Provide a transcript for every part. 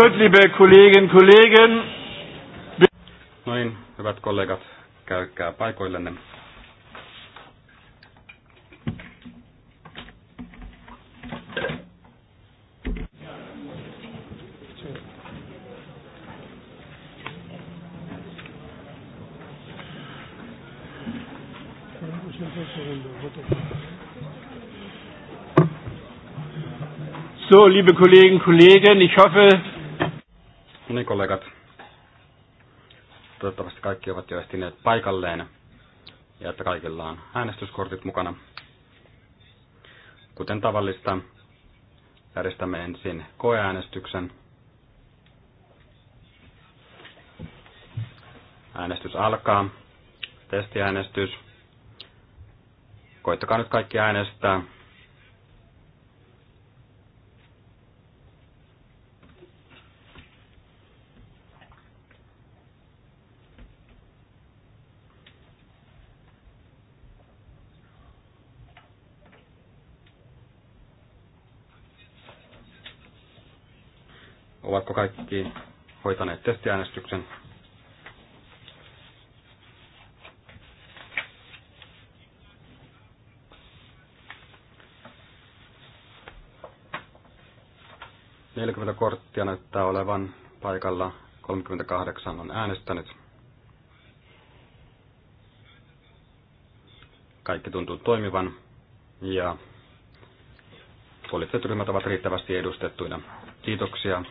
Gut, liebe Kolleginnen und Kollegen. Noin, niin, hyvät kollegat, käykää paikoillenne. So, liebe Kolleginnen und Kollegen, ich hoffe, No niin, kollegat. Toivottavasti kaikki ovat jo ehtineet paikalleen ja että kaikilla on äänestyskortit mukana. Kuten tavallista, järjestämme ensin koeäänestyksen. Äänestys alkaa. Testiäänestys. Koittakaa nyt kaikki äänestää. Ovatko kaikki hoitaneet testiäänestyksen? Neljäkymmentä korttia näyttää olevan paikalla. 38 on äänestänyt. Kaikki tuntuu toimivan ja poliittiset ryhmät ovat riittävästi edustettuina. Kiitoksia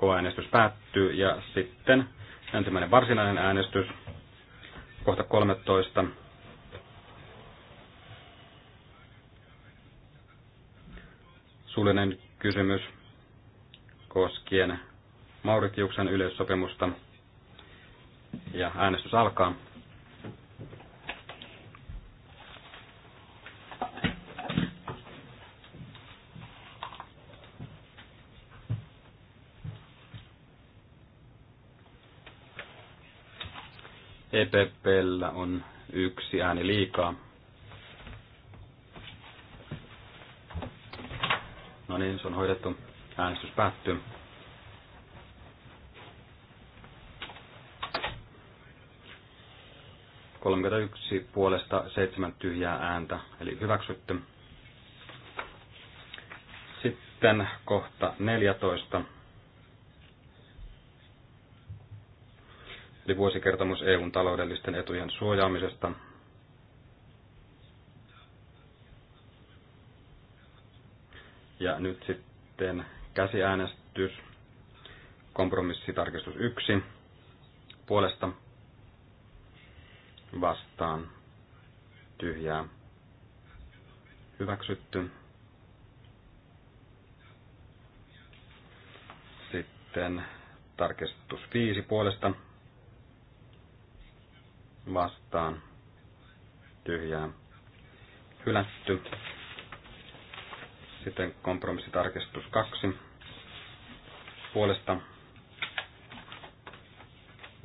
Koeäänestys päättyy ja sitten ensimmäinen varsinainen äänestys, kohta 13. Suullinen kysymys koskien Mauritiuksen yleissopimusta ja äänestys alkaa. EPPllä on yksi ääni liikaa. No niin, se on hoidettu. Äänestys päättyy. yksi puolesta seitsemän tyhjää ääntä, eli hyväksytty. Sitten kohta 14. eli vuosikertomus EUn taloudellisten etujen suojaamisesta. Ja nyt sitten käsiäänestys, kompromissitarkistus 1, puolesta vastaan tyhjää hyväksytty. Sitten tarkistus 5 puolesta vastaan tyhjää hylätty. Sitten kompromissitarkistus 2 puolesta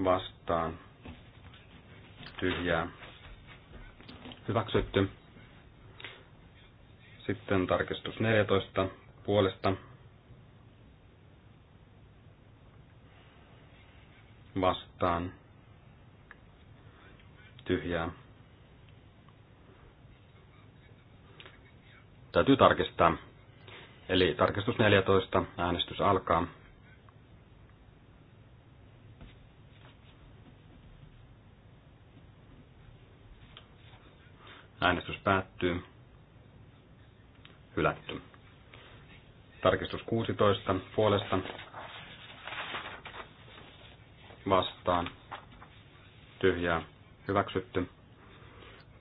vastaan tyhjää hyväksytty. Sitten tarkistus 14 puolesta vastaan tyhjää. Täytyy tarkistaa. Eli tarkistus 14, äänestys alkaa. Äänestys päättyy. Hylätty. Tarkistus 16 puolesta vastaan tyhjää hyväksytty.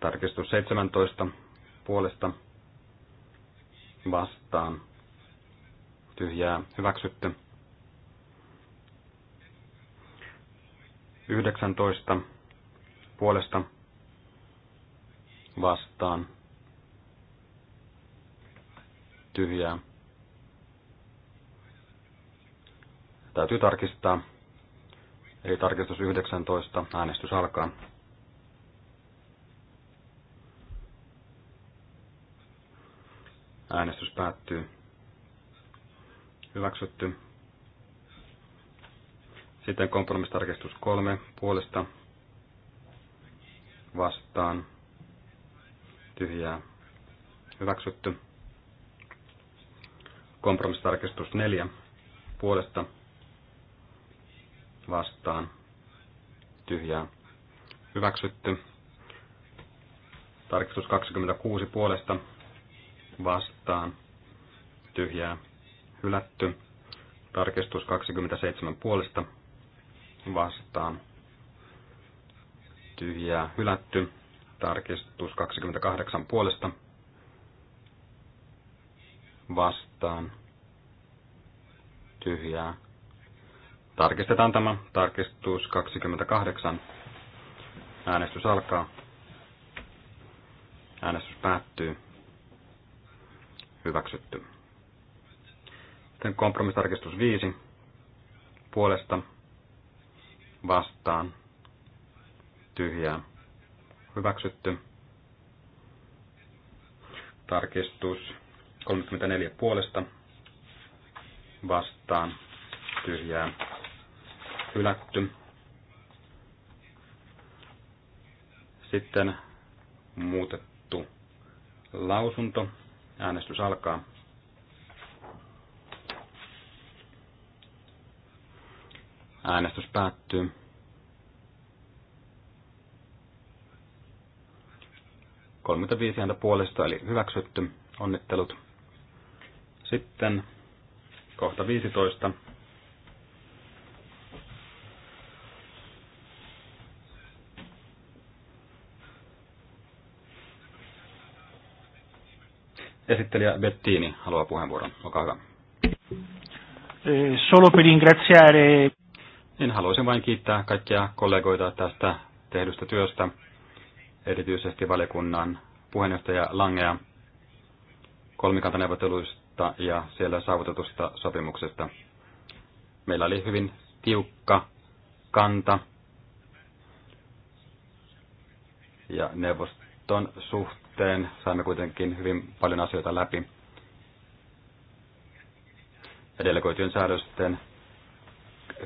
Tarkistus 17 puolesta vastaan tyhjää hyväksytty. 19 puolesta vastaan tyhjää. Täytyy tarkistaa. Eli tarkistus 19. Äänestys alkaa. Äänestys päättyy. Hyväksytty. Sitten kompromistarkistus kolme puolesta vastaan tyhjää hyväksytty. Kompromistarkistus neljä puolesta vastaan tyhjää hyväksytty. Tarkistus 26 puolesta vastaan tyhjää hylätty. Tarkistus 27 puolesta vastaan tyhjää hylätty. Tarkistus 28 puolesta vastaan tyhjää. Tarkistetaan tämä. Tarkistus 28. Äänestys alkaa. Äänestys päättyy hyväksytty. Sitten kompromistarkistus 5 puolesta vastaan tyhjää hyväksytty. Tarkistus 34 puolesta vastaan tyhjää hylätty. Sitten muutettu lausunto Äänestys alkaa. Äänestys päättyy. viisi ääntä puolesta, eli hyväksytty. Onnittelut. Sitten kohta 15. Esittelijä Bettini haluaa puheenvuoron. Olkaa hyvä. Eh, solo per ringraziare. Niin haluaisin vain kiittää kaikkia kollegoita tästä tehdystä työstä, erityisesti valiokunnan puheenjohtaja Langea kolmikantaneuvotteluista ja siellä saavutetusta sopimuksesta. Meillä oli hyvin tiukka kanta ja neuvoston suhteen suhteen saimme kuitenkin hyvin paljon asioita läpi. Ja delegoitujen säädösten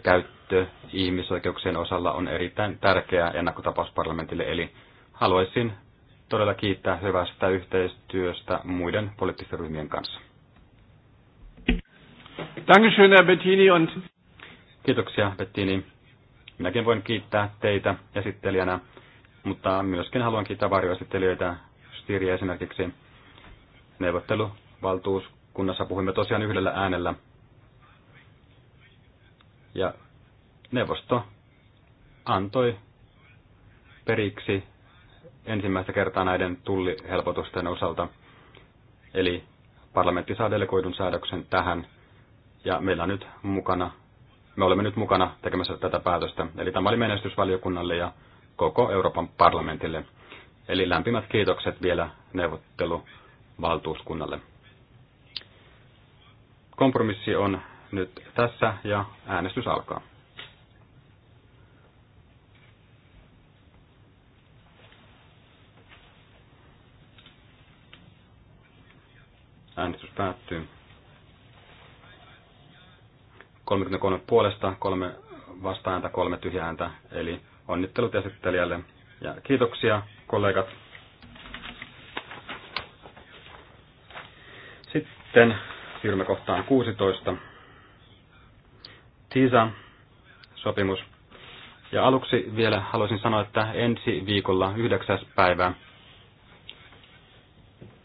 käyttö ihmisoikeuksien osalla on erittäin tärkeä ennakkotapaus parlamentille, eli haluaisin todella kiittää hyvästä yhteistyöstä muiden poliittisten ryhmien kanssa. Dankeschön, Herr Bettini. Und... Kiitoksia, Bettini. Minäkin voin kiittää teitä esittelijänä, mutta myöskin haluan kiittää varjoesittelijöitä Siriä esimerkiksi neuvotteluvaltuuskunnassa puhuimme tosiaan yhdellä äänellä. Ja neuvosto antoi periksi ensimmäistä kertaa näiden tullihelpotusten osalta. Eli parlamentti saa delegoidun säädöksen tähän, ja meillä on nyt mukana, me olemme nyt mukana tekemässä tätä päätöstä. Eli tämä oli menestysvaliokunnalle ja koko Euroopan parlamentille. Eli lämpimät kiitokset vielä neuvotteluvaltuuskunnalle. Kompromissi on nyt tässä ja äänestys alkaa. Äänestys päättyy. 33 puolesta, kolme vastaääntä, kolme tyhjääntä, eli onnittelut esittelijälle ja kiitoksia kollegat. Sitten siirrymme kohtaan 16. TISA-sopimus. Ja aluksi vielä haluaisin sanoa, että ensi viikolla 9. päivä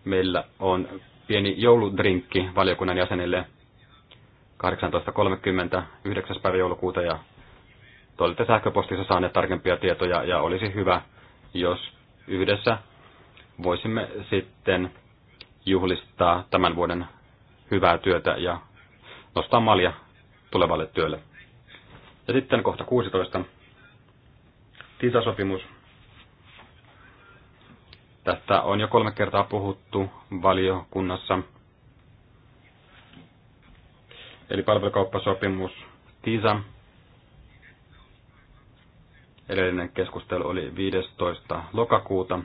meillä on pieni jouludrinkki valiokunnan jäsenille 18.30, 9. päivä joulukuuta ja te olette sähköpostissa saaneet tarkempia tietoja ja olisi hyvä, jos yhdessä voisimme sitten juhlistaa tämän vuoden hyvää työtä ja nostaa malja tulevalle työlle. Ja sitten kohta 16. Tisasopimus. Tästä on jo kolme kertaa puhuttu valiokunnassa. Eli palvelukauppasopimus TISA Edellinen keskustelu oli 15. lokakuuta.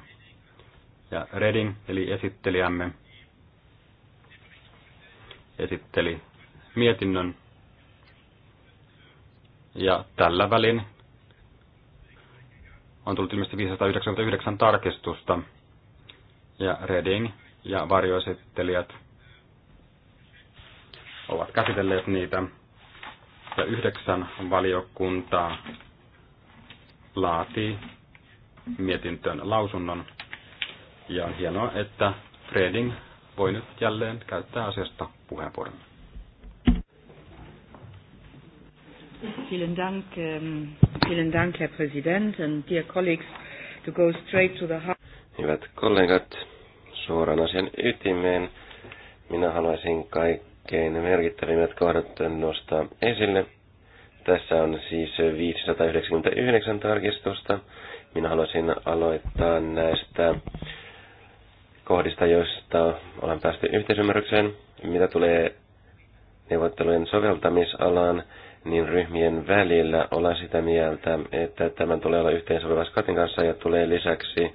Ja Redin, eli esittelijämme, esitteli mietinnön. Ja tällä välin on tullut ilmeisesti 599 tarkistusta. Ja Reding ja varjoesittelijät ovat käsitelleet niitä. Ja yhdeksän valiokuntaa laatii mietintön lausunnon. Ja on hienoa, että Freding voi nyt jälleen käyttää asiasta puheenvuoron. Vielen Dank, ähm, vielen Dank, Herr Präsident, and ähm, dear colleagues, to go straight to the heart. Hyvät kollegat, Suoraan asian ytimeen. Minä haluaisin kaikkein merkittävimmät kohdat nostaa esille – tässä on siis 599 tarkistusta. Minä haluaisin aloittaa näistä kohdista, joista olen päästy yhteisymmärrykseen. Mitä tulee neuvottelujen soveltamisalaan, niin ryhmien välillä ollaan sitä mieltä, että tämän tulee olla yhteensopiva Skatin kanssa ja tulee lisäksi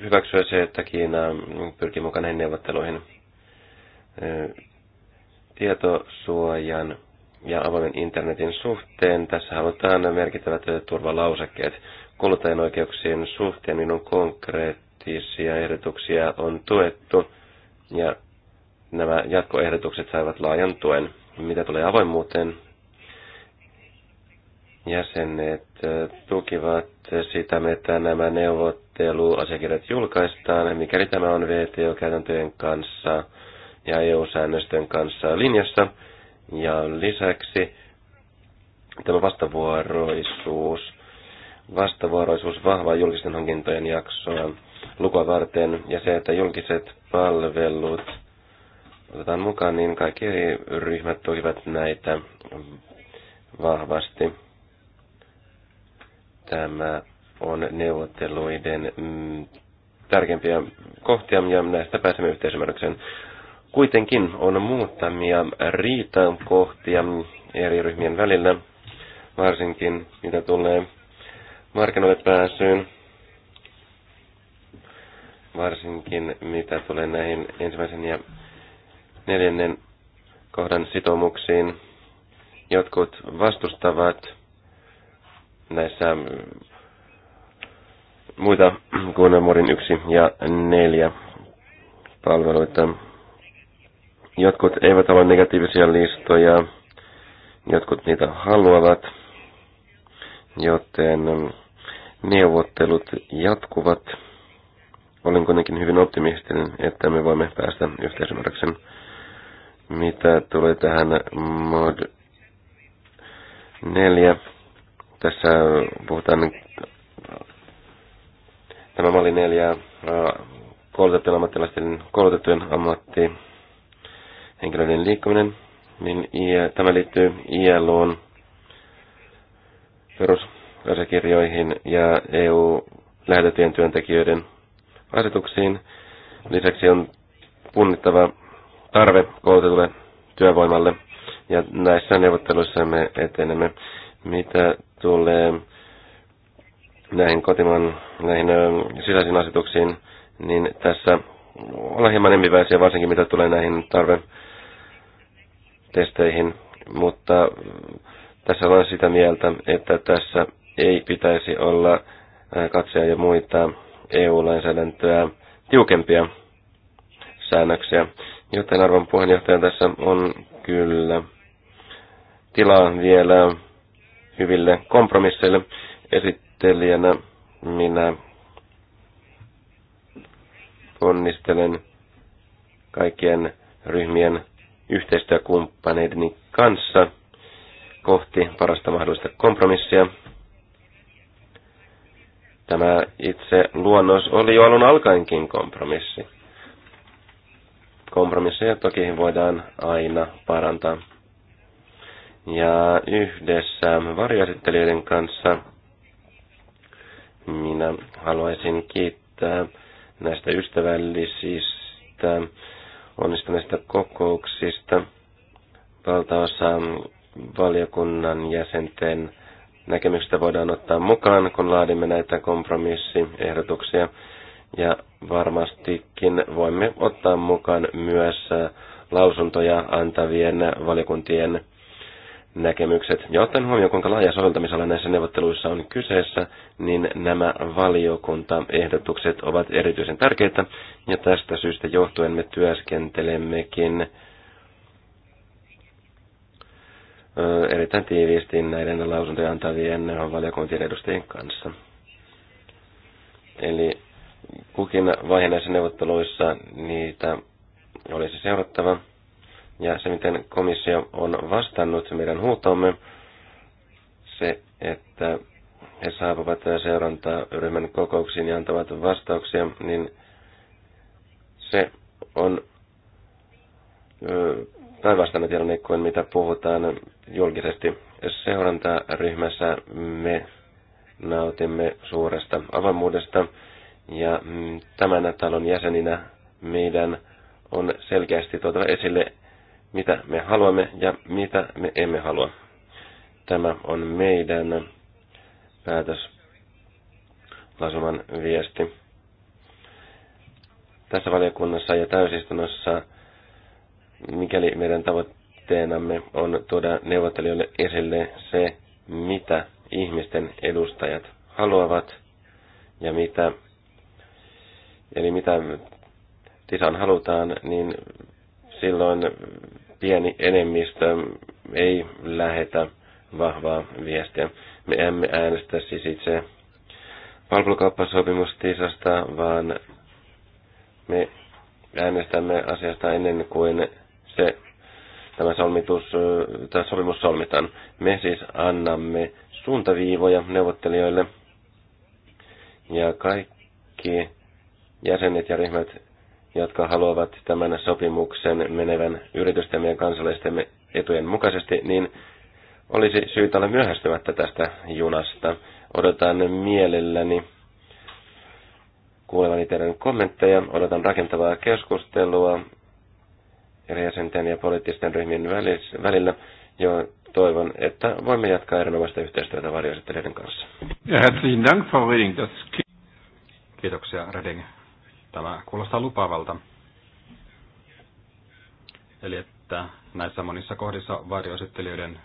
hyväksyä se, että Kiina pyrkii mukaan neuvotteluihin tietosuojan ja avoimen internetin suhteen. Tässä halutaan merkittävät turvalausekkeet. Kuluttajan oikeuksien suhteen minun konkreettisia ehdotuksia on tuettu ja nämä jatkoehdotukset saivat laajan tuen. Mitä tulee avoimuuteen, jäsenet tukivat sitä, että nämä neuvotteluasiakirjat julkaistaan, mikäli tämä on VTO-käytäntöjen kanssa ja EU-säännösten kanssa linjassa – ja lisäksi tämä vastavuoroisuus, vastavuoroisuus vahvaa julkisten hankintojen jaksoa lukua varten ja se, että julkiset palvelut otetaan mukaan, niin kaikki eri ryhmät tukivat näitä vahvasti. Tämä on neuvotteluiden mm, tärkeimpiä kohtia ja näistä pääsemme yhteisymmärrykseen. Kuitenkin on muutamia kohtia eri ryhmien välillä, varsinkin mitä tulee markkinoille pääsyyn, varsinkin mitä tulee näihin ensimmäisen ja neljännen kohdan sitoumuksiin. Jotkut vastustavat näissä mm, muita kuin Morin yksi ja neljä palveluita. Jotkut eivät halua negatiivisia listoja, jotkut niitä haluavat, joten mm, neuvottelut jatkuvat. Olen kuitenkin hyvin optimistinen, että me voimme päästä yhteisymmärryksen. Mitä tulee tähän mod 4, tässä puhutaan tämä malli 4 koulutettujen ammattilaisten koulutettujen ammatti henkilöiden liikkuminen, niin tämä liittyy ILOn perusasiakirjoihin ja EU-lähetettyjen työntekijöiden asetuksiin. Lisäksi on punnittava tarve koulutetulle työvoimalle, ja näissä neuvotteluissa me etenemme. Mitä tulee näihin kotimaan, näihin sisäisiin asetuksiin, niin tässä ollaan hieman emmiväisiä, varsinkin mitä tulee näihin tarve testeihin, mutta äh, tässä olen sitä mieltä, että tässä ei pitäisi olla äh, katseja ja muita EU-lainsäädäntöä tiukempia säännöksiä. Joten arvon puheenjohtaja tässä on kyllä tilaa vielä hyville kompromisseille. Esittelijänä minä ponnistelen kaikkien ryhmien yhteistyökumppaneideni kanssa kohti parasta mahdollista kompromissia. Tämä itse luonnos oli jo alun alkaenkin kompromissi. Kompromisseja toki voidaan aina parantaa. Ja yhdessä varjoesittelijöiden kanssa minä haluaisin kiittää näistä ystävällisistä onnistuneista kokouksista. Valtaosa valiokunnan jäsenten näkemyksistä voidaan ottaa mukaan, kun laadimme näitä kompromissiehdotuksia. Ja varmastikin voimme ottaa mukaan myös lausuntoja antavien valiokuntien näkemykset. Ja ottaen huomioon, kuinka laaja soveltamisala näissä neuvotteluissa on kyseessä, niin nämä valiokuntaehdotukset ovat erityisen tärkeitä, ja tästä syystä johtuen me työskentelemmekin erittäin tiiviisti näiden lausuntoja antavien valiokuntien edustajien kanssa. Eli kukin vaihe näissä neuvotteluissa niitä olisi seurattava. Ja se, miten komissio on vastannut meidän huutomme, se, että he saapuvat ryhmän kokouksiin ja antavat vastauksia, niin se on päinvastainen tilanne kuin mitä puhutaan julkisesti. Seurantaryhmässä me nautimme suuresta avoimuudesta ja mm, tämän talon jäseninä meidän on selkeästi tuotava esille mitä me haluamme ja mitä me emme halua. Tämä on meidän päätös päätöslausuman viesti. Tässä valiokunnassa ja täysistunnossa, mikäli meidän tavoitteenamme on tuoda neuvottelijoille esille se, mitä ihmisten edustajat haluavat ja mitä, eli mitä tisan halutaan, niin silloin pieni enemmistö ei lähetä vahvaa viestiä. Me emme äänestä siis itse palvelukauppasopimustisasta, vaan me äänestämme asiasta ennen kuin se, tämä, solmitus, tämä sopimus solmitaan. Me siis annamme suuntaviivoja neuvottelijoille ja kaikki jäsenet ja ryhmät jotka haluavat tämän sopimuksen menevän yritystemme ja kansalaistemme etujen mukaisesti, niin olisi syytä olla myöhästymättä tästä junasta. Odotan mielelläni kuulevani teidän kommentteja, odotan rakentavaa keskustelua eri jäsenten ja poliittisten ryhmien välillä, jo toivon, että voimme jatkaa erinomaista yhteistyötä varjoesittelijöiden kanssa. Ja Dank, Kiitoksia, Reding. Tämä kuulostaa lupavalta. Eli että näissä monissa kohdissa varjoesittelijöiden,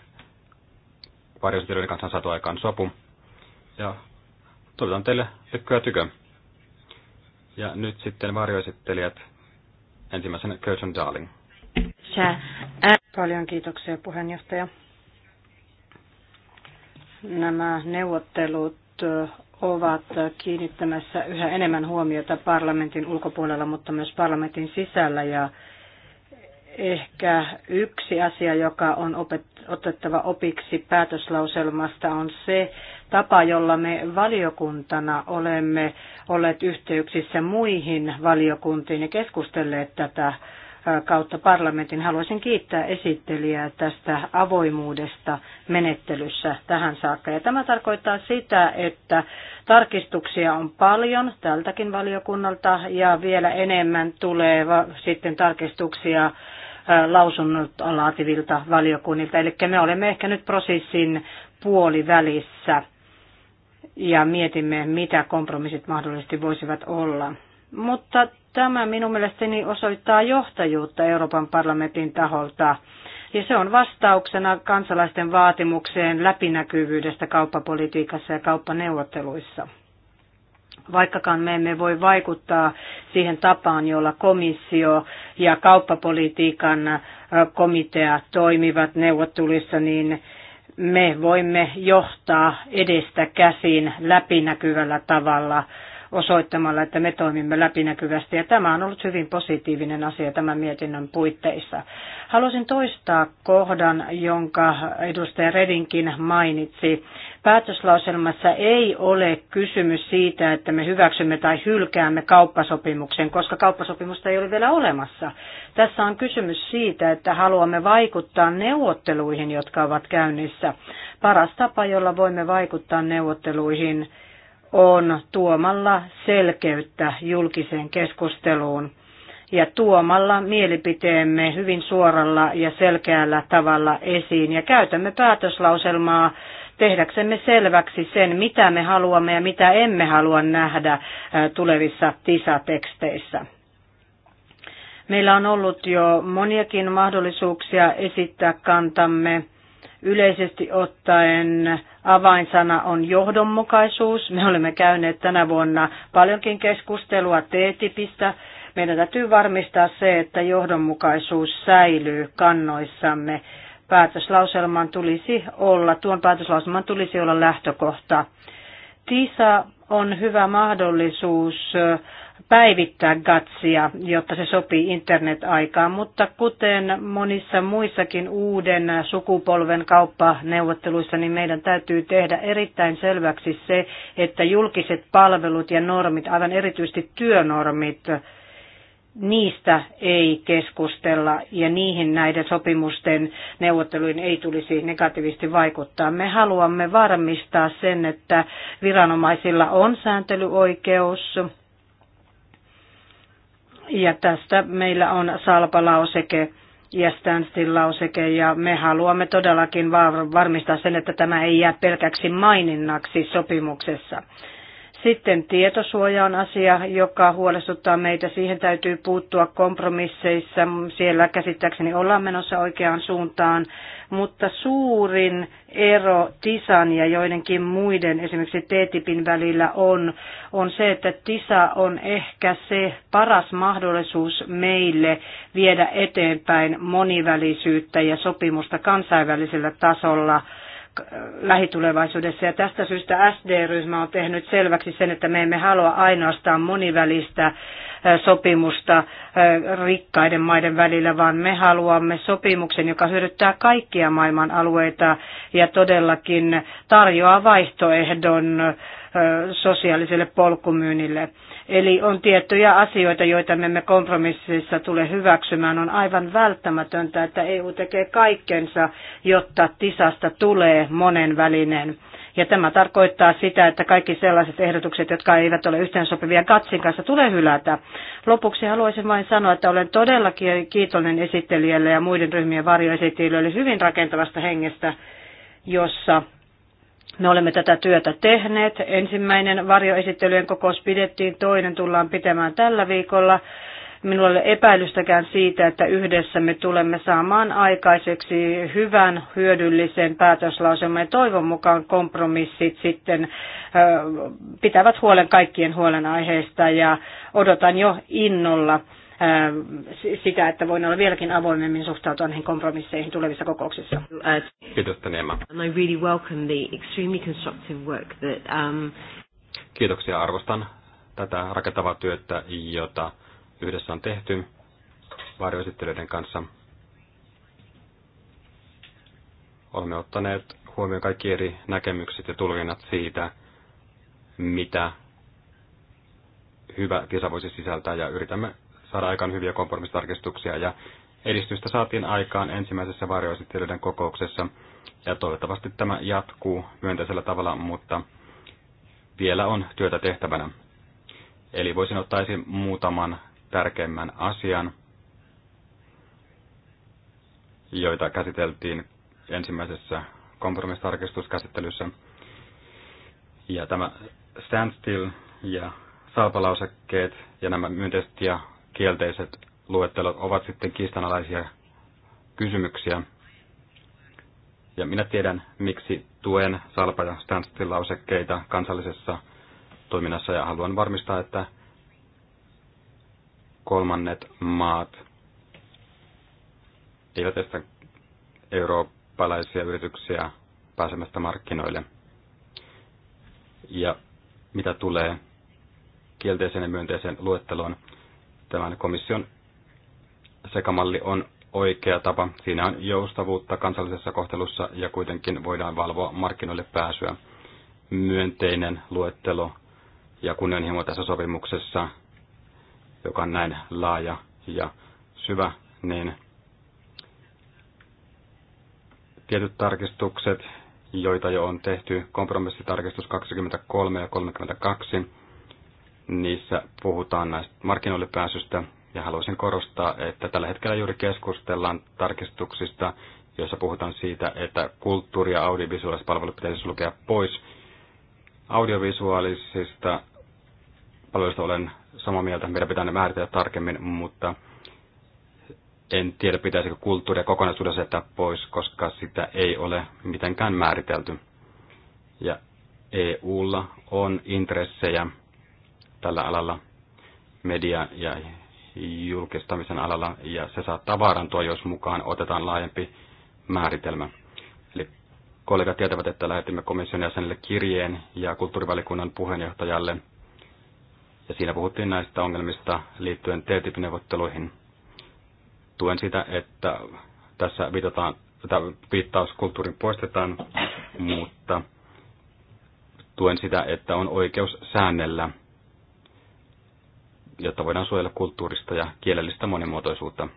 varjoesittelijöiden kanssa on saatu aikaan sopu. Ja toivotan teille tykköä tykö. Ja nyt sitten varjoesittelijät. Ensimmäisenä Curtin Darling. Uh, Paljon kiitoksia puheenjohtaja. Nämä neuvottelut ovat kiinnittämässä yhä enemmän huomiota parlamentin ulkopuolella, mutta myös parlamentin sisällä. Ja ehkä yksi asia, joka on opet- otettava opiksi päätöslauselmasta, on se tapa, jolla me valiokuntana olemme olleet yhteyksissä muihin valiokuntiin ja keskustelleet tätä kautta parlamentin. Haluaisin kiittää esittelijää tästä avoimuudesta menettelyssä tähän saakka. Ja tämä tarkoittaa sitä, että tarkistuksia on paljon tältäkin valiokunnalta ja vielä enemmän tulee sitten tarkistuksia lausunnot laativilta valiokunnilta. Eli me olemme ehkä nyt prosessin puolivälissä ja mietimme, mitä kompromissit mahdollisesti voisivat olla. Mutta tämä minun mielestäni osoittaa johtajuutta Euroopan parlamentin taholta. Ja se on vastauksena kansalaisten vaatimukseen läpinäkyvyydestä kauppapolitiikassa ja kauppaneuvotteluissa. Vaikkakaan me emme voi vaikuttaa siihen tapaan, jolla komissio ja kauppapolitiikan komitea toimivat neuvotteluissa, niin me voimme johtaa edestä käsin läpinäkyvällä tavalla osoittamalla, että me toimimme läpinäkyvästi. Ja tämä on ollut hyvin positiivinen asia tämän mietinnön puitteissa. Haluaisin toistaa kohdan, jonka edustaja Redinkin mainitsi. Päätöslauselmassa ei ole kysymys siitä, että me hyväksymme tai hylkäämme kauppasopimuksen, koska kauppasopimusta ei ole vielä olemassa. Tässä on kysymys siitä, että haluamme vaikuttaa neuvotteluihin, jotka ovat käynnissä. Paras tapa, jolla voimme vaikuttaa neuvotteluihin, on tuomalla selkeyttä julkiseen keskusteluun ja tuomalla mielipiteemme hyvin suoralla ja selkeällä tavalla esiin ja käytämme päätöslauselmaa tehdäksemme selväksi sen, mitä me haluamme ja mitä emme halua nähdä äh, tulevissa tisateksteissä. Meillä on ollut jo moniakin mahdollisuuksia esittää kantamme yleisesti ottaen Avainsana on johdonmukaisuus. Me olemme käyneet tänä vuonna paljonkin keskustelua T-tipistä. Meidän täytyy varmistaa se, että johdonmukaisuus säilyy kannoissamme. Päätöslauselman tulisi olla, tuon päätöslauselman tulisi olla lähtökohta. TISA on hyvä mahdollisuus päivittää GATSia, jotta se sopii internet-aikaan, mutta kuten monissa muissakin uuden sukupolven kauppaneuvotteluissa, niin meidän täytyy tehdä erittäin selväksi se, että julkiset palvelut ja normit, aivan erityisesti työnormit, niistä ei keskustella ja niihin näiden sopimusten neuvotteluihin ei tulisi negatiivisesti vaikuttaa. Me haluamme varmistaa sen, että viranomaisilla on sääntelyoikeus, ja tästä meillä on salpalauseke ja standstill-lauseke, ja me haluamme todellakin varmistaa sen, että tämä ei jää pelkäksi maininnaksi sopimuksessa. Sitten tietosuoja on asia, joka huolestuttaa meitä. Siihen täytyy puuttua kompromisseissa. Siellä käsittääkseni ollaan menossa oikeaan suuntaan mutta suurin ero TISAN ja joidenkin muiden, esimerkiksi TTIPin välillä on, on se, että TISA on ehkä se paras mahdollisuus meille viedä eteenpäin monivälisyyttä ja sopimusta kansainvälisellä tasolla lähitulevaisuudessa. Ja tästä syystä SD-ryhmä on tehnyt selväksi sen, että me emme halua ainoastaan monivälistä sopimusta rikkaiden maiden välillä, vaan me haluamme sopimuksen, joka hyödyttää kaikkia maailman alueita ja todellakin tarjoaa vaihtoehdon sosiaaliselle polkumyynnille. Eli on tiettyjä asioita, joita me emme kompromississa tule hyväksymään. On aivan välttämätöntä, että EU tekee kaikkensa, jotta tisasta tulee monenvälinen ja tämä tarkoittaa sitä, että kaikki sellaiset ehdotukset, jotka eivät ole sopivia katsin kanssa, tulee hylätä. Lopuksi haluaisin vain sanoa, että olen todellakin kiitollinen esittelijälle ja muiden ryhmien varjoesittelijöille hyvin rakentavasta hengestä, jossa me olemme tätä työtä tehneet. Ensimmäinen varjoesittelyjen kokous pidettiin, toinen tullaan pitämään tällä viikolla. Minulla ole epäilystäkään siitä, että yhdessä me tulemme saamaan aikaiseksi hyvän, hyödyllisen päätöslauselman ja toivon mukaan kompromissit sitten pitävät huolen kaikkien huolenaiheista ja odotan jo innolla sitä, että voin olla vieläkin avoimemmin suhtautua näihin kompromisseihin tulevissa kokouksissa. Kiitos Emma. Um, Kiitoksia, arvostan tätä rakentavaa työtä, jota yhdessä on tehty varjoesittelyiden kanssa. Olemme ottaneet huomioon kaikki eri näkemykset ja tulkinnat siitä, mitä hyvä kisa voisi sisältää ja yritämme saada aikaan hyviä kompromissitarkistuksia ja edistystä saatiin aikaan ensimmäisessä varjoesittelyiden kokouksessa ja toivottavasti tämä jatkuu myönteisellä tavalla, mutta vielä on työtä tehtävänä. Eli voisin ottaa esiin muutaman tärkeimmän asian, joita käsiteltiin ensimmäisessä kompromissitarkistuskäsittelyssä. Ja tämä standstill ja salpalausekkeet ja nämä myönteiset ja kielteiset luettelot ovat sitten kiistanalaisia kysymyksiä. Ja minä tiedän, miksi tuen salpa- ja standstill-lausekkeita kansallisessa toiminnassa ja haluan varmistaa, että kolmannet maat eivät estä eurooppalaisia yrityksiä pääsemästä markkinoille. Ja mitä tulee kielteiseen ja myönteiseen luetteloon, tämän komission sekamalli on oikea tapa. Siinä on joustavuutta kansallisessa kohtelussa ja kuitenkin voidaan valvoa markkinoille pääsyä. Myönteinen luettelo ja kunnianhimo tässä sopimuksessa joka on näin laaja ja syvä, niin tietyt tarkistukset, joita jo on tehty, kompromissitarkistus 23 ja 32, niissä puhutaan näistä markkinoille pääsystä, ja haluaisin korostaa, että tällä hetkellä juuri keskustellaan tarkistuksista, joissa puhutaan siitä, että kulttuuri- ja audiovisuaaliset palvelut pitäisi lukea pois. Audiovisuaalisista palveluista olen samaa mieltä, meidän pitää ne määritellä tarkemmin, mutta en tiedä, pitäisikö kulttuuria kokonaisuudessa jättää pois, koska sitä ei ole mitenkään määritelty. Ja EUlla on intressejä tällä alalla, media- ja julkistamisen alalla, ja se saattaa vaarantua, jos mukaan otetaan laajempi määritelmä. Eli kollegat tietävät, että lähetimme komission jäsenelle kirjeen ja kulttuurivalikunnan puheenjohtajalle – ja siinä puhuttiin näistä ongelmista liittyen TTIP-neuvotteluihin. Tuen sitä, että tässä viitataan, että viittaus kulttuurin poistetaan, mutta tuen sitä, että on oikeus säännellä, jotta voidaan suojella kulttuurista ja kielellistä monimuotoisuutta.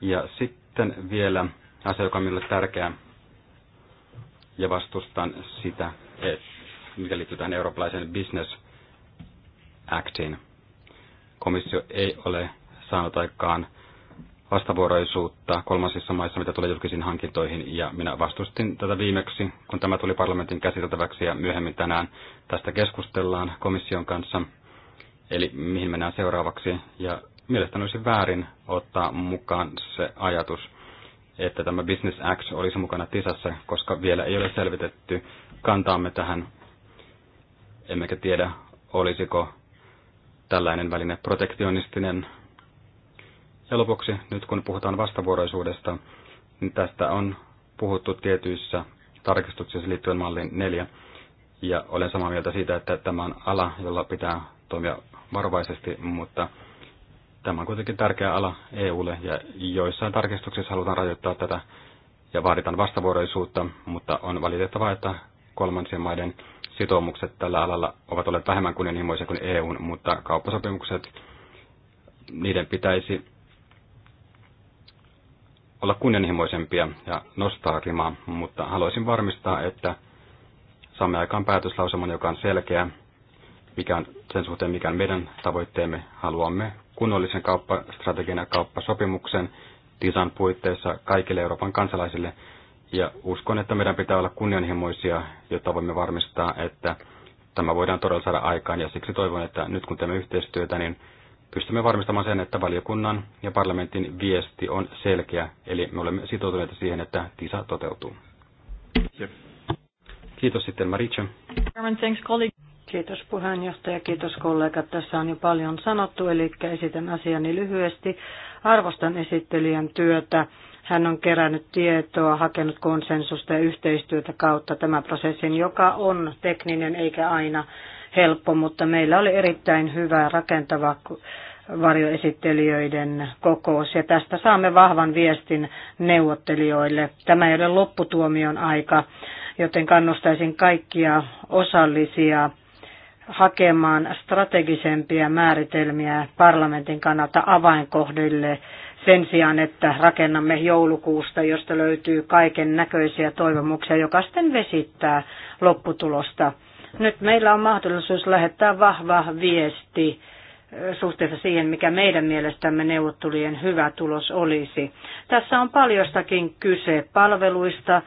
Ja sitten vielä asia, joka on minulle tärkeä, ja vastustan sitä, että mikä liittyy tähän eurooppalaiseen business Actin. Komissio ei ole saanut aikaan vastavuoroisuutta kolmansissa maissa, mitä tulee julkisiin hankintoihin, ja minä vastustin tätä viimeksi, kun tämä tuli parlamentin käsiteltäväksi, ja myöhemmin tänään tästä keskustellaan komission kanssa, eli mihin mennään seuraavaksi, ja mielestäni olisi väärin ottaa mukaan se ajatus, että tämä Business X olisi mukana TISassa, koska vielä ei ole selvitetty kantaamme tähän, emmekä tiedä, olisiko tällainen väline protektionistinen. Ja lopuksi, nyt kun puhutaan vastavuoroisuudesta, niin tästä on puhuttu tietyissä tarkistuksissa liittyen mallin neljä. Ja olen samaa mieltä siitä, että tämä on ala, jolla pitää toimia varovaisesti, mutta tämä on kuitenkin tärkeä ala EUlle ja joissain tarkistuksissa halutaan rajoittaa tätä ja vaaditaan vastavuoroisuutta, mutta on valitettavaa, että kolmansien maiden sitoumukset tällä alalla ovat olleet vähemmän kunnianhimoisia kuin EUn, mutta kauppasopimukset, niiden pitäisi olla kunnianhimoisempia ja nostaa rimaa, mutta haluaisin varmistaa, että saamme aikaan päätöslauseman, joka on selkeä mikä on, sen suhteen, mikä on meidän tavoitteemme. Haluamme kunnollisen kauppastrategian ja kauppasopimuksen TISAN puitteissa kaikille Euroopan kansalaisille, ja uskon, että meidän pitää olla kunnianhimoisia, jotta voimme varmistaa, että tämä voidaan todella saada aikaan. Ja siksi toivon, että nyt kun teemme yhteistyötä, niin pystymme varmistamaan sen, että valiokunnan ja parlamentin viesti on selkeä. Eli me olemme sitoutuneita siihen, että TISA toteutuu. Kiitos sitten Maritse. Kiitos puheenjohtaja, kiitos kollegat. Tässä on jo paljon sanottu, eli esitän asiani lyhyesti. Arvostan esittelijän työtä hän on kerännyt tietoa, hakenut konsensusta ja yhteistyötä kautta tämän prosessin, joka on tekninen eikä aina helppo, mutta meillä oli erittäin hyvä rakentava varjoesittelijöiden kokous ja tästä saamme vahvan viestin neuvottelijoille. Tämä ei ole lopputuomion aika, joten kannustaisin kaikkia osallisia hakemaan strategisempia määritelmiä parlamentin kannalta avainkohdille sen sijaan, että rakennamme joulukuusta, josta löytyy kaiken näköisiä toivomuksia, joka sitten vesittää lopputulosta. Nyt meillä on mahdollisuus lähettää vahva viesti suhteessa siihen, mikä meidän mielestämme neuvottelujen hyvä tulos olisi. Tässä on paljostakin kyse palveluista,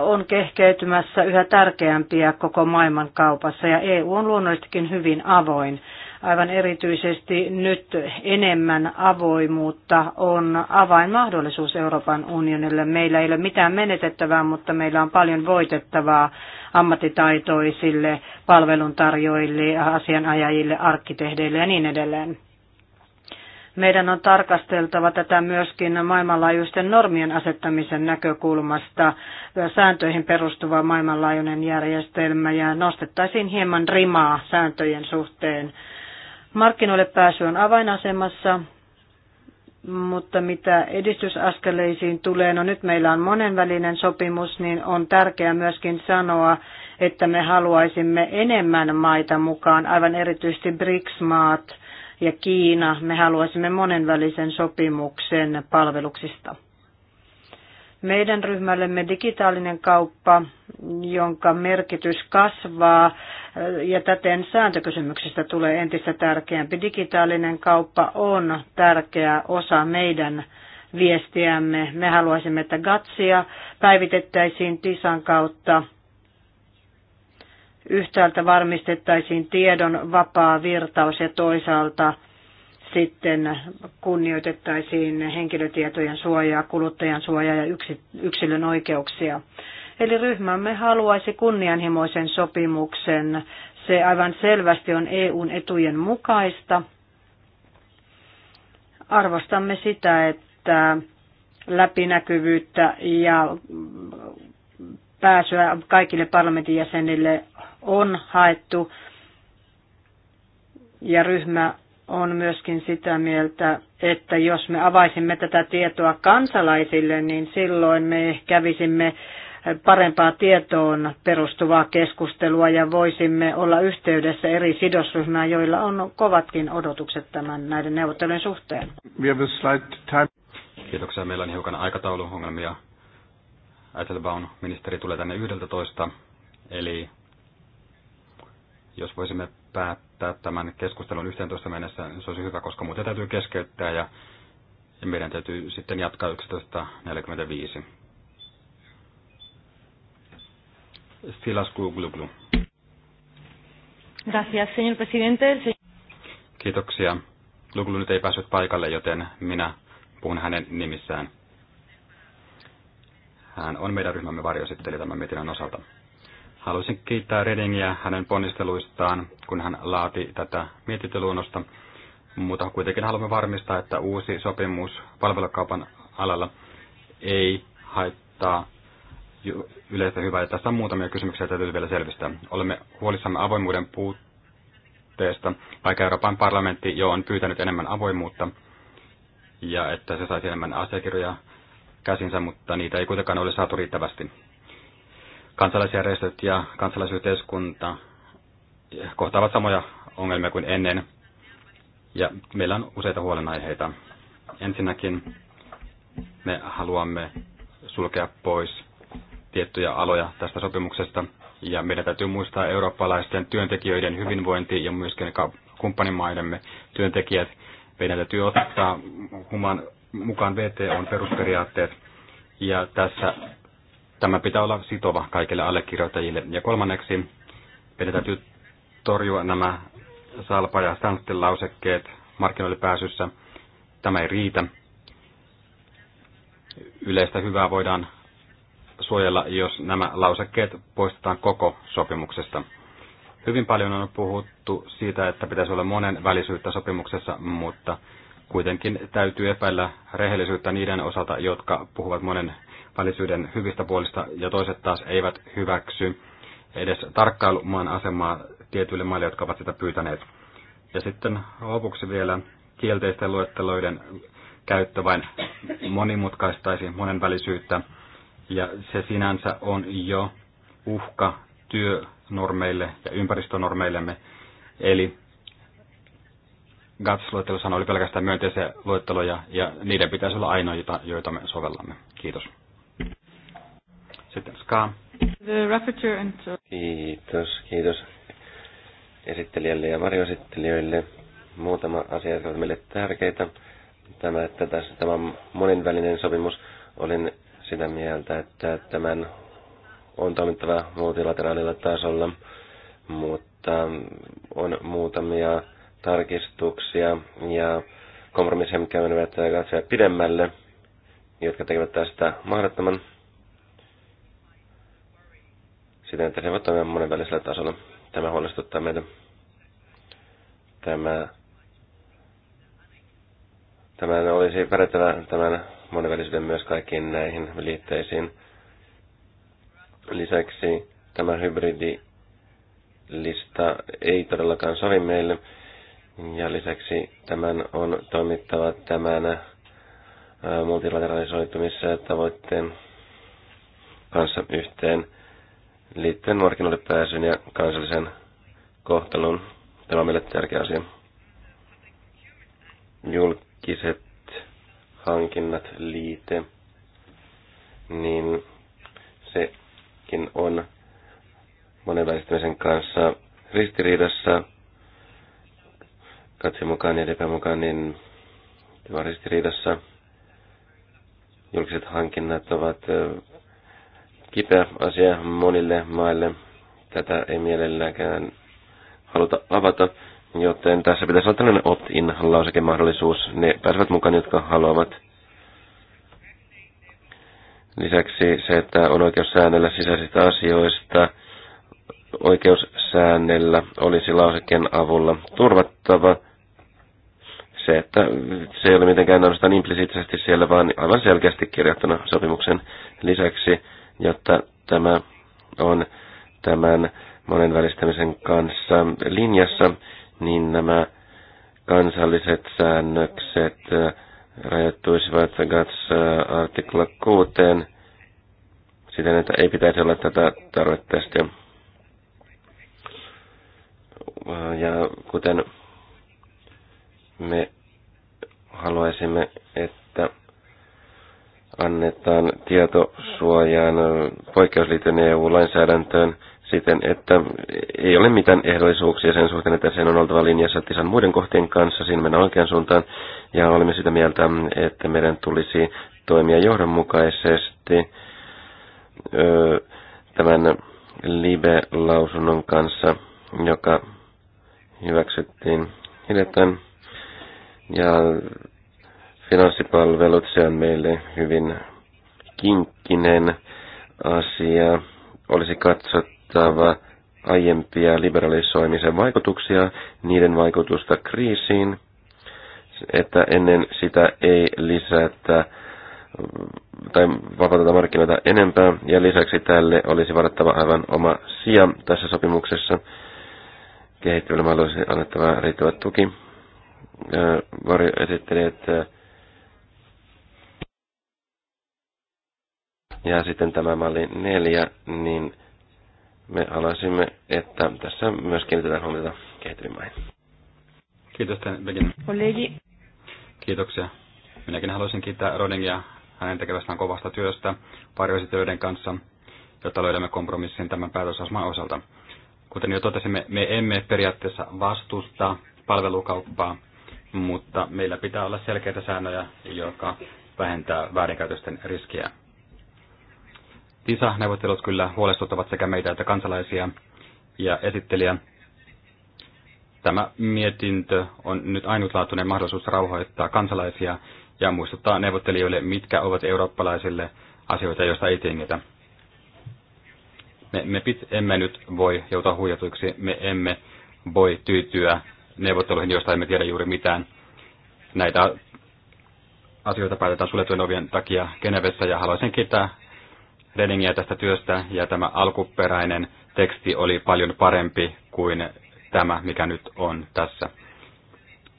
on kehkeytymässä yhä tärkeämpiä koko maailman kaupassa ja EU on luonnollisestikin hyvin avoin aivan erityisesti nyt enemmän avoimuutta on avainmahdollisuus Euroopan unionille. Meillä ei ole mitään menetettävää, mutta meillä on paljon voitettavaa ammattitaitoisille, palveluntarjoajille, asianajajille, arkkitehdeille ja niin edelleen. Meidän on tarkasteltava tätä myöskin maailmanlaajuisten normien asettamisen näkökulmasta. Sääntöihin perustuva maailmanlaajuinen järjestelmä ja nostettaisiin hieman rimaa sääntöjen suhteen. Markkinoille pääsy on avainasemassa, mutta mitä edistysaskeleisiin tulee, no nyt meillä on monenvälinen sopimus, niin on tärkeää myöskin sanoa, että me haluaisimme enemmän maita mukaan, aivan erityisesti BRICS-maat ja Kiina. Me haluaisimme monenvälisen sopimuksen palveluksista. Meidän ryhmällemme digitaalinen kauppa, jonka merkitys kasvaa, ja täten sääntökysymyksistä tulee entistä tärkeämpi. Digitaalinen kauppa on tärkeä osa meidän viestiämme. Me haluaisimme, että GATSia päivitettäisiin TISAN kautta. Yhtäältä varmistettaisiin tiedon vapaa virtaus ja toisaalta sitten kunnioitettaisiin henkilötietojen suojaa, kuluttajan suojaa ja yksilön oikeuksia. Eli ryhmämme haluaisi kunnianhimoisen sopimuksen. Se aivan selvästi on EUn etujen mukaista. Arvostamme sitä, että läpinäkyvyyttä ja pääsyä kaikille parlamentin jäsenille on haettu. Ja ryhmä on myöskin sitä mieltä, että jos me avaisimme tätä tietoa kansalaisille, niin silloin me kävisimme parempaa tietoon perustuvaa keskustelua ja voisimme olla yhteydessä eri sidosryhmään, joilla on kovatkin odotukset tämän näiden neuvottelujen suhteen. Kiitoksia. Meillä on hiukan aikatauluongelmia. Eitelbaun ministeri tulee tänne 11, eli jos voisimme päättää tämän keskustelun 11 mennessä, niin se olisi hyvä, koska muuten täytyy keskeyttää ja meidän täytyy sitten jatkaa 11.45. Stilas Kugluglu. Gracias, señor presidente. Kiitoksia. Luglu nyt ei päässyt paikalle, joten minä puhun hänen nimissään. Hän on meidän ryhmämme varjositteli tämän mietinnön osalta. Haluaisin kiittää Redingiä hänen ponnisteluistaan, kun hän laati tätä mietintöluonnosta, mutta kuitenkin haluamme varmistaa, että uusi sopimus palvelukaupan alalla ei haittaa yleistä hyvää. Ja tässä on muutamia kysymyksiä, joita täytyy vielä selvistää. Olemme huolissamme avoimuuden puutteesta, vaikka Euroopan parlamentti jo on pyytänyt enemmän avoimuutta ja että se saisi enemmän asiakirjoja käsinsä, mutta niitä ei kuitenkaan ole saatu riittävästi. Kansalaisjärjestöt ja kansalaisyhteiskunta kohtaavat samoja ongelmia kuin ennen, ja meillä on useita huolenaiheita. Ensinnäkin me haluamme sulkea pois tiettyjä aloja tästä sopimuksesta. Ja meidän täytyy muistaa eurooppalaisten työntekijöiden hyvinvointi ja myöskin kumppanimaidemme työntekijät. Meidän täytyy ottaa human, mukaan VTOn perusperiaatteet. Ja tässä tämä pitää olla sitova kaikille allekirjoittajille. Ja kolmanneksi meidän täytyy torjua nämä salpa- ja standstill-lausekkeet markkinoille pääsyssä. Tämä ei riitä. Yleistä hyvää voidaan suojella, jos nämä lausekkeet poistetaan koko sopimuksesta. Hyvin paljon on puhuttu siitä, että pitäisi olla monen välisyyttä sopimuksessa, mutta kuitenkin täytyy epäillä rehellisyyttä niiden osalta, jotka puhuvat monen välisyyden hyvistä puolista ja toiset taas eivät hyväksy edes tarkkailumaan asemaa tietyille maille, jotka ovat sitä pyytäneet. Ja sitten lopuksi vielä kielteisten luetteloiden käyttö vain monimutkaistaisi välisyyttä ja se sinänsä on jo uhka työnormeille ja ympäristönormeillemme. Eli GATS-luettelossa oli pelkästään myönteisiä luetteloja, ja niiden pitäisi olla ainoita, joita me sovellamme. Kiitos. Sitten Ska. The rapporteur and... Kiitos, kiitos esittelijälle ja varjoesittelijöille. Muutama asia, jotka meille tärkeitä. Tämä, että tässä, tämä monenvälinen sopimus, olin sitä mieltä, että tämän on toimittava multilateraalilla tasolla, mutta on muutamia tarkistuksia ja kompromisseja, mitkä menevät katsoja pidemmälle, jotka tekevät tästä mahdottoman siten, että se voi toimia monenvälisellä tasolla. Tämä huolestuttaa meitä. Tämä, tämän olisi pärjättävä tämän monivälisyyden myös kaikkiin näihin liitteisiin. Lisäksi tämä hybridilista ei todellakaan sovi meille. Ja lisäksi tämän on toimittava tämän äh, tavoitteen kanssa yhteen liittyen markkinoille pääsyn ja kansallisen kohtelun. Tämä on meille tärkeä asia. Julkiset hankinnat liite, niin sekin on monenvälistämisen kanssa ristiriidassa. Katse mukaan ja DP mukaan, niin tämä ristiriidassa. Julkiset hankinnat ovat kipeä asia monille maille. Tätä ei mielelläkään haluta avata. Joten tässä pitäisi olla tällainen opt-in lausekemahdollisuus. Ne pääsevät mukaan, jotka haluavat. Lisäksi se, että on oikeus säännellä sisäisistä asioista, oikeus säännellä olisi lausekkeen avulla turvattava se, että se ei ole mitenkään ainoastaan implisiittisesti siellä, vaan aivan selkeästi kirjattuna sopimuksen lisäksi, jotta tämä on tämän monen välistämisen kanssa linjassa niin nämä kansalliset säännökset äh, rajoittuisivat GATS-artikla äh, 6 siten, että ei pitäisi olla tätä tarvetestiä. Äh, ja kuten me haluaisimme, että annetaan tietosuojaan poikkeus EU-lainsäädäntöön, siten, että ei ole mitään ehdollisuuksia sen suhteen, että sen on oltava linjassa Tisan muiden kohtien kanssa, siinä mennään oikean suuntaan, ja olemme sitä mieltä, että meidän tulisi toimia johdonmukaisesti öö, tämän Libe-lausunnon kanssa, joka hyväksyttiin hiljattain. Ja finanssipalvelut, se on meille hyvin kinkkinen asia. Olisi katsottu vastaava aiempia liberalisoimisen vaikutuksia, niiden vaikutusta kriisiin, että ennen sitä ei lisätä tai vapauteta markkinoita enempää, ja lisäksi tälle olisi varattava aivan oma sija tässä sopimuksessa. Kehittyville maille olisi annettava riittävä tuki. Varjo esitteli, että ja sitten tämä malli neljä, niin me alasimme, että tässä myös kiinnitetään huomiota kehittyviin maihin. Kiitos Begin. Kollegi. Kiitoksia. Minäkin haluaisin kiittää Rodingia hänen tekevästään kovasta työstä parjoisitöiden kanssa, jotta löydämme kompromissin tämän päätösasman osalta. Kuten jo totesimme, me emme periaatteessa vastusta palvelukauppaa, mutta meillä pitää olla selkeitä säännöjä, jotka vähentää väärinkäytösten riskiä pisa neuvottelut kyllä huolestuttavat sekä meitä että kansalaisia ja esittelijä. Tämä mietintö on nyt ainutlaatuinen mahdollisuus rauhoittaa kansalaisia ja muistuttaa neuvottelijoille, mitkä ovat eurooppalaisille asioita, joista ei tingitä. Me, me pit, emme nyt voi joutua huijatuiksi, me emme voi tyytyä neuvotteluihin, joista emme tiedä juuri mitään. Näitä asioita päätetään suljetujen ovien takia Genevessä ja haluaisin kiittää Redingiä tästä työstä ja tämä alkuperäinen teksti oli paljon parempi kuin tämä, mikä nyt on tässä.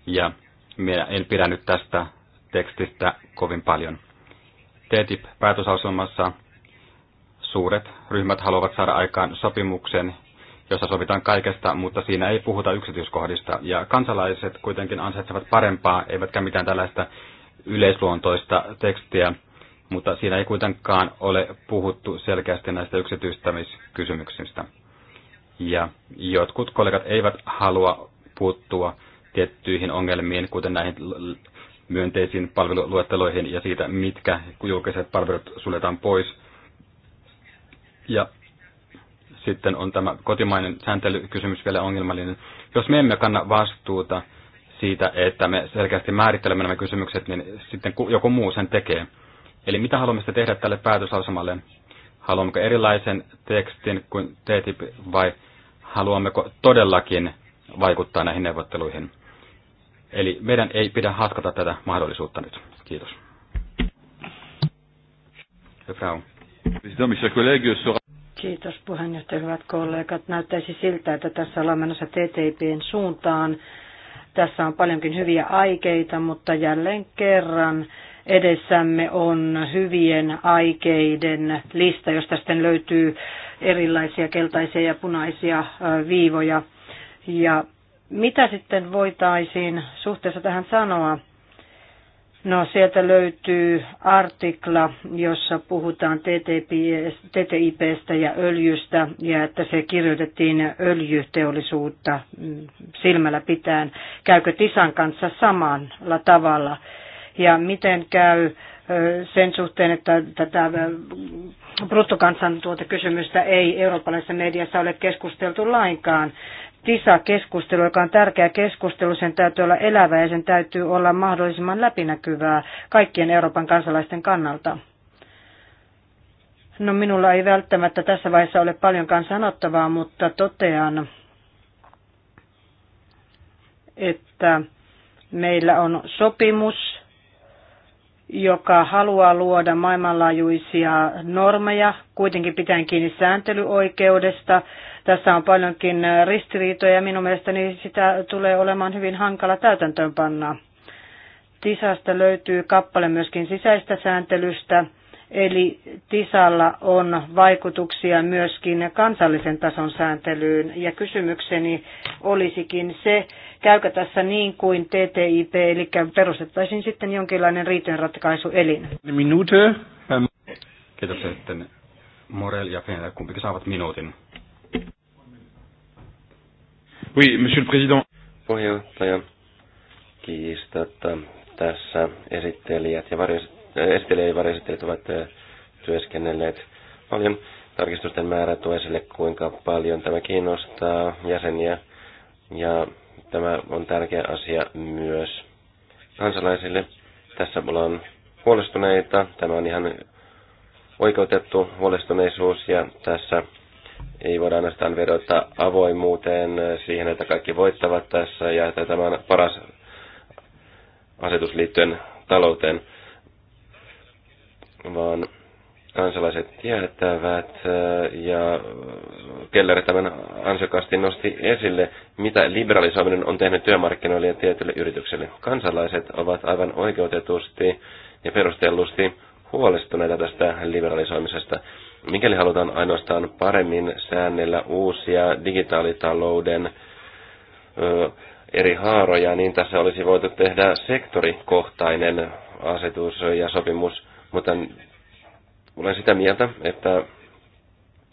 Ja minä en pidä nyt tästä tekstistä kovin paljon. ttip päätösasemassa suuret ryhmät haluavat saada aikaan sopimuksen, jossa sovitaan kaikesta, mutta siinä ei puhuta yksityiskohdista. Ja kansalaiset kuitenkin ansaitsevat parempaa, eivätkä mitään tällaista yleisluontoista tekstiä, mutta siinä ei kuitenkaan ole puhuttu selkeästi näistä yksityistämiskysymyksistä. Ja jotkut kollegat eivät halua puuttua tiettyihin ongelmiin, kuten näihin myönteisiin palveluluetteloihin ja siitä, mitkä julkiset palvelut suljetaan pois. Ja sitten on tämä kotimainen sääntelykysymys vielä ongelmallinen. Jos me emme kanna vastuuta siitä, että me selkeästi määrittelemme nämä kysymykset, niin sitten joku muu sen tekee. Eli mitä haluamme sitten tehdä tälle päätöslausamalle? Haluammeko erilaisen tekstin kuin TTIP vai haluammeko todellakin vaikuttaa näihin neuvotteluihin? Eli meidän ei pidä haskata tätä mahdollisuutta nyt. Kiitos. Kiitos puheenjohtaja, hyvät kollegat. Näyttäisi siltä, että tässä ollaan menossa TTIPin suuntaan. Tässä on paljonkin hyviä aikeita, mutta jälleen kerran edessämme on hyvien aikeiden lista, josta sitten löytyy erilaisia keltaisia ja punaisia viivoja. Ja mitä sitten voitaisiin suhteessa tähän sanoa? No sieltä löytyy artikla, jossa puhutaan TTIPstä ja öljystä ja että se kirjoitettiin öljyteollisuutta mm, silmällä pitäen. Käykö Tisan kanssa samalla tavalla? ja miten käy sen suhteen, että tätä bruttokansantuotekysymystä ei eurooppalaisessa mediassa ole keskusteltu lainkaan. TISA-keskustelu, joka on tärkeä keskustelu, sen täytyy olla elävä ja sen täytyy olla mahdollisimman läpinäkyvää kaikkien Euroopan kansalaisten kannalta. No minulla ei välttämättä tässä vaiheessa ole paljonkaan sanottavaa, mutta totean, että meillä on sopimus joka haluaa luoda maailmanlaajuisia normeja, kuitenkin pitäen kiinni sääntelyoikeudesta. Tässä on paljonkin ristiriitoja ja minun mielestäni sitä tulee olemaan hyvin hankala täytäntöönpanna. TISasta löytyy kappale myöskin sisäistä sääntelystä, eli TISalla on vaikutuksia myöskin kansallisen tason sääntelyyn. Ja kysymykseni olisikin se, Käykö tässä niin kuin TTIP, eli perustettaisiin sitten jonkinlainen riitojenratkaisuelin? Minuute. Ähm. Kiitoksia sitten Morel ja Fenner, kumpikin saavat minuutin. Oui, monsieur le président. Puheenjohtaja, kiistatta äh, tässä esittelijät ja äh, esittelijät ja varjoesittelijät ovat äh, työskennelleet paljon. Tarkistusten määrä tuo esille, kuinka paljon tämä kiinnostaa jäseniä ja Tämä on tärkeä asia myös kansalaisille. Tässä ollaan huolestuneita. Tämä on ihan oikeutettu huolestuneisuus ja tässä ei voida ainoastaan vedota avoimuuteen siihen, että kaikki voittavat tässä ja että tämä on paras asetus liittyen talouteen, vaan kansalaiset tietävät äh, ja Keller tämän ansiokasti nosti esille, mitä liberalisoiminen on tehnyt työmarkkinoille ja tietylle yrityksille. Kansalaiset ovat aivan oikeutetusti ja perustellusti huolestuneita tästä liberalisoimisesta. Mikäli halutaan ainoastaan paremmin säännellä uusia digitaalitalouden eri haaroja, niin tässä olisi voitu tehdä sektorikohtainen asetus ja sopimus, mutta olen sitä mieltä, että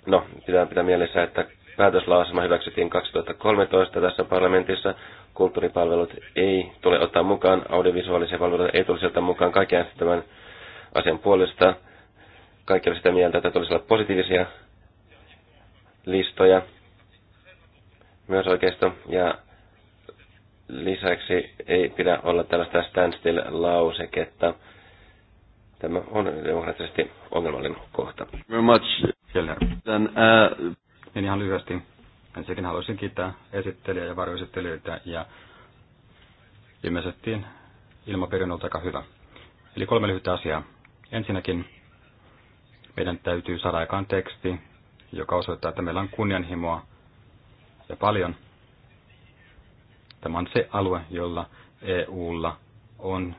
no, pitää pitää mielessä, että päätöslausema hyväksyttiin 2013 tässä parlamentissa. Kulttuuripalvelut ei tule ottaa mukaan, audiovisuaalisia palveluita ei tule ottaa mukaan kaiken tämän asian puolesta. Kaikki sitä mieltä, että tulisi olla positiivisia listoja, myös oikeisto, ja lisäksi ei pidä olla tällaista standstill-lauseketta. Tämä on demokraattisesti ongelmallinen kohta. Very much. Then, uh... Niin ihan lyhyesti. Ensinnäkin haluaisin kiittää esittelijä ja varjoesittelijöitä ja ilmeisesti ilmapiiri on ollut aika hyvä. Eli kolme lyhyttä asiaa. Ensinnäkin meidän täytyy saada aikaan teksti, joka osoittaa, että meillä on kunnianhimoa ja paljon. Tämä on se alue, jolla EUlla on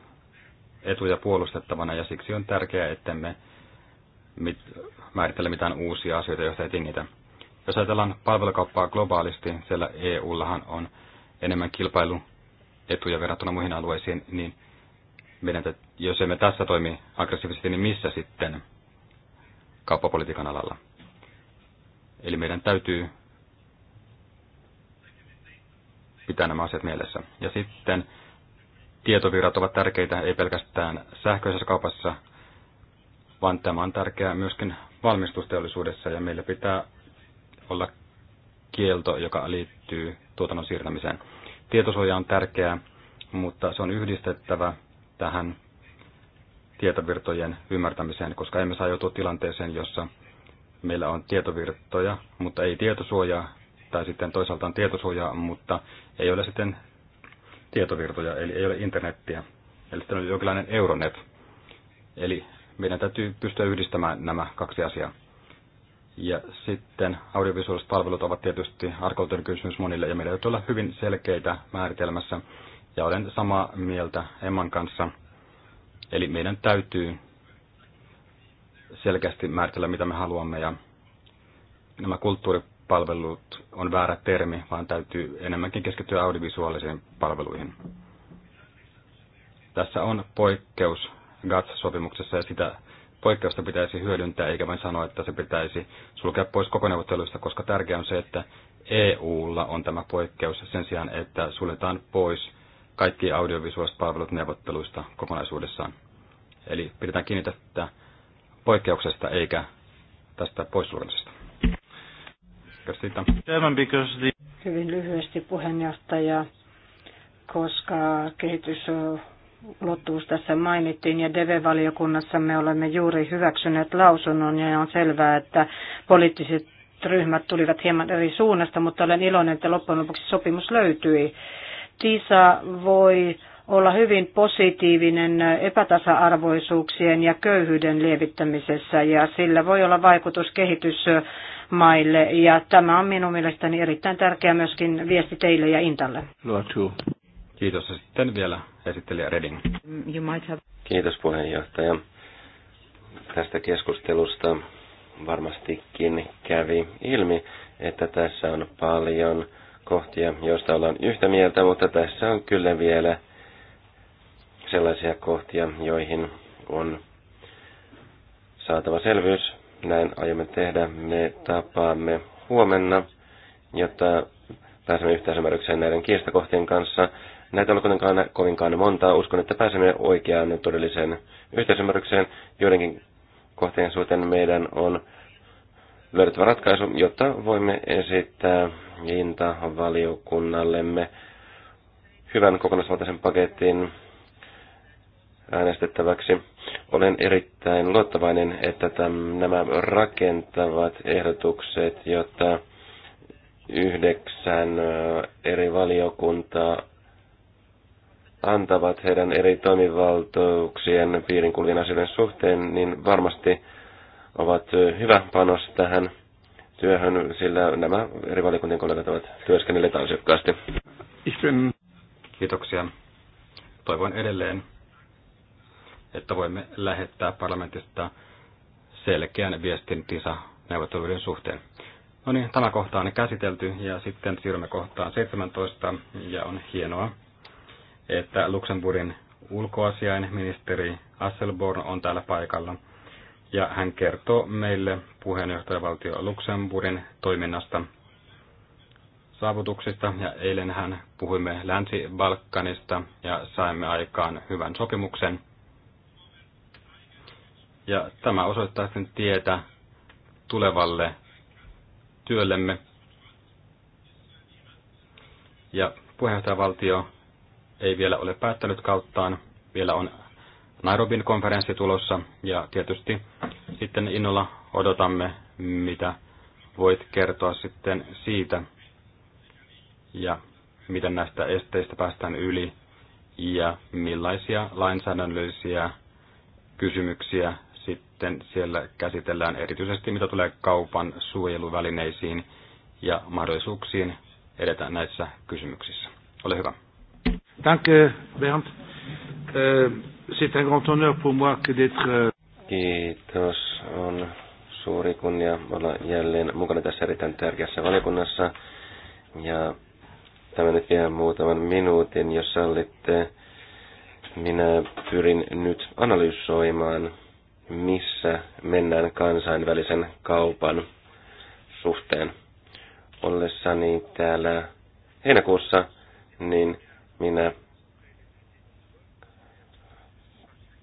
etuja puolustettavana ja siksi on tärkeää, ettemme mit, määrittele mitään uusia asioita, joista ei tingitä. Jos ajatellaan palvelukauppaa globaalisti, siellä EUllahan on enemmän kilpailuetuja verrattuna muihin alueisiin, niin meidän, jos emme tässä toimi aggressiivisesti, niin missä sitten kauppapolitiikan alalla? Eli meidän täytyy pitää nämä asiat mielessä. Ja sitten tietovirrat ovat tärkeitä ei pelkästään sähköisessä kaupassa, vaan tämä on tärkeää myöskin valmistusteollisuudessa ja meillä pitää olla kielto, joka liittyy tuotannon siirtämiseen. Tietosuoja on tärkeää, mutta se on yhdistettävä tähän tietovirtojen ymmärtämiseen, koska emme saa joutua tilanteeseen, jossa meillä on tietovirtoja, mutta ei tietosuojaa, tai sitten toisaalta on tietosuojaa, mutta ei ole sitten tietovirtoja, eli ei ole internettiä. Eli sitten on jonkinlainen Euronet. Eli meidän täytyy pystyä yhdistämään nämä kaksi asiaa. Ja sitten audiovisuaaliset palvelut ovat tietysti arkaluontoinen kysymys monille, ja meillä täytyy olla hyvin selkeitä määritelmässä. Ja olen samaa mieltä Emman kanssa. Eli meidän täytyy selkeästi määritellä, mitä me haluamme, ja nämä kulttuuri palvelut on väärä termi, vaan täytyy enemmänkin keskittyä audiovisuaalisiin palveluihin. Tässä on poikkeus GATS-sopimuksessa ja sitä poikkeusta pitäisi hyödyntää, eikä vain sanoa, että se pitäisi sulkea pois koko neuvotteluista, koska tärkeää on se, että EUlla on tämä poikkeus sen sijaan, että suljetaan pois kaikki audiovisuaaliset palvelut neuvotteluista kokonaisuudessaan. Eli pidetään kiinni tästä poikkeuksesta eikä tästä poissulkemisesta jatka sitä. Hyvin lyhyesti puheenjohtaja, koska kehitys Lottuus tässä mainittiin ja DEVE-valiokunnassa me olemme juuri hyväksyneet lausunnon ja on selvää, että poliittiset ryhmät tulivat hieman eri suunnasta, mutta olen iloinen, että loppujen lopuksi sopimus löytyi. TISA voi olla hyvin positiivinen epätasa-arvoisuuksien ja köyhyyden lievittämisessä ja sillä voi olla vaikutus kehitysmaille ja tämä on minun mielestäni erittäin tärkeä myöskin viesti teille ja Intalle. Kiitos. Ja sitten vielä esittelijä Reding. Have... Kiitos puheenjohtaja. Tästä keskustelusta varmastikin kävi ilmi, että tässä on paljon kohtia, joista ollaan yhtä mieltä, mutta tässä on kyllä vielä sellaisia kohtia, joihin on saatava selvyys. Näin aiomme tehdä. Me tapaamme huomenna, jotta pääsemme yhteisymmärrykseen näiden kiistakohtien kanssa. Näitä on kuitenkaan kovinkaan monta. Uskon, että pääsemme oikeaan todelliseen yhteisymmärrykseen. Joidenkin kohtien suhteen meidän on löydettävä ratkaisu, jotta voimme esittää valiokunnallemme hyvän kokonaisvaltaisen paketin äänestettäväksi. Olen erittäin luottavainen, että täm, nämä rakentavat ehdotukset, jotta yhdeksän eri valiokuntaa antavat heidän eri toimivaltuuksien piirin kulvien asioiden suhteen, niin varmasti ovat hyvä panos tähän työhön, sillä nämä eri valiokuntien kollegat ovat työskennelleet ansiokkaasti. Kiitoksia. Toivon edelleen, että voimme lähettää parlamentista selkeän viestin TISA-neuvotteluiden suhteen. No niin, tämä kohta on käsitelty ja sitten siirrymme kohtaan 17 ja on hienoa, että Luxemburgin ulkoasiainministeri Asselborn on täällä paikalla ja hän kertoo meille puheenjohtajavaltio Luxemburgin toiminnasta saavutuksista ja eilen hän puhuimme Länsi-Balkanista ja saimme aikaan hyvän sopimuksen. Ja tämä osoittaa sen tietä tulevalle työllemme. Ja puheenjohtajavaltio ei vielä ole päättänyt kauttaan. Vielä on Nairobin konferenssi tulossa ja tietysti sitten innolla odotamme, mitä voit kertoa sitten siitä ja miten näistä esteistä päästään yli ja millaisia lainsäädännöllisiä kysymyksiä sitten siellä käsitellään erityisesti mitä tulee kaupan suojeluvälineisiin ja mahdollisuuksiin edetä näissä kysymyksissä. Ole hyvä. Bernd. Euh, c'est un grand honneur pour moi que d'être... Euh, Kiitos. On suuri kunnia olla jälleen mukana tässä erittäin tärkeässä valiokunnassa. Ja tämä nyt vielä muutaman minuutin, jos sallitte. Minä pyrin nyt analysoimaan missä mennään kansainvälisen kaupan suhteen. Ollessani täällä heinäkuussa, niin minä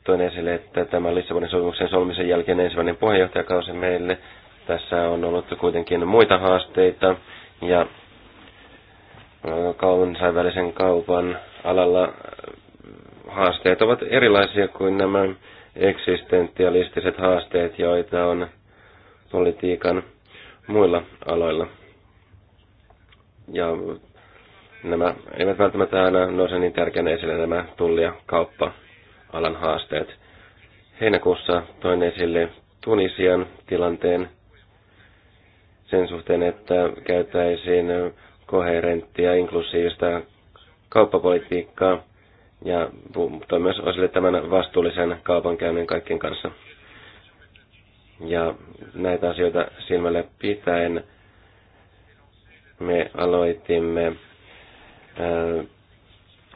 toin esille, että tämä Lissabonin sopimuksen solmisen jälkeen ensimmäinen puheenjohtajakausi meille. Tässä on ollut kuitenkin muita haasteita ja äh, kansainvälisen kaupan alalla äh, haasteet ovat erilaisia kuin nämä eksistentialistiset haasteet, joita on politiikan muilla aloilla. Ja nämä eivät välttämättä aina nouse niin tärkeänä esille nämä tulli- ja kauppa-alan haasteet. Heinäkuussa toin esille Tunisian tilanteen sen suhteen, että käytäisiin koherenttia inklusiivista kauppapolitiikkaa ja toi myös osille tämän vastuullisen kaupankäynnin kaikkien kanssa. Ja näitä asioita silmälle pitäen me aloitimme ää, äh,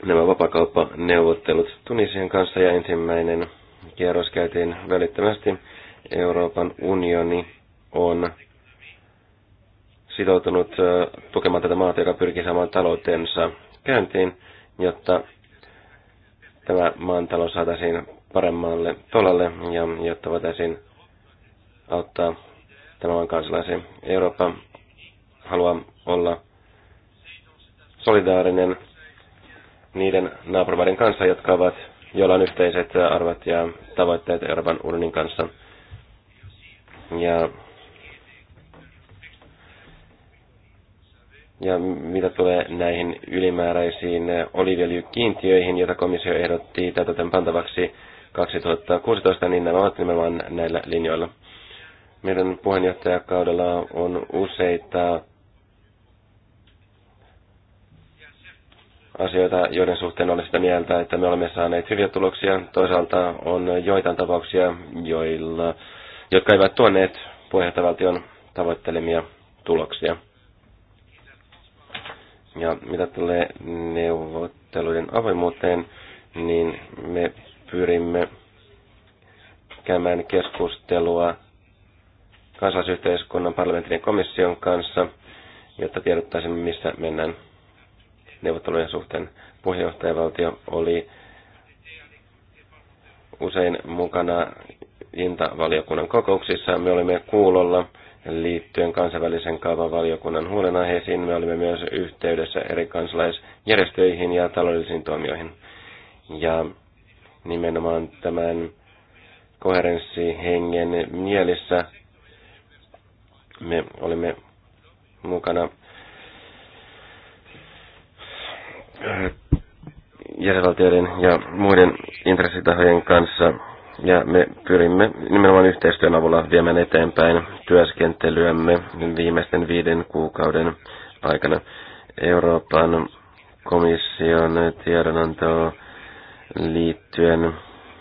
nämä vapakauppaneuvottelut Tunisien kanssa ja ensimmäinen kierros käytiin välittömästi. Euroopan unioni on sitoutunut äh, tukemaan tätä maata, joka pyrkii saamaan taloutensa käyntiin, jotta tämä maantalo saataisiin paremmalle tolalle ja jotta voitaisiin auttaa tämän maan kansalaisia. Eurooppa haluaa olla solidaarinen niiden naapurimaiden kanssa, jotka ovat, joilla on yhteiset arvot ja tavoitteet Euroopan unionin kanssa. Ja Ja mitä tulee näihin ylimääräisiin oliviöljykiintiöihin, joita komissio ehdotti täytäntöön pantavaksi 2016, niin nämä ovat nimenomaan näillä linjoilla. Meidän puheenjohtajakaudella on useita asioita, joiden suhteen olen sitä mieltä, että me olemme saaneet hyviä tuloksia. Toisaalta on joitain tapauksia, joilla, jotka eivät tuoneet puheenjohtajavaltion tavoittelemia tuloksia. Ja mitä tulee neuvotteluiden avoimuuteen, niin me pyrimme käymään keskustelua kansalaisyhteiskunnan parlamentin ja komission kanssa, jotta tiedottaisimme, missä mennään neuvottelujen suhteen. Puheenjohtajavaltio oli usein mukana intavaliokunnan valiokunnan kokouksissa. Me olimme kuulolla liittyen kansainvälisen kaavan valiokunnan huolenaiheisiin. Me olimme myös yhteydessä eri kansalaisjärjestöihin ja taloudellisiin toimijoihin. Ja nimenomaan tämän koherenssihengen mielissä me olimme mukana jäsenvaltioiden ja muiden intressitahojen kanssa ja me pyrimme nimenomaan yhteistyön avulla viemään eteenpäin työskentelyämme viimeisten viiden kuukauden aikana. Euroopan komission tiedonantoa liittyen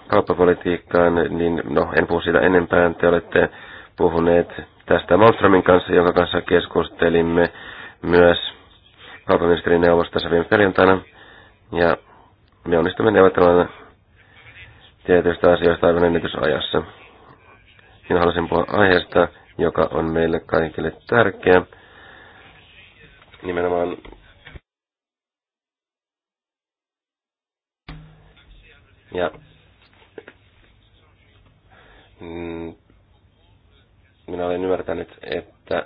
kauppapolitiikkaan, niin no, en puhu siitä enempää. Te olette puhuneet tästä Malmströmin kanssa, jonka kanssa keskustelimme myös kauppaministerin neuvostossa viime perjantaina. Ja me onnistumme neuvottelemaan tietyistä asioista aivan ennätysajassa. Minä haluaisin puhua aiheesta, joka on meille kaikille tärkeä. Nimenomaan ja mm, minä olen ymmärtänyt, että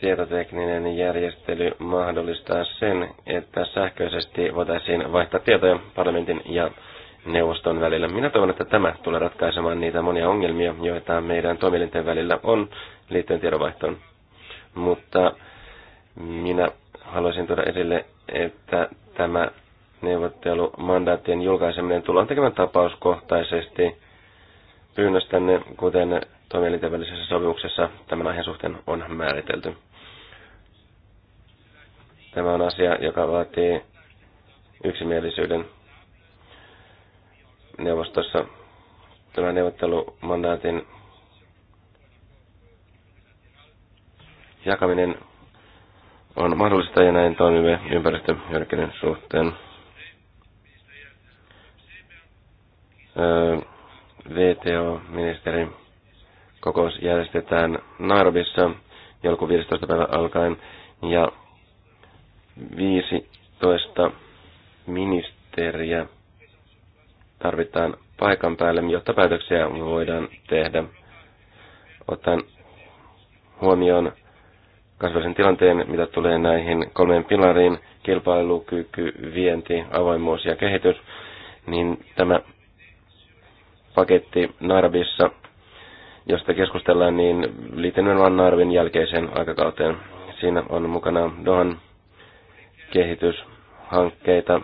tietotekninen järjestely mahdollistaa sen, että sähköisesti voitaisiin vaihtaa tietoja parlamentin ja neuvoston välillä. Minä toivon, että tämä tulee ratkaisemaan niitä monia ongelmia, joita meidän toimielinten välillä on liittyen tiedonvaihtoon. Mutta minä haluaisin tuoda esille, että tämä neuvottelumandaattien julkaiseminen tullaan tekemään tapauskohtaisesti pyynnöstänne, kuten toimielinten välisessä sopimuksessa tämän aiheen suhteen on määritelty. Tämä on asia, joka vaatii yksimielisyyden neuvostossa. Tämä neuvottelumandaatin jakaminen on mahdollista ja näin toimimme ympäristöjärkinen suhteen. Öö, VTO-ministeri kokous järjestetään Nairobissa joulukuun 15. päivä alkaen ja 15 ministeriä tarvitaan paikan päälle, jotta päätöksiä voidaan tehdä. Otan huomioon kasvallisen tilanteen, mitä tulee näihin kolmeen pilariin, kilpailukyky, vienti, avoimuus ja kehitys, niin tämä paketti Narvissa, josta keskustellaan, niin liittyy vain Narvin jälkeiseen aikakauteen. Siinä on mukana Dohan kehityshankkeita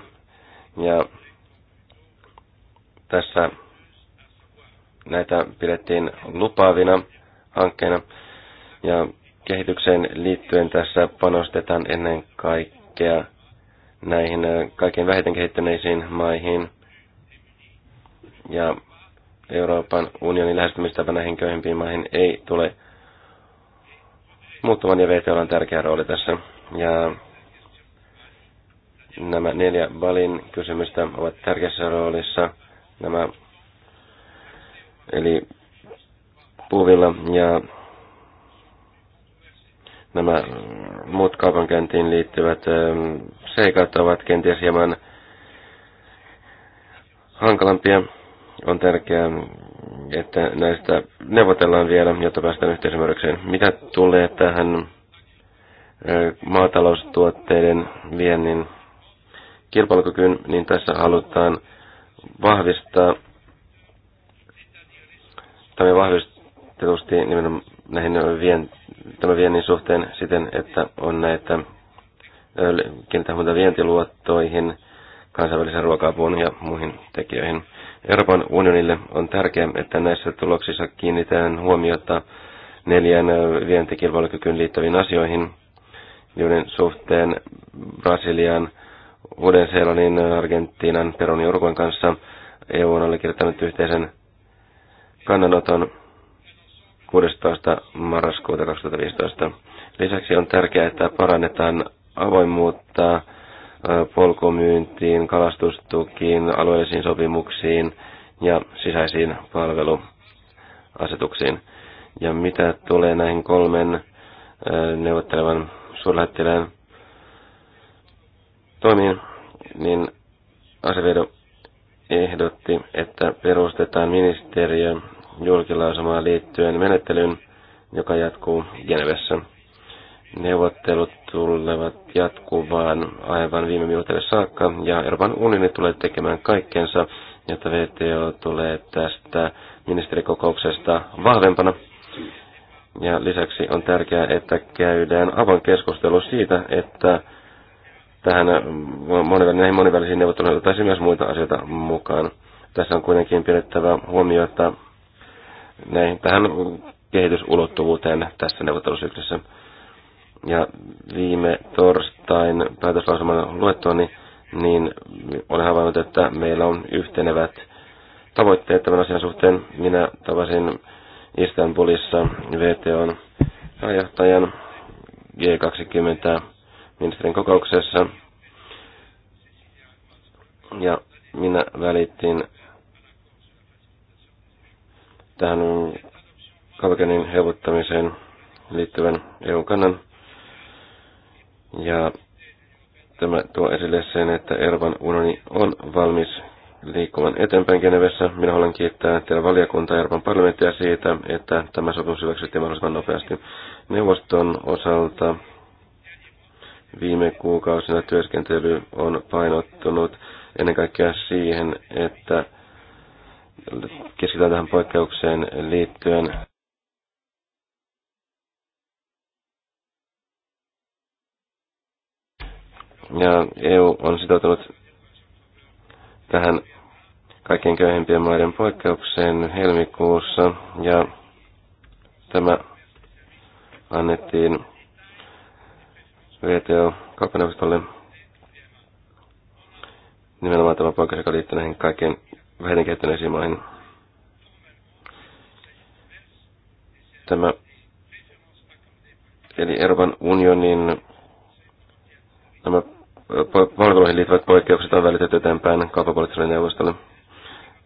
ja tässä näitä pidettiin lupaavina hankkeina ja kehitykseen liittyen tässä panostetaan ennen kaikkea näihin kaikkein vähiten kehittyneisiin maihin ja Euroopan unionin lähestymistapa näihin köyhimpiin maihin ei tule muuttumaan ja VTOlla on tärkeä rooli tässä. Ja Nämä neljä Balin kysymystä ovat tärkeässä roolissa. Nämä, eli puuvilla ja nämä muut kaupankäyntiin liittyvät ähm, seikat ovat kenties hieman hankalampia. On tärkeää, että näistä neuvotellaan vielä, jotta päästään yhteisymmärrykseen. Mitä tulee tähän äh, maataloustuotteiden viennin kilpailukykyyn, niin tässä halutaan vahvistaa tämä vahvistetusti nimenomaan vien, tämän viennin suhteen siten, että on näitä kiinnittää huomiota vientiluottoihin, kansainvälisen ruoka ja muihin tekijöihin. Euroopan unionille on tärkeää, että näissä tuloksissa kiinnitään huomiota neljän vientikilpailukykyyn liittyviin asioihin, joiden suhteen Brasilian Uuden-Seelannin, äh, Argentiinan, Peron ja kanssa. EU on allekirjoittanut yhteisen kannanoton 16. marraskuuta 2015. Lisäksi on tärkeää, että parannetaan avoimuutta äh, polkumyyntiin, kalastustukiin, alueellisiin sopimuksiin ja sisäisiin palveluasetuksiin. Ja mitä tulee näihin kolmen äh, neuvottelevan suurlähettilään toimiin, niin Asevedo ehdotti, että perustetaan ministeriö julkilausumaan liittyen menettelyyn, joka jatkuu Genevessä. Neuvottelut tulevat jatkuvaan aivan viime minuutille saakka, ja Euroopan unioni tulee tekemään kaikkensa, jotta VTO tulee tästä ministerikokouksesta vahvempana. Ja lisäksi on tärkeää, että käydään avoin keskustelu siitä, että tähän äh, näihin monivälisiin neuvotteluihin ottaisi myös muita asioita mukaan. Tässä on kuitenkin pidettävä että näihin, tähän kehitysulottuvuuteen tässä neuvottelusyklissä. Ja viime torstain päätöslauselman luettuani, niin olen havainnut, että meillä on yhtenevät tavoitteet tämän asian suhteen. Minä tavasin Istanbulissa VTOn pääjohtajan G20 ministerin kokouksessa. Ja minä välitin tähän kaupankäynnin helpottamiseen liittyvän EU-kannan. Ja tämä tuo esille sen, että Euroopan unioni on valmis liikkumaan eteenpäin Genevessä. Minä haluan kiittää teillä valiokuntaa Euroopan parlamenttia siitä, että tämä sopimus hyväksyttiin mahdollisimman nopeasti neuvoston osalta. Viime kuukausina työskentely on painottunut ennen kaikkea siihen, että keskitytään tähän poikkeukseen liittyen. Ja EU on sitoutunut tähän kaikkien köyhimpien maiden poikkeukseen helmikuussa ja tämä annettiin VTO kauppaneuvostolle nimenomaan tämä poikkeus, joka liittyy näihin kaikkein vähiten kehittyneisiin maihin. Tämä, eli Euroopan unionin nämä palveluihin liittyvät poikkeukset on välitetty eteenpäin kauppapoliittiselle neuvostolle.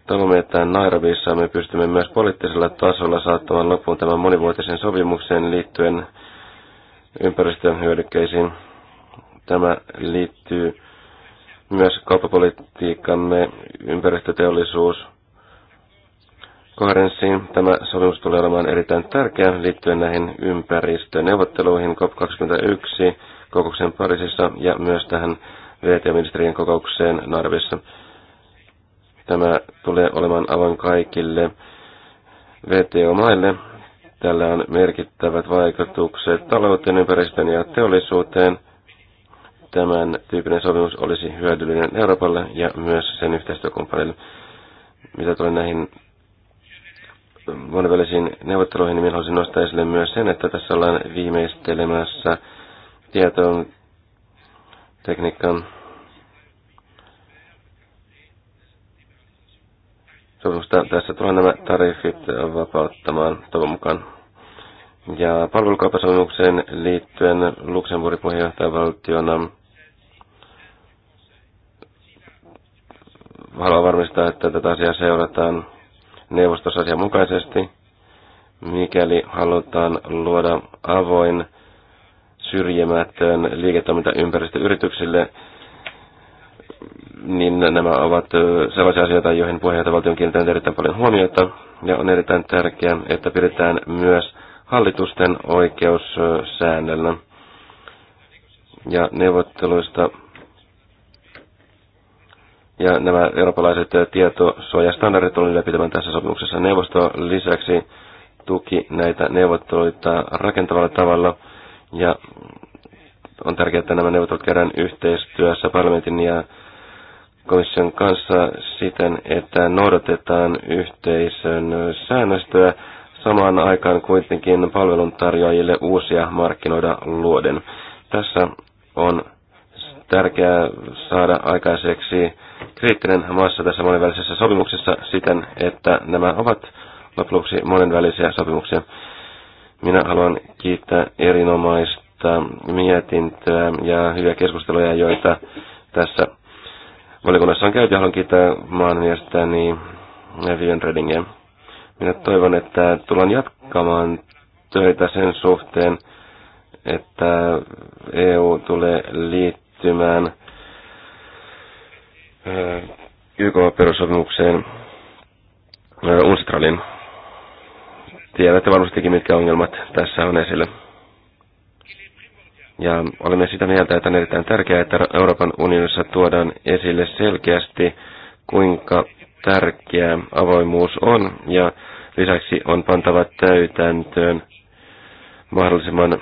Toivomme, että Nairobiissa me pystymme myös poliittisella tasolla saattamaan loppuun tämän monivuotisen sopimukseen liittyen Ympäristön hyödykkeisiin Tämä liittyy myös kauppapolitiikkamme ympäristöteollisuus koherenssiin. Tämä sopimus tulee olemaan erittäin tärkeä liittyen näihin ympäristöneuvotteluihin COP21 kokouksen Pariisissa ja myös tähän VT-ministerien kokoukseen Narvissa. Tämä tulee olemaan avoin kaikille VTO-maille Tällä on merkittävät vaikutukset talouteen, ympäristön ja teollisuuteen. Tämän tyyppinen sopimus olisi hyödyllinen Euroopalle ja myös sen yhteistyökumppanille. Mitä tulee näihin monenvälisiin neuvotteluihin, niin minä haluaisin nostaa esille myös sen, että tässä ollaan viimeistelemässä tietoon tekniikan Suurusta tässä tulee nämä tariffit vapauttamaan toivon mukaan. Ja palvelukaupasopimukseen liittyen Luxemburgin puheenjohtajavaltiona haluan varmistaa, että tätä asiaa seurataan neuvostossa asianmukaisesti, mikäli halutaan luoda avoin, syrjimätön liiketoimintaympäristö yrityksille, niin nämä ovat sellaisia asioita, joihin puheenjohtajavaltio on kiinnittänyt erittäin paljon huomiota, ja on erittäin tärkeää, että pidetään myös hallitusten oikeussäännöllä. Ja neuvotteluista ja nämä eurooppalaiset tietosuojastandardit on ylläpitävän tässä sopimuksessa. Neuvosto lisäksi tuki näitä neuvotteluita rakentavalla tavalla ja on tärkeää, että nämä neuvottelut käydään yhteistyössä parlamentin ja komission kanssa siten, että noudatetaan yhteisön säännöstöä samaan aikaan kuitenkin palveluntarjoajille uusia markkinoida luoden. Tässä on tärkeää saada aikaiseksi kriittinen massa tässä monenvälisessä sopimuksessa siten, että nämä ovat lopuksi monenvälisiä sopimuksia. Minä haluan kiittää erinomaista mietintöä ja hyviä keskusteluja, joita tässä valiokunnassa on käyty. Haluan kiittää maan miestäni Vion Redingia. Minä toivon, että tullaan jatkamaan töitä sen suhteen, että EU tulee liittymään YK-perussopimukseen Unstralin. Tiedätte varmastikin, mitkä ongelmat tässä on esille. Ja olemme sitä mieltä, että on erittäin tärkeää, että Euroopan unionissa tuodaan esille selkeästi, kuinka tärkeä avoimuus on, ja lisäksi on pantava täytäntöön mahdollisimman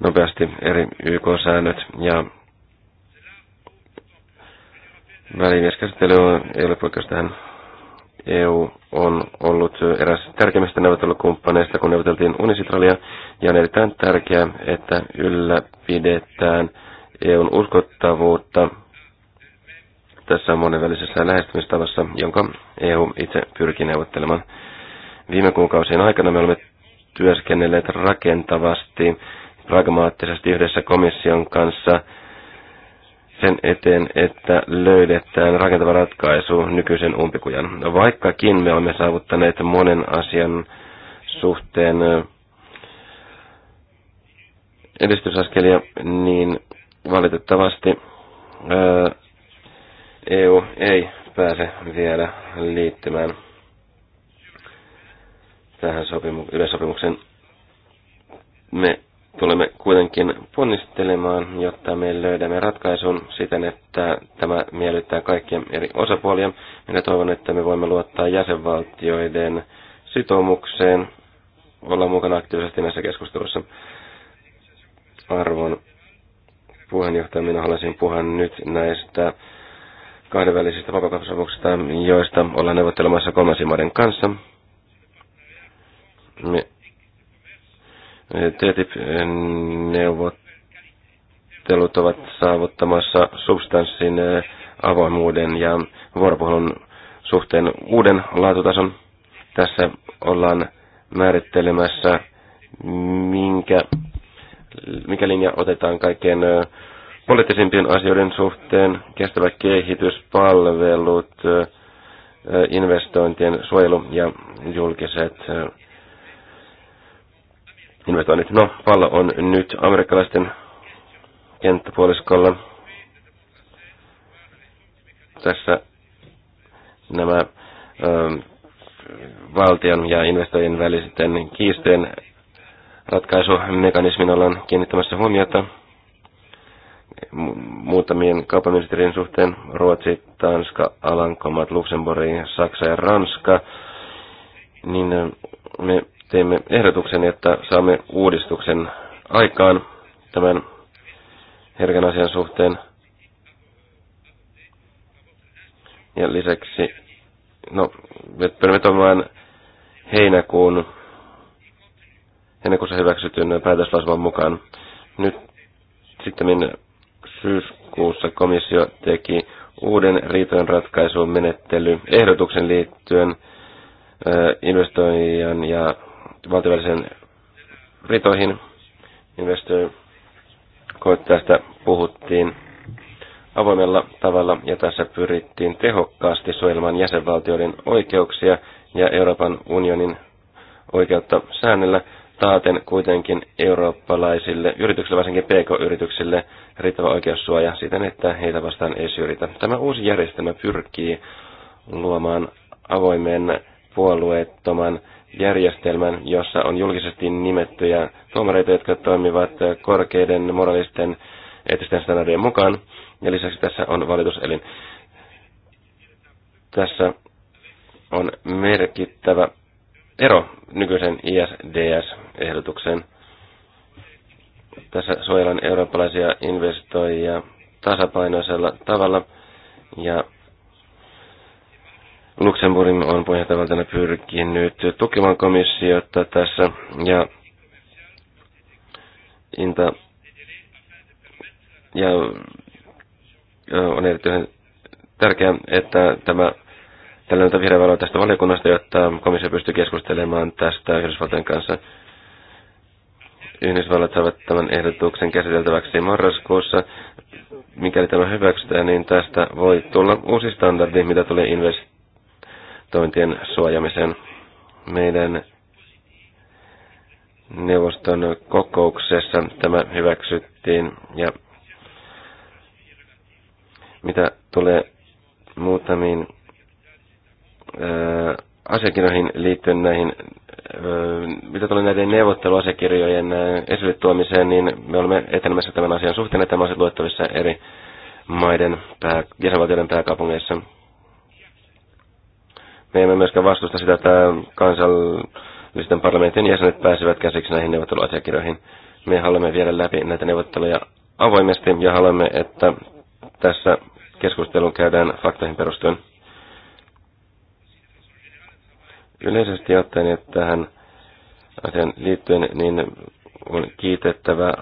nopeasti eri YK-säännöt, ja välimieskäsittely ei ole poikkeus tähän EU on ollut eräs tärkeimmistä neuvottelukumppaneista, kun neuvoteltiin Unisitralia, ja on erittäin tärkeää, että ylläpidetään EUn uskottavuutta tässä monenvälisessä lähestymistavassa, jonka EU itse pyrkii neuvottelemaan. Viime kuukausien aikana me olemme työskennelleet rakentavasti, pragmaattisesti yhdessä komission kanssa – sen eteen, että löydetään rakentava ratkaisu nykyisen umpikujan. Vaikkakin me olemme saavuttaneet monen asian suhteen edistysaskelia, niin valitettavasti EU ei pääse vielä liittymään tähän sopimu- yleissopimukseen. Me Tulemme kuitenkin ponnistelemaan, jotta me löydämme ratkaisun siten, että tämä miellyttää kaikkia eri osapuolia. Minä toivon, että me voimme luottaa jäsenvaltioiden sitoumukseen olla mukana aktiivisesti näissä keskusteluissa. Arvon puheenjohtaja, minä haluaisin puhua nyt näistä kahdenvälisistä vapakaupasopimuksista, joista ollaan neuvottelemassa kolmansien maiden kanssa. Me TTIP-neuvottelut ovat saavuttamassa substanssin eh, avoimuuden ja vuoropuhelun suhteen uuden laatutason. Tässä ollaan määrittelemässä, minkä, mikä linja otetaan kaikkeen. Eh, poliittisimpien asioiden suhteen, kestävä kehitys, palvelut, eh, investointien suojelu ja julkiset investoinnit. No, pallo on nyt amerikkalaisten kenttäpuoliskolla. Tässä nämä ö, ähm, valtion ja investoijien välisten kiisteen ratkaisumekanismin ollaan kiinnittämässä huomiota muutamien kaupaministerien suhteen Ruotsi, Tanska, Alankomaat, Luxemburg, Saksa ja Ranska, niin äh, me teimme ehdotuksen, että saamme uudistuksen aikaan tämän herkän asian suhteen. Ja lisäksi, no, me pyrimme heinäkuun, heinäkuussa hyväksytyn päätöslausuman mukaan. Nyt sitten syyskuussa komissio teki uuden riitojen ratkaisuun menettely ehdotuksen liittyen investoijan ja valtiovälisen ritoihin. investoi, tästä puhuttiin avoimella tavalla ja tässä pyrittiin tehokkaasti suojelemaan jäsenvaltioiden oikeuksia ja Euroopan unionin oikeutta säännellä taaten kuitenkin eurooppalaisille yrityksille, varsinkin pk-yrityksille, riittävä oikeussuoja siten, että heitä vastaan ei syrjitä. Tämä uusi järjestelmä pyrkii luomaan avoimen, puolueettoman järjestelmän, jossa on julkisesti nimettyjä tuomareita, jotka toimivat korkeiden moraalisten eettisten standardien mukaan. Ja lisäksi tässä on valituselin. Tässä on merkittävä ero nykyisen ISDS-ehdotuksen. Tässä suojellaan eurooppalaisia investoijia tasapainoisella tavalla ja Luxemburgin on puheenjohtajavaltana pyrkinyt tukemaan komissiota tässä ja Inta ja on erityisen tärkeää, että tämä tällä on vihreä valo tästä valiokunnasta, jotta komissio pystyy keskustelemaan tästä Yhdysvaltojen kanssa. Yhdysvallat saavat tämän ehdotuksen käsiteltäväksi marraskuussa. Mikäli tämä hyväksytään, niin tästä voi tulla uusi standardi, mitä tulee invest investointien suojamisen. Meidän neuvoston kokouksessa tämä hyväksyttiin ja mitä tulee muutamiin ää, äh, asiakirjoihin liittyen näihin, ää, äh, mitä tulee näiden neuvotteluasiakirjojen äh, esille tuomiseen, niin me olemme etenemässä tämän asian suhteen, että tämä on luettavissa eri maiden pää, jäsenvaltioiden pääkaupungeissa me emme myöskään vastusta sitä, että kansallisten parlamentin jäsenet pääsevät käsiksi näihin neuvotteluasiakirjoihin. Me haluamme viedä läpi näitä neuvotteluja avoimesti ja haluamme, että tässä keskustelun käydään faktoihin perustuen. Yleisesti ottaen tähän asian liittyen, niin on kiitettävä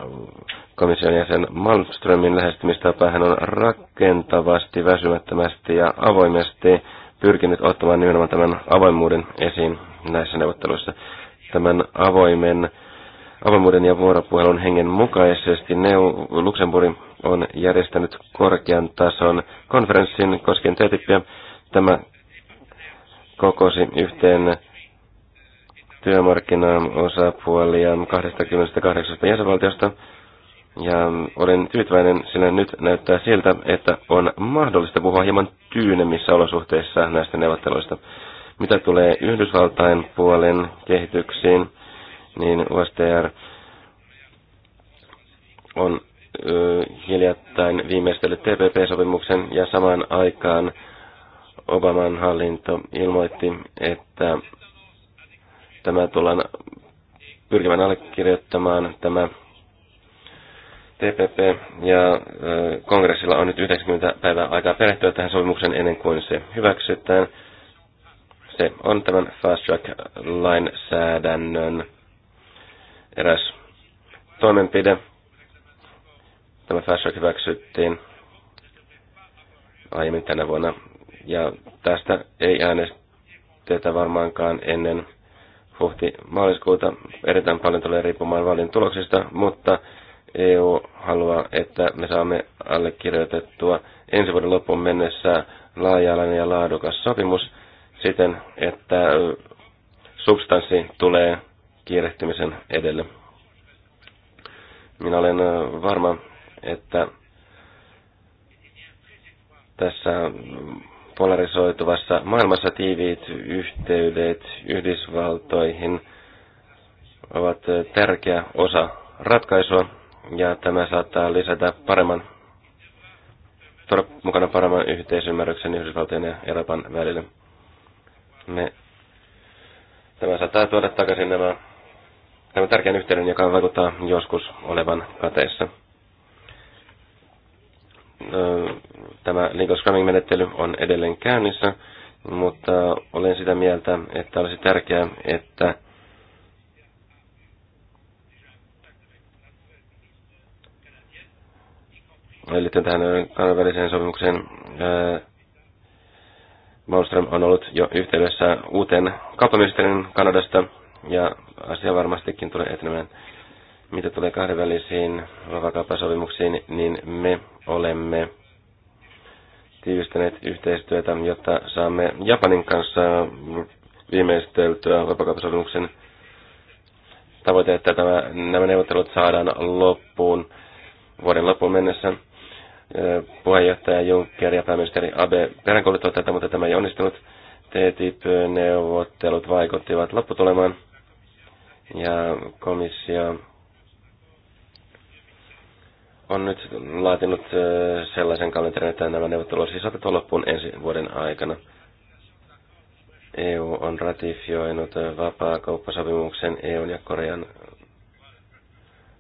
komission jäsen Malmströmin lähestymistapa. Hän on rakentavasti, väsymättömästi ja avoimesti pyrkinyt ottamaan nimenomaan tämän avoimuuden esiin näissä neuvotteluissa. Tämän avoimen, avoimuuden ja vuoropuhelun hengen mukaisesti Neu, Luxemburg on järjestänyt korkean tason konferenssin koskien TTIPia. Tämä kokosi yhteen työmarkkinaosapuolia 28 jäsenvaltiosta ja mm, olen tyytyväinen, sillä nyt näyttää siltä, että on mahdollista puhua hieman tyynemmissä olosuhteissa näistä neuvotteluista. Mitä tulee Yhdysvaltain puolen kehityksiin, niin USTR on ö, hiljattain viimeistellyt TPP-sopimuksen ja samaan aikaan Obaman hallinto ilmoitti, että tämä tullaan pyrkivän allekirjoittamaan tämä TPP ja kongressilla on nyt 90 päivää aikaa perehtyä tähän sopimukseen ennen kuin se hyväksytään. Se on tämän Fast Track-lainsäädännön eräs toimenpide. Tämä Fast Track hyväksyttiin aiemmin tänä vuonna. Ja tästä ei äänestetä varmaankaan ennen huhti-maaliskuuta. Erittäin paljon tulee riippumaan vaalien tuloksista, mutta EU haluaa, että me saamme allekirjoitettua ensi vuoden loppuun mennessä laaja ja laadukas sopimus siten, että substanssi tulee kiirehtimisen edelle. Minä olen varma, että tässä polarisoituvassa maailmassa tiiviit yhteydet Yhdysvaltoihin ovat tärkeä osa ratkaisua ja tämä saattaa lisätä paremman, tuoda mukana paremman yhteisymmärryksen Yhdysvaltojen ja Euroopan välillä. Me, tämä saattaa tuoda takaisin nämä, tämä tärkeän yhteyden, joka vaikuttaa joskus olevan kateissa. Tämä legal scrumming-menettely on edelleen käynnissä, mutta olen sitä mieltä, että olisi tärkeää, että liittyen tähän äh, kansainväliseen sopimukseen, äh, Malmström on ollut jo yhteydessä uuteen kauppaministerin Kanadasta, ja asia varmastikin tulee etenemään. Mitä tulee kahdenvälisiin vapakauppasopimuksiin, niin me olemme tiivistäneet yhteistyötä, jotta saamme Japanin kanssa viimeisteltyä vapakauppasopimuksen tavoite, että tämä, nämä neuvottelut saadaan loppuun vuoden loppuun mennessä puheenjohtaja Juncker ja pääministeri Abe peräänkouluttavat tätä, mutta tämä ei onnistunut. TTIP-neuvottelut vaikuttivat lopputulemaan ja komissio on nyt laatinut sellaisen kalenterin, että nämä neuvottelut on siis otettu loppuun ensi vuoden aikana. EU on ratifioinut vapaakauppasopimuksen EUn ja Korean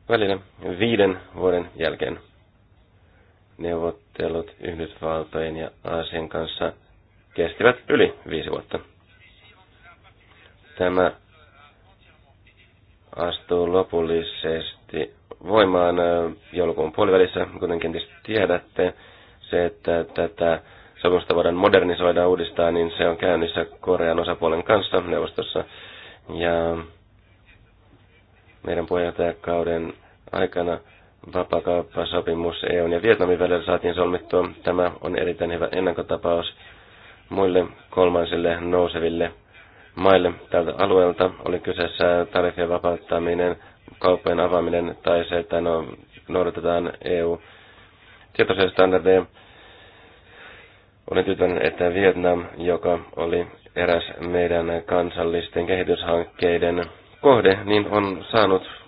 välillä viiden vuoden jälkeen neuvottelut Yhdysvaltojen ja Aasian kanssa kestivät yli viisi vuotta. Tämä astuu lopullisesti voimaan joulukuun puolivälissä, kuten kenties tiedätte. Se, että tätä sopimusta voidaan modernisoida uudistaa, niin se on käynnissä Korean osapuolen kanssa neuvostossa. Ja meidän puheenjohtajakauden aikana vapakauppasopimus EUn ja Vietnamin välillä saatiin solmittua. Tämä on erittäin hyvä ennakkotapaus muille kolmansille nouseville maille tältä alueelta. Oli kyseessä tarifien vapauttaminen, kauppojen avaaminen tai se, että no, noudatetaan EU-tietoisia standardeja. Olen tyytyväinen, että Vietnam, joka oli eräs meidän kansallisten kehityshankkeiden kohde, niin on saanut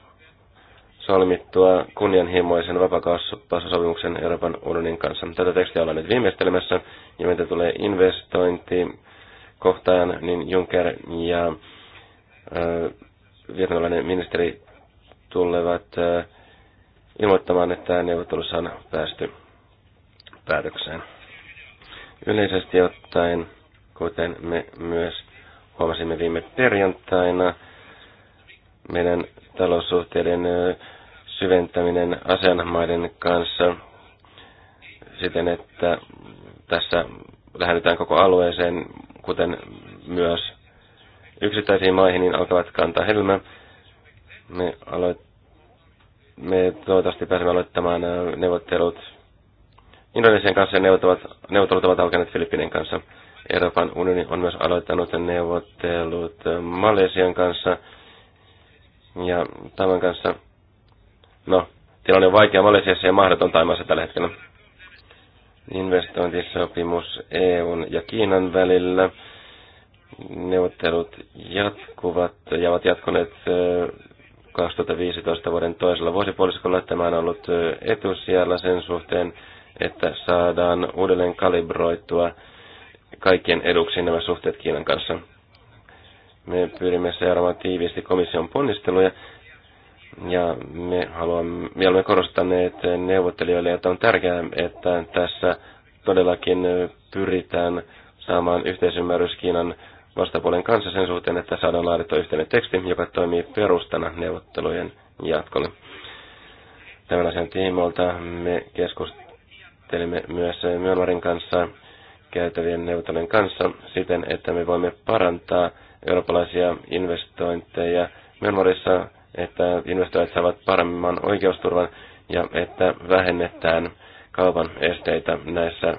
solmittua kunnianhimoisen vapakauppasopimuksen Euroopan unionin kanssa. Tätä tekstiä ollaan nyt viimeistelemässä, ja mitä tulee investointi kohtaan, niin Juncker ja vietnamilainen ministeri tulevat äh, ilmoittamaan, että neuvottelussa on päästy päätökseen. Yleisesti ottaen, kuten me myös huomasimme viime perjantaina, meidän taloussuhteiden syventäminen asianmaiden kanssa siten, että tässä lähdetään koko alueeseen, kuten myös yksittäisiin maihin, niin alkavat kantaa helmä. Me, aloit- me toivottavasti pääsemme aloittamaan neuvottelut Indonesian kanssa ja neuvottelut, neuvottelut ovat alkaneet Filippinen kanssa. Euroopan unioni on myös aloittanut neuvottelut Malesian kanssa ja tämän kanssa, no, tilanne on vaikea Malesiassa ja mahdoton Taimassa tällä hetkellä. Investointisopimus EUn ja Kiinan välillä. Neuvottelut jatkuvat ja ovat jatkuneet 2015 vuoden toisella vuosipuoliskolla. Tämä on ollut etusijalla sen suhteen, että saadaan uudelleen kalibroitua kaikkien eduksi nämä suhteet Kiinan kanssa. Me pyrimme seuraamaan tiiviisti komission ponnisteluja ja me, haluamme, me olemme korostaneet neuvottelijoille, että on tärkeää, että tässä todellakin pyritään saamaan yhteisymmärrys Kiinan vastapuolen kanssa sen suhteen, että saadaan laadittua yhteinen teksti, joka toimii perustana neuvottelujen jatkolle. Tämän asian tiimoilta me keskustelimme myös Myanmarin kanssa käytävien neuvottelujen kanssa siten, että me voimme parantaa eurooppalaisia investointeja Myanmarissa, että investoijat saavat paremman oikeusturvan ja että vähennetään kaupan esteitä näissä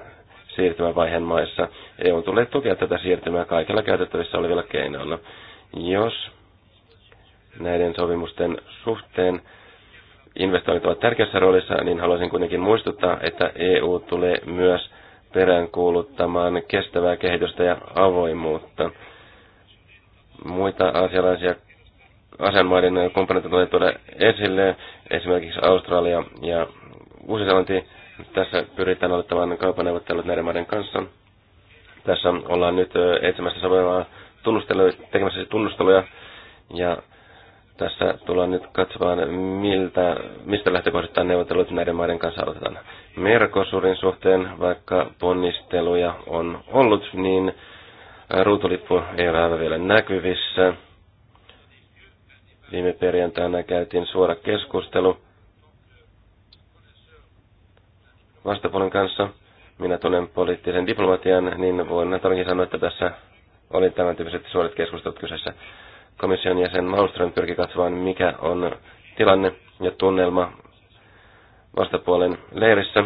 siirtymävaiheen maissa. EU tulee tukea tätä siirtymää kaikilla käytettävissä olevilla keinoilla. Jos näiden sopimusten suhteen investoinnit ovat tärkeässä roolissa, niin haluaisin kuitenkin muistuttaa, että EU tulee myös peräänkuuluttamaan kestävää kehitystä ja avoimuutta muita asialaisia asianmaiden komponentteja tulee tuoda esille, esimerkiksi Australia ja Uusi-Seelanti. Tässä pyritään aloittamaan kaupaneuvottelut näiden maiden kanssa. Tässä ollaan nyt etsimässä sopivaa tunnusteluja, tekemässä tunnusteluja ja tässä tullaan nyt katsomaan, miltä, mistä lähtökohdista neuvottelut näiden maiden kanssa aloitetaan. Merkosurin suhteen, vaikka ponnisteluja on ollut, niin Ruutulippu ei ole aivan vielä näkyvissä. Viime perjantaina käytiin suora keskustelu vastapuolen kanssa. Minä tunnen poliittisen diplomatian, niin voin todellakin sanoa, että tässä oli tämän tyyppiset suorat keskustelut kyseessä. Komission jäsen Malmström pyrki katsomaan, mikä on tilanne ja tunnelma vastapuolen leirissä.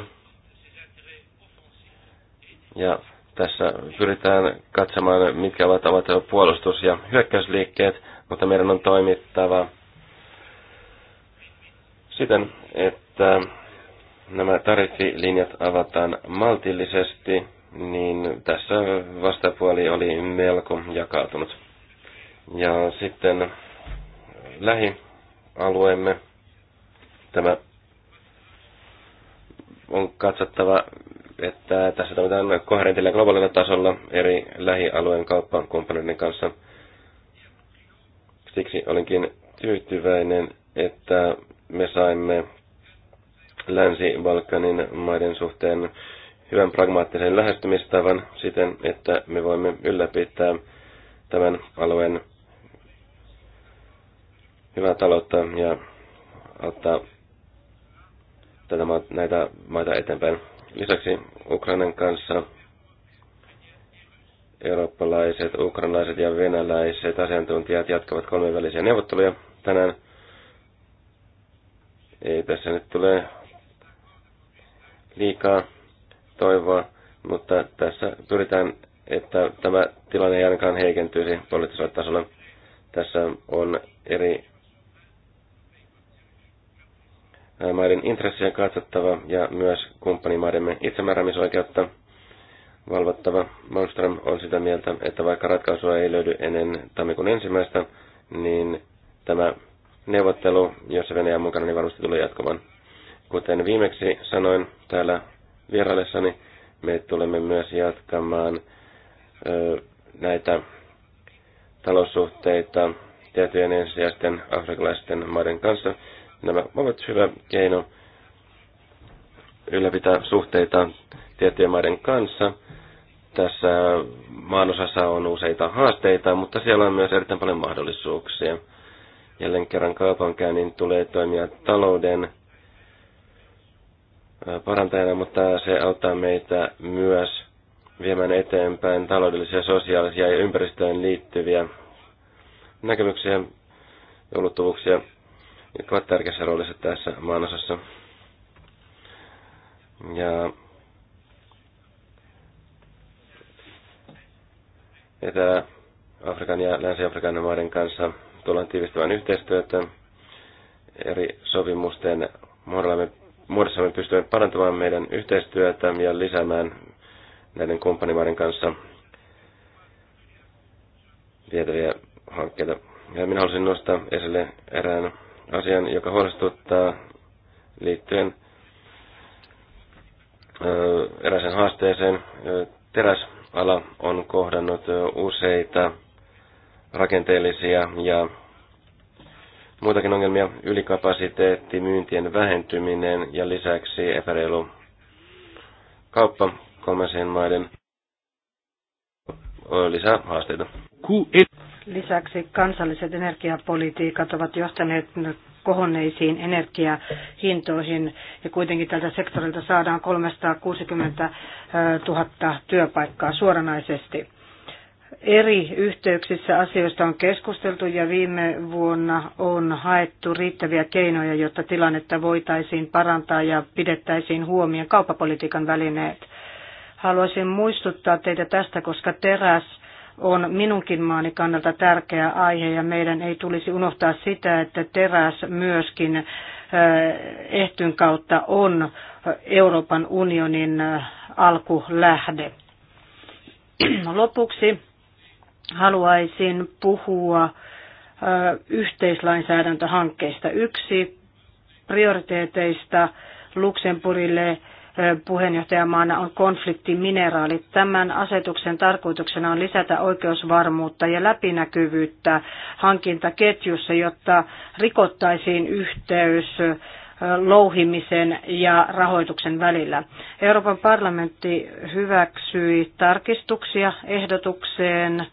Ja tässä pyritään katsomaan, mitkä ovat, ovat puolustus- ja hyökkäysliikkeet, mutta meidän on toimittava siten, että nämä tariffilinjat avataan maltillisesti, niin tässä vastapuoli oli melko jakautunut. Ja sitten lähialueemme tämä on katsottava, että tässä tarvitaan koherentilla globaalilla tasolla eri lähialueen kauppakumppaneiden kanssa. Siksi olinkin tyytyväinen, että me saimme Länsi-Balkanin maiden suhteen hyvän pragmaattisen lähestymistavan siten, että me voimme ylläpitää tämän alueen hyvää taloutta ja auttaa tätä maata, näitä maita eteenpäin. Lisäksi Ukrainan kanssa eurooppalaiset, ukrainalaiset ja venäläiset asiantuntijat jatkavat kolmenvälisiä neuvotteluja tänään. Ei tässä nyt tule liikaa toivoa, mutta tässä pyritään, että tämä tilanne ei ainakaan heikentyisi poliittisella tasolla. Tässä on eri maiden intressejä katsottava ja myös kumppanimaidemme itsemääräämisoikeutta valvottava. Malmström on sitä mieltä, että vaikka ratkaisua ei löydy ennen tammikuun ensimmäistä, niin tämä neuvottelu, jossa Venäjä on mukana, niin varmasti tulee jatkumaan. Kuten viimeksi sanoin täällä vieraillessani, me tulemme myös jatkamaan ö, näitä taloussuhteita tiettyjen ensisijaisten afrikalaisten maiden kanssa – Nämä ovat hyvä keino ylläpitää suhteita tiettyjen maiden kanssa. Tässä maanosassa on useita haasteita, mutta siellä on myös erittäin paljon mahdollisuuksia. Jälleen kerran kaupankäynnin tulee toimia talouden parantajana, mutta se auttaa meitä myös viemään eteenpäin taloudellisia, sosiaalisia ja ympäristöön liittyviä näkemyksiä ja ulottuvuuksia jotka ovat tärkeässä roolissa tässä maanosassa. Ja Etelä-Afrikan ja Länsi-Afrikan maiden kanssa tullaan tiivistämään yhteistyötä eri sopimusten muodossa me pystymme parantamaan meidän yhteistyötä ja lisäämään näiden kumppanimaiden kanssa vietäviä hankkeita. Ja minä haluaisin nostaa esille erään asian, joka huolestuttaa liittyen eräisen haasteeseen. Teräsala on kohdannut useita rakenteellisia ja muitakin ongelmia, ylikapasiteetti, myyntien vähentyminen ja lisäksi epäreilu kauppa kolmansien maiden lisää haasteita. Lisäksi kansalliset energiapolitiikat ovat johtaneet kohonneisiin energiahintoihin ja kuitenkin tältä sektorilta saadaan 360 000 työpaikkaa suoranaisesti. Eri yhteyksissä asioista on keskusteltu ja viime vuonna on haettu riittäviä keinoja, jotta tilannetta voitaisiin parantaa ja pidettäisiin huomioon kaupapolitiikan välineet. Haluaisin muistuttaa teitä tästä, koska teräs on minunkin maani kannalta tärkeä aihe ja meidän ei tulisi unohtaa sitä, että teräs myöskin ehtyn kautta on Euroopan unionin alkulähde. Lopuksi haluaisin puhua yhteislainsäädäntöhankkeista. Yksi prioriteeteista Luxemburgille puheenjohtajamaana on konfliktimineraalit. Tämän asetuksen tarkoituksena on lisätä oikeusvarmuutta ja läpinäkyvyyttä hankintaketjussa, jotta rikottaisiin yhteys louhimisen ja rahoituksen välillä. Euroopan parlamentti hyväksyi tarkistuksia ehdotukseen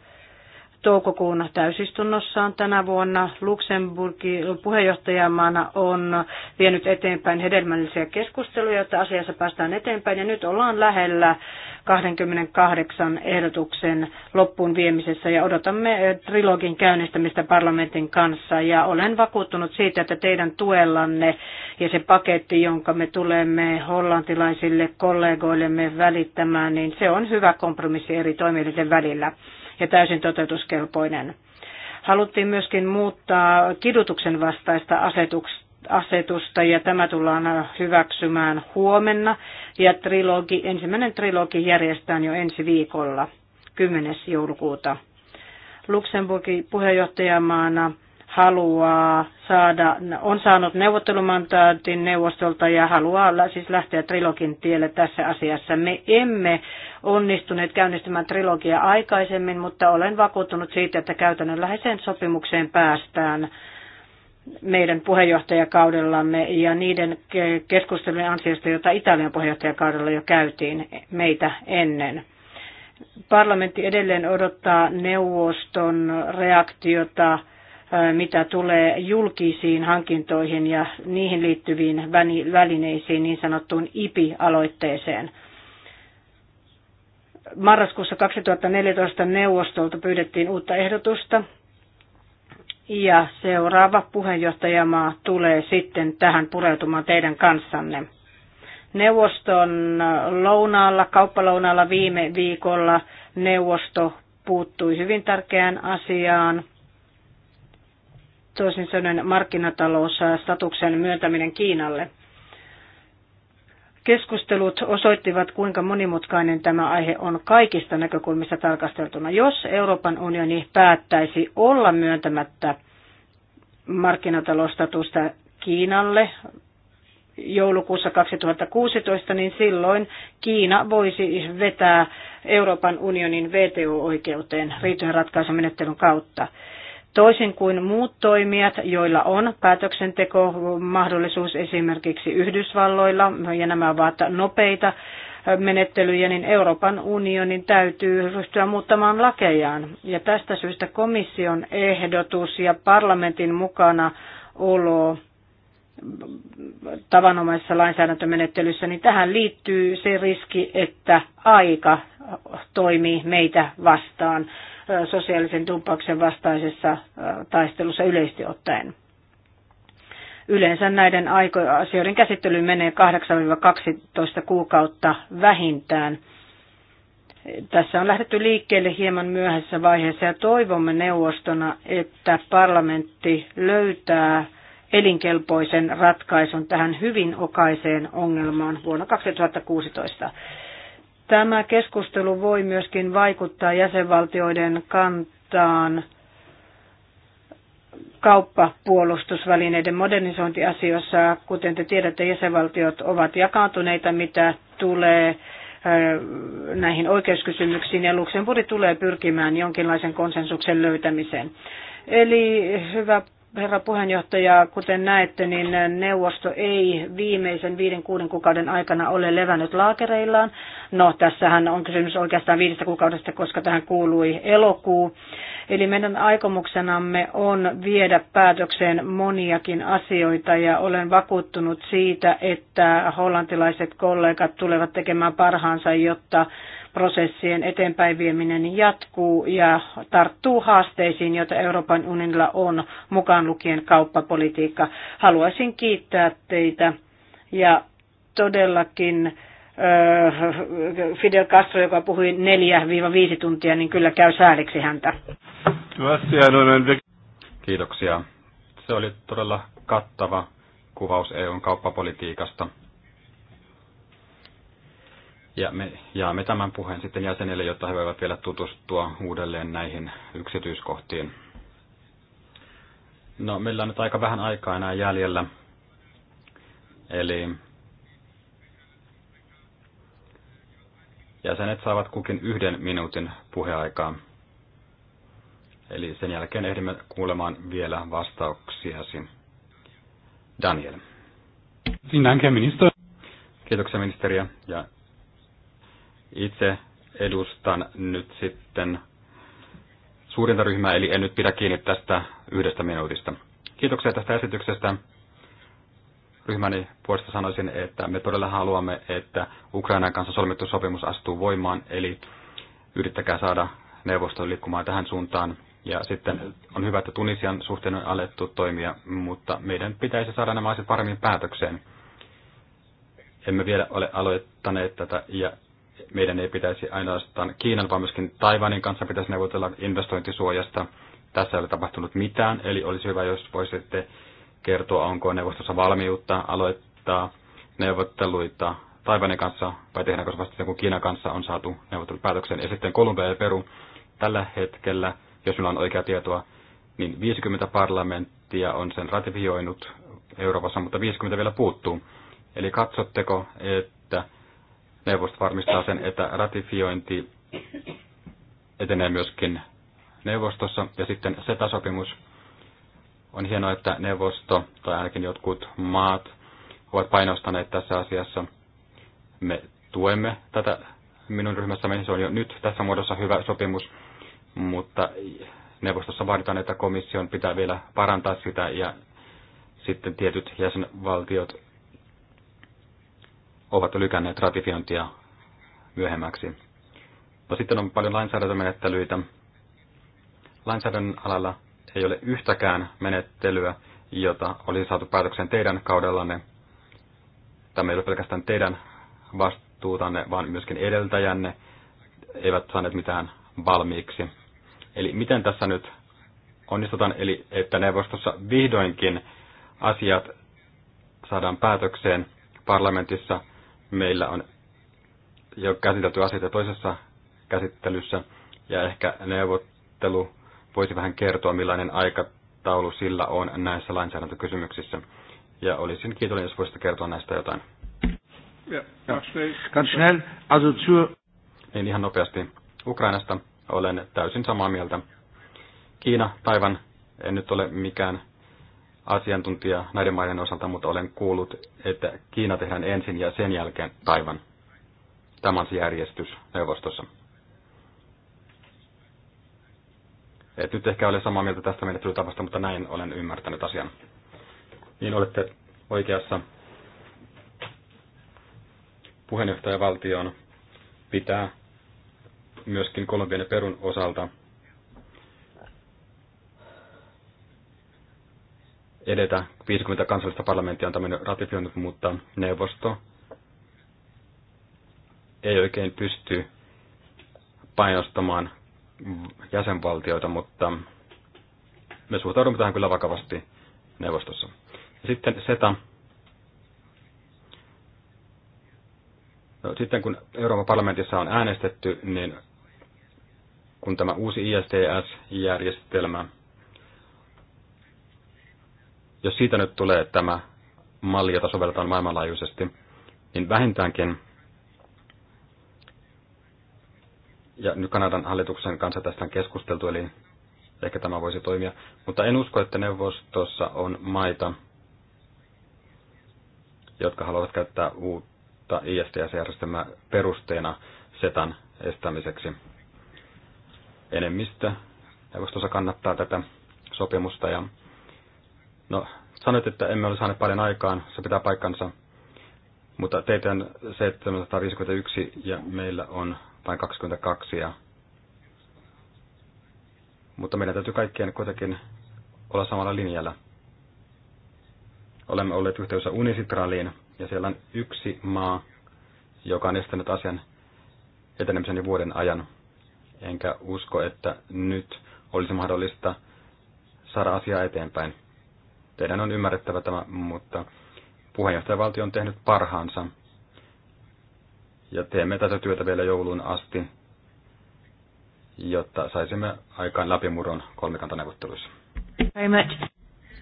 toukokuun täysistunnossaan tänä vuonna. Luxemburgi puheenjohtajamaana on vienyt eteenpäin hedelmällisiä keskusteluja, jotta asiassa päästään eteenpäin. Ja nyt ollaan lähellä 28 ehdotuksen loppuun viemisessä ja odotamme eh, trilogin käynnistämistä parlamentin kanssa. Ja olen vakuuttunut siitä, että teidän tuellanne ja se paketti, jonka me tulemme hollantilaisille kollegoillemme välittämään, niin se on hyvä kompromissi eri toimijoiden välillä ja täysin toteutuskelpoinen. Haluttiin myöskin muuttaa kidutuksen vastaista asetusta ja tämä tullaan hyväksymään huomenna ja trilogi, ensimmäinen trilogi järjestetään jo ensi viikolla 10. joulukuuta. Luxemburgin puheenjohtajamaana haluaa saada, on saanut neuvottelumantaatin neuvostolta ja haluaa siis lähteä trilogin tielle tässä asiassa. Me emme onnistuneet käynnistämään trilogia aikaisemmin, mutta olen vakuuttunut siitä, että käytännönläheiseen sopimukseen päästään meidän puheenjohtajakaudellamme ja niiden keskustelujen ansiosta, joita Italian puheenjohtajakaudella jo käytiin meitä ennen. Parlamentti edelleen odottaa neuvoston reaktiota mitä tulee julkisiin hankintoihin ja niihin liittyviin välineisiin, niin sanottuun IPI-aloitteeseen. Marraskuussa 2014 neuvostolta pyydettiin uutta ehdotusta ja seuraava puheenjohtajamaa tulee sitten tähän pureutumaan teidän kanssanne. Neuvoston lounaalla, kauppalounaalla viime viikolla neuvosto puuttui hyvin tärkeään asiaan – toisin sanoen markkinataloussatuksen myöntäminen Kiinalle. Keskustelut osoittivat, kuinka monimutkainen tämä aihe on kaikista näkökulmista tarkasteltuna. Jos Euroopan unioni päättäisi olla myöntämättä markkinataloustatusta Kiinalle joulukuussa 2016, niin silloin Kiina voisi vetää Euroopan unionin VTO-oikeuteen riitojen ratkaisumenettelyn kautta. Toisin kuin muut toimijat, joilla on päätöksentekomahdollisuus esimerkiksi Yhdysvalloilla, ja nämä ovat nopeita menettelyjä, niin Euroopan unionin täytyy ryhtyä muuttamaan lakejaan. Ja tästä syystä komission ehdotus ja parlamentin mukana olo tavanomaisessa lainsäädäntömenettelyssä, niin tähän liittyy se riski, että aika toimii meitä vastaan sosiaalisen dumppauksen vastaisessa taistelussa yleisesti ottaen. Yleensä näiden asioiden käsittely menee 8-12 kuukautta vähintään. Tässä on lähdetty liikkeelle hieman myöhässä vaiheessa ja toivomme neuvostona, että parlamentti löytää elinkelpoisen ratkaisun tähän hyvin okaiseen ongelmaan vuonna 2016. Tämä keskustelu voi myöskin vaikuttaa jäsenvaltioiden kantaan kauppapuolustusvälineiden modernisointiasioissa. Kuten te tiedätte, jäsenvaltiot ovat jakaantuneita, mitä tulee näihin oikeuskysymyksiin ja Luxemburg tulee pyrkimään jonkinlaisen konsensuksen löytämiseen. Eli hyvä Herra puheenjohtaja, kuten näette, niin neuvosto ei viimeisen viiden kuuden kuukauden aikana ole levännyt laakereillaan. No, tässähän on kysymys oikeastaan viidestä kuukaudesta, koska tähän kuului elokuu. Eli meidän aikomuksenamme on viedä päätökseen moniakin asioita ja olen vakuuttunut siitä, että hollantilaiset kollegat tulevat tekemään parhaansa, jotta prosessien eteenpäin vieminen jatkuu ja tarttuu haasteisiin, joita Euroopan unionilla on mukaan lukien kauppapolitiikka. Haluaisin kiittää teitä ja todellakin äh, Fidel Castro, joka puhui 4-5 tuntia, niin kyllä käy sääliksi häntä. Kiitoksia. Se oli todella kattava kuvaus EUn kauppapolitiikasta. Ja me jaamme tämän puheen sitten jäsenille, jotta he voivat vielä tutustua uudelleen näihin yksityiskohtiin. No, meillä on nyt aika vähän aikaa enää jäljellä. Eli jäsenet saavat kukin yhden minuutin puheaikaa. Eli sen jälkeen ehdimme kuulemaan vielä vastauksiasi. Daniel. Kiitoksia ministeriä ja itse edustan nyt sitten suurinta ryhmää, eli en nyt pidä kiinni tästä yhdestä minuutista. Kiitoksia tästä esityksestä. Ryhmäni puolesta sanoisin, että me todella haluamme, että Ukrainan kanssa solmittu sopimus astuu voimaan, eli yrittäkää saada neuvosto liikkumaan tähän suuntaan. Ja sitten on hyvä, että Tunisian suhteen on alettu toimia, mutta meidän pitäisi saada nämä asiat paremmin päätökseen. Emme vielä ole aloittaneet tätä ja meidän ei pitäisi ainoastaan Kiinan, vaan myöskin Taiwanin kanssa pitäisi neuvotella investointisuojasta. Tässä ei ole tapahtunut mitään, eli olisi hyvä, jos voisitte kertoa, onko neuvostossa valmiutta aloittaa neuvotteluita Taiwanin kanssa, vai tehdäänkö se vasta kun Kiinan kanssa on saatu neuvottelupäätöksen. Ja sitten Kolumbia ja Peru tällä hetkellä, jos minulla on oikea tietoa, niin 50 parlamenttia on sen ratifioinut Euroopassa, mutta 50 vielä puuttuu. Eli katsotteko, että neuvosto varmistaa sen, että ratifiointi etenee myöskin neuvostossa. Ja sitten SETA-sopimus. On hienoa, että neuvosto tai ainakin jotkut maat ovat painostaneet tässä asiassa. Me tuemme tätä minun ryhmässä Se on jo nyt tässä muodossa hyvä sopimus, mutta neuvostossa vaaditaan, että komission pitää vielä parantaa sitä ja sitten tietyt jäsenvaltiot ovat lykänneet ratifiointia myöhemmäksi. No sitten on paljon lainsäädäntömenettelyitä. Lainsäädännön alalla ei ole yhtäkään menettelyä, jota olisi saatu päätöksen teidän kaudellanne. Tämä ei ole pelkästään teidän vastuutanne, vaan myöskin edeltäjänne eivät saaneet mitään valmiiksi. Eli miten tässä nyt onnistutaan, eli että neuvostossa vihdoinkin asiat saadaan päätökseen parlamentissa – meillä on jo käsitelty asioita toisessa käsittelyssä, ja ehkä neuvottelu voisi vähän kertoa, millainen aikataulu sillä on näissä lainsäädäntökysymyksissä. Ja olisin kiitollinen, jos voisitte kertoa näistä jotain. Ja, ganz schnell, also zur... Niin ihan nopeasti. Ukrainasta olen täysin samaa mieltä. Kiina, Taivan, en nyt ole mikään asiantuntija näiden maiden osalta, mutta olen kuullut, että Kiina tehdään ensin ja sen jälkeen Taivan. Tämä on se järjestys neuvostossa. Et nyt ehkä ole samaa mieltä tästä menettelytavasta, mutta näin olen ymmärtänyt asian. Niin olette oikeassa. Puheenjohtajavaltion pitää myöskin Kolumbian ja Perun osalta edetä. 50 kansallista parlamenttia on tämmöinen ratifioinut, mutta neuvosto ei oikein pysty painostamaan jäsenvaltioita, mutta me suhtaudumme tähän kyllä vakavasti neuvostossa. Ja sitten SETA. No, sitten kun Euroopan parlamentissa on äänestetty, niin kun tämä uusi ISTS-järjestelmä jos siitä nyt tulee tämä malli, jota sovelletaan maailmanlaajuisesti, niin vähintäänkin, ja nyt Kanadan hallituksen kanssa tästä on keskusteltu, eli ehkä tämä voisi toimia, mutta en usko, että neuvostossa on maita, jotka haluavat käyttää uutta ISTS-järjestelmää perusteena setan estämiseksi. Enemmistö neuvostossa kannattaa tätä sopimusta ja No, sanoit, että emme ole saaneet paljon aikaan, se pitää paikkansa. Mutta teitä on 751 ja meillä on vain 22. Ja... Mutta meidän täytyy kaikkien kuitenkin olla samalla linjalla. Olemme olleet yhteydessä Unisitraaliin ja siellä on yksi maa, joka on estänyt asian etenemisen vuoden ajan. Enkä usko, että nyt olisi mahdollista saada asiaa eteenpäin. Teidän on ymmärrettävä tämä, mutta puheenjohtajavaltio on tehnyt parhaansa. Ja teemme tätä työtä vielä joulun asti, jotta saisimme aikaan läpimurron kolmikantaneuvotteluissa. Very much.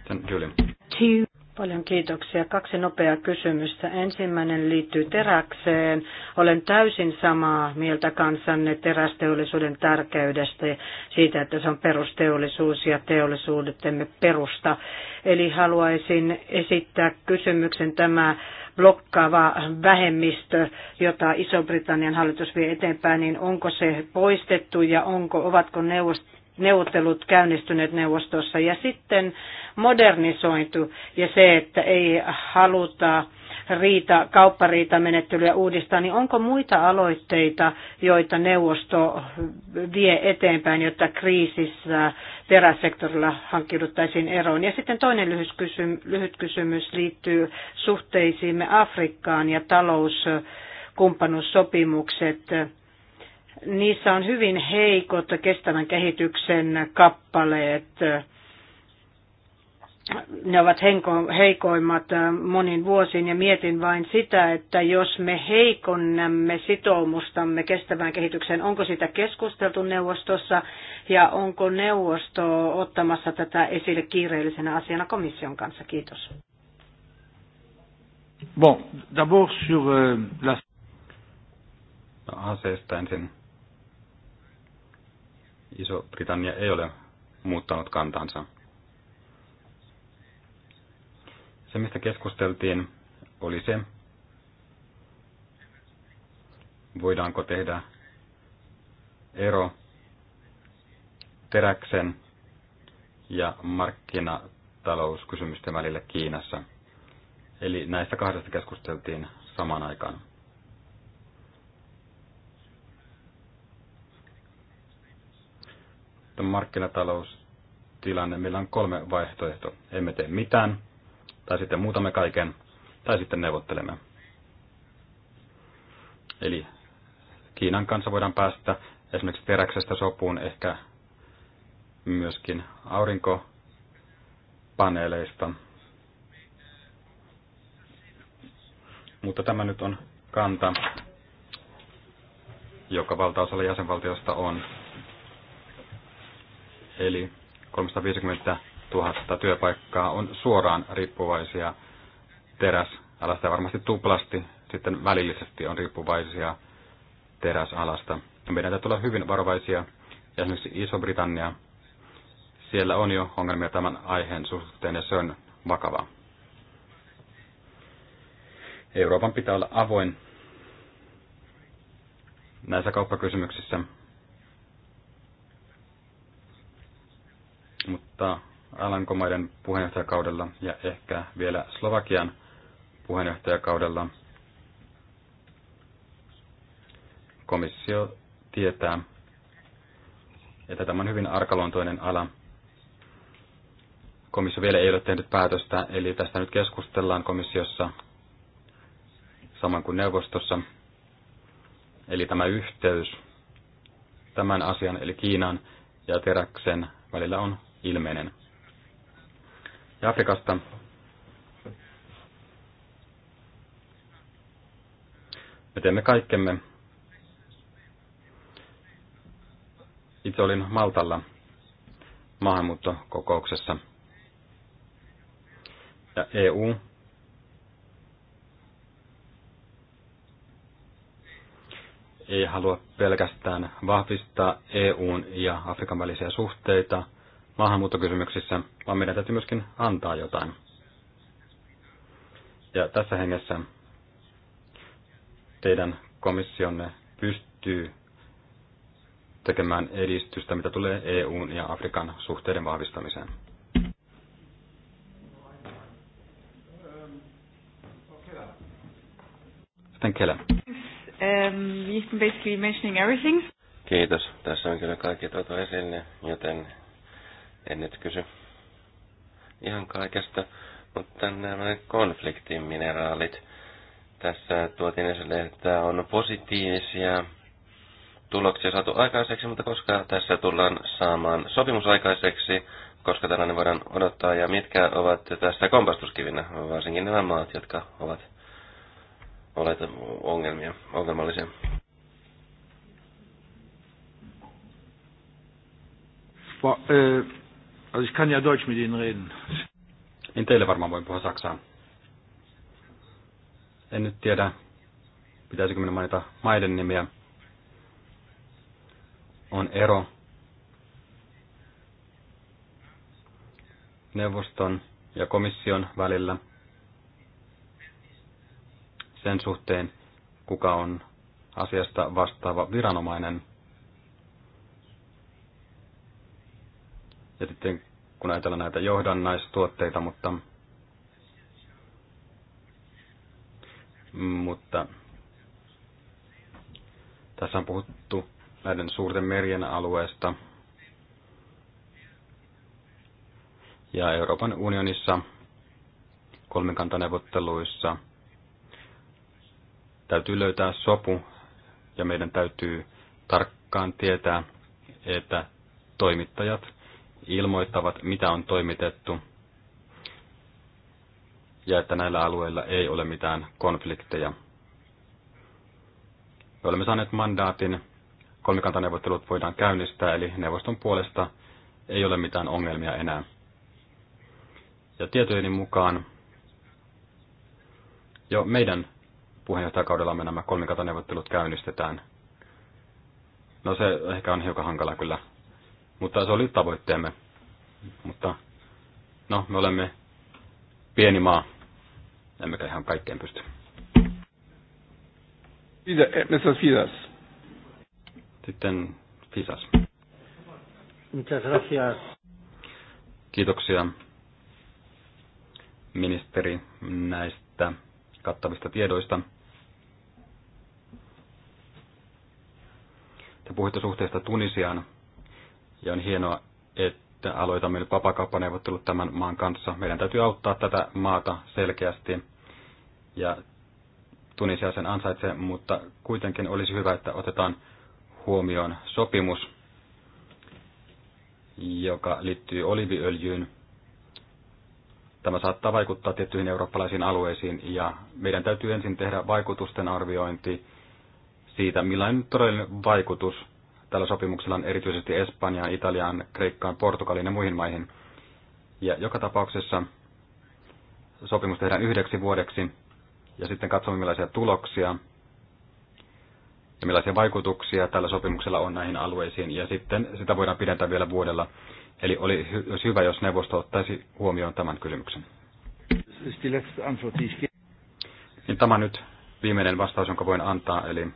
Sen Julie. Two. Paljon kiitoksia. Kaksi nopeaa kysymystä. Ensimmäinen liittyy teräkseen. Olen täysin samaa mieltä kanssanne terästeollisuuden tärkeydestä ja siitä, että se on perusteollisuus ja teollisuudetemme perusta. Eli haluaisin esittää kysymyksen tämä blokkaava vähemmistö, jota Iso-Britannian hallitus vie eteenpäin, niin onko se poistettu ja onko, ovatko neuvost, neuvottelut käynnistyneet neuvostossa ja sitten modernisointu ja se, että ei haluta riita, kauppariitamenettelyä uudistaa, niin onko muita aloitteita, joita neuvosto vie eteenpäin, jotta kriisissä teräsektorilla hankkiuduttaisiin eroon? Ja sitten toinen lyhyt kysymys, lyhyt kysymys liittyy suhteisiimme Afrikkaan ja talouskumppanuussopimukset niissä on hyvin heikot kestävän kehityksen kappaleet. Ne ovat heikoimmat monin vuosiin ja mietin vain sitä, että jos me heikonnamme sitoumustamme kestävään kehitykseen, onko sitä keskusteltu neuvostossa ja onko neuvosto ottamassa tätä esille kiireellisenä asiana komission kanssa? Kiitos. Bon, d'abord sur euh, la... No, aseesta ensin Iso-Britannia ei ole muuttanut kantansa. Se, mistä keskusteltiin, oli se, voidaanko tehdä ero teräksen ja markkinatalouskysymysten välille Kiinassa. Eli näistä kahdesta keskusteltiin samaan aikaan. tämä markkinataloustilanne, meillä on kolme vaihtoehtoa. Emme tee mitään, tai sitten muutamme kaiken, tai sitten neuvottelemme. Eli Kiinan kanssa voidaan päästä esimerkiksi teräksestä sopuun, ehkä myöskin aurinkopaneeleista. Mutta tämä nyt on kanta, joka valtaosalla jäsenvaltiosta on eli 350 000 työpaikkaa on suoraan riippuvaisia teräsalasta ja varmasti tuplasti sitten välillisesti on riippuvaisia teräsalasta. Ja meidän täytyy olla hyvin varovaisia. Ja esimerkiksi Iso-Britannia, siellä on jo ongelmia tämän aiheen suhteen ja se on vakavaa. Euroopan pitää olla avoin näissä kauppakysymyksissä mutta Alankomaiden puheenjohtajakaudella ja ehkä vielä Slovakian puheenjohtajakaudella komissio tietää, että tämä on hyvin arkaluontoinen ala. Komissio vielä ei ole tehnyt päätöstä, eli tästä nyt keskustellaan komissiossa saman kuin neuvostossa. Eli tämä yhteys tämän asian, eli Kiinan ja teräksen välillä on ilmeinen. Ja Afrikasta me teemme kaikkemme. Itse olin Maltalla maahanmuuttokokouksessa. Ja EU ei halua pelkästään vahvistaa EUn ja Afrikan välisiä suhteita – maahanmuuttokysymyksissä, vaan meidän täytyy myöskin antaa jotain. Ja tässä hengessä teidän komissionne pystyy tekemään edistystä, mitä tulee EUn ja Afrikan suhteiden vahvistamiseen. Sitten Kela. Ähm, Kiitos. Tässä on kyllä kaikki tuotu esille, joten en nyt kysy ihan kaikesta, mutta nämä konfliktimineraalit. Tässä tuotiin esille, että on positiivisia tuloksia saatu aikaiseksi, mutta koska tässä tullaan saamaan sopimus aikaiseksi, koska tällainen voidaan odottaa, ja mitkä ovat tässä kompastuskivinä, varsinkin nämä maat, jotka ovat olleet ongelmia, ongelmallisia. Va, ö- uh, Also ich kann ja Deutsch mit Ihnen reden. En niin teille varmaan voin puhua saksaa. En nyt tiedä, pitäisikö minä mainita maiden nimiä. On ero neuvoston ja komission välillä sen suhteen, kuka on asiasta vastaava viranomainen – Ja sitten kun ajatellaan näitä johdannaistuotteita, mutta, mutta tässä on puhuttu näiden suurten merien alueesta. Ja Euroopan unionissa kolmikantaneuvotteluissa täytyy löytää sopu ja meidän täytyy tarkkaan tietää, että toimittajat ilmoittavat, mitä on toimitettu, ja että näillä alueilla ei ole mitään konflikteja. Me olemme saaneet mandaatin, kolmikantaneuvottelut voidaan käynnistää, eli neuvoston puolesta ei ole mitään ongelmia enää. Ja tietojeni mukaan jo meidän puheenjohtajakaudellamme nämä kolmikantaneuvottelut käynnistetään. No se ehkä on hiukan hankala kyllä mutta se oli tavoitteemme. Mutta no, me olemme pieni maa, emmekä ihan kaikkeen pysty. Eh, Fisas. Sitten Fisas. Muchas gracias. Kiitoksia ministeri näistä kattavista tiedoista. Te puhuitte suhteesta Tunisiaan. Ja on hienoa, että aloitamme nyt vapakauppaneuvottelut tämän maan kanssa. Meidän täytyy auttaa tätä maata selkeästi. Ja Tunisia sen ansaitsee, mutta kuitenkin olisi hyvä, että otetaan huomioon sopimus, joka liittyy oliviöljyyn. Tämä saattaa vaikuttaa tiettyihin eurooppalaisiin alueisiin ja meidän täytyy ensin tehdä vaikutusten arviointi siitä, millainen todellinen vaikutus – tällä sopimuksella on erityisesti Espanjaan, Italiaan, Kreikkaan, Portugaliin ja muihin maihin. Ja joka tapauksessa sopimus tehdään yhdeksi vuodeksi ja sitten katsomme millaisia tuloksia ja millaisia vaikutuksia tällä sopimuksella on näihin alueisiin ja sitten sitä voidaan pidentää vielä vuodella. Eli oli hyvä, jos neuvosto ottaisi huomioon tämän kysymyksen. Niin tämä nyt viimeinen vastaus, jonka voin antaa, eli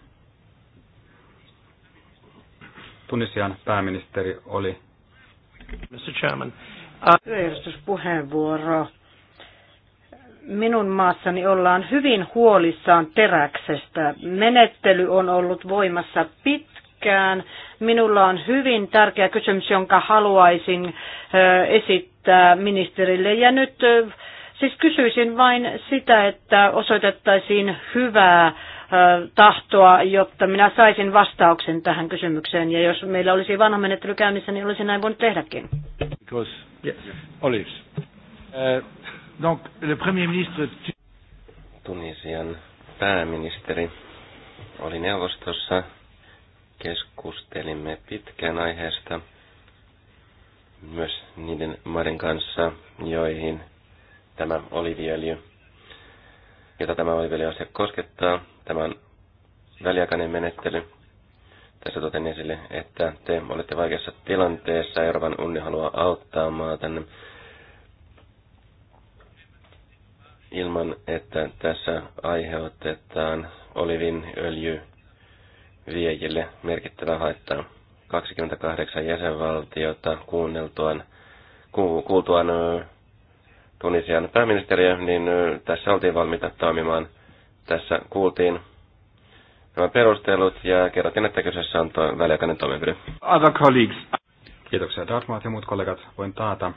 Tunisian pääministeri oli. Mr. Chairman. Uh, Minun maassani ollaan hyvin huolissaan teräksestä. Menettely on ollut voimassa pitkään. Minulla on hyvin tärkeä kysymys, jonka haluaisin esittää ministerille. Ja nyt siis kysyisin vain sitä, että osoitettaisiin hyvää tahtoa, jotta minä saisin vastauksen tähän kysymykseen. Ja jos meillä olisi vanha menettely käynnissä, niin olisi näin voinut tehdäkin. yes. Olives. Uh, donc, le premier ministre... Tunisian pääministeri oli neuvostossa. Keskustelimme pitkään aiheesta myös niiden maiden kanssa, joihin tämä oliviöljy, jota tämä asia koskettaa, Tämä on väliaikainen menettely. Tässä toten esille, että te olette vaikeassa tilanteessa. Euroopan unni haluaa auttaa maa tänne ilman, että tässä aiheutetaan olivin öljy viejille merkittävää haittaa. 28 jäsenvaltiota kuunneltuaan, ku, kuultuaan Tunisian pääministeriä, niin tässä oltiin valmiita toimimaan tässä kuultiin nämä perustelut ja kerrottiin, että kyseessä on tuo väliaikainen toimenpide. Other colleagues. Kiitoksia Dartmouth ja muut kollegat. Voin taata,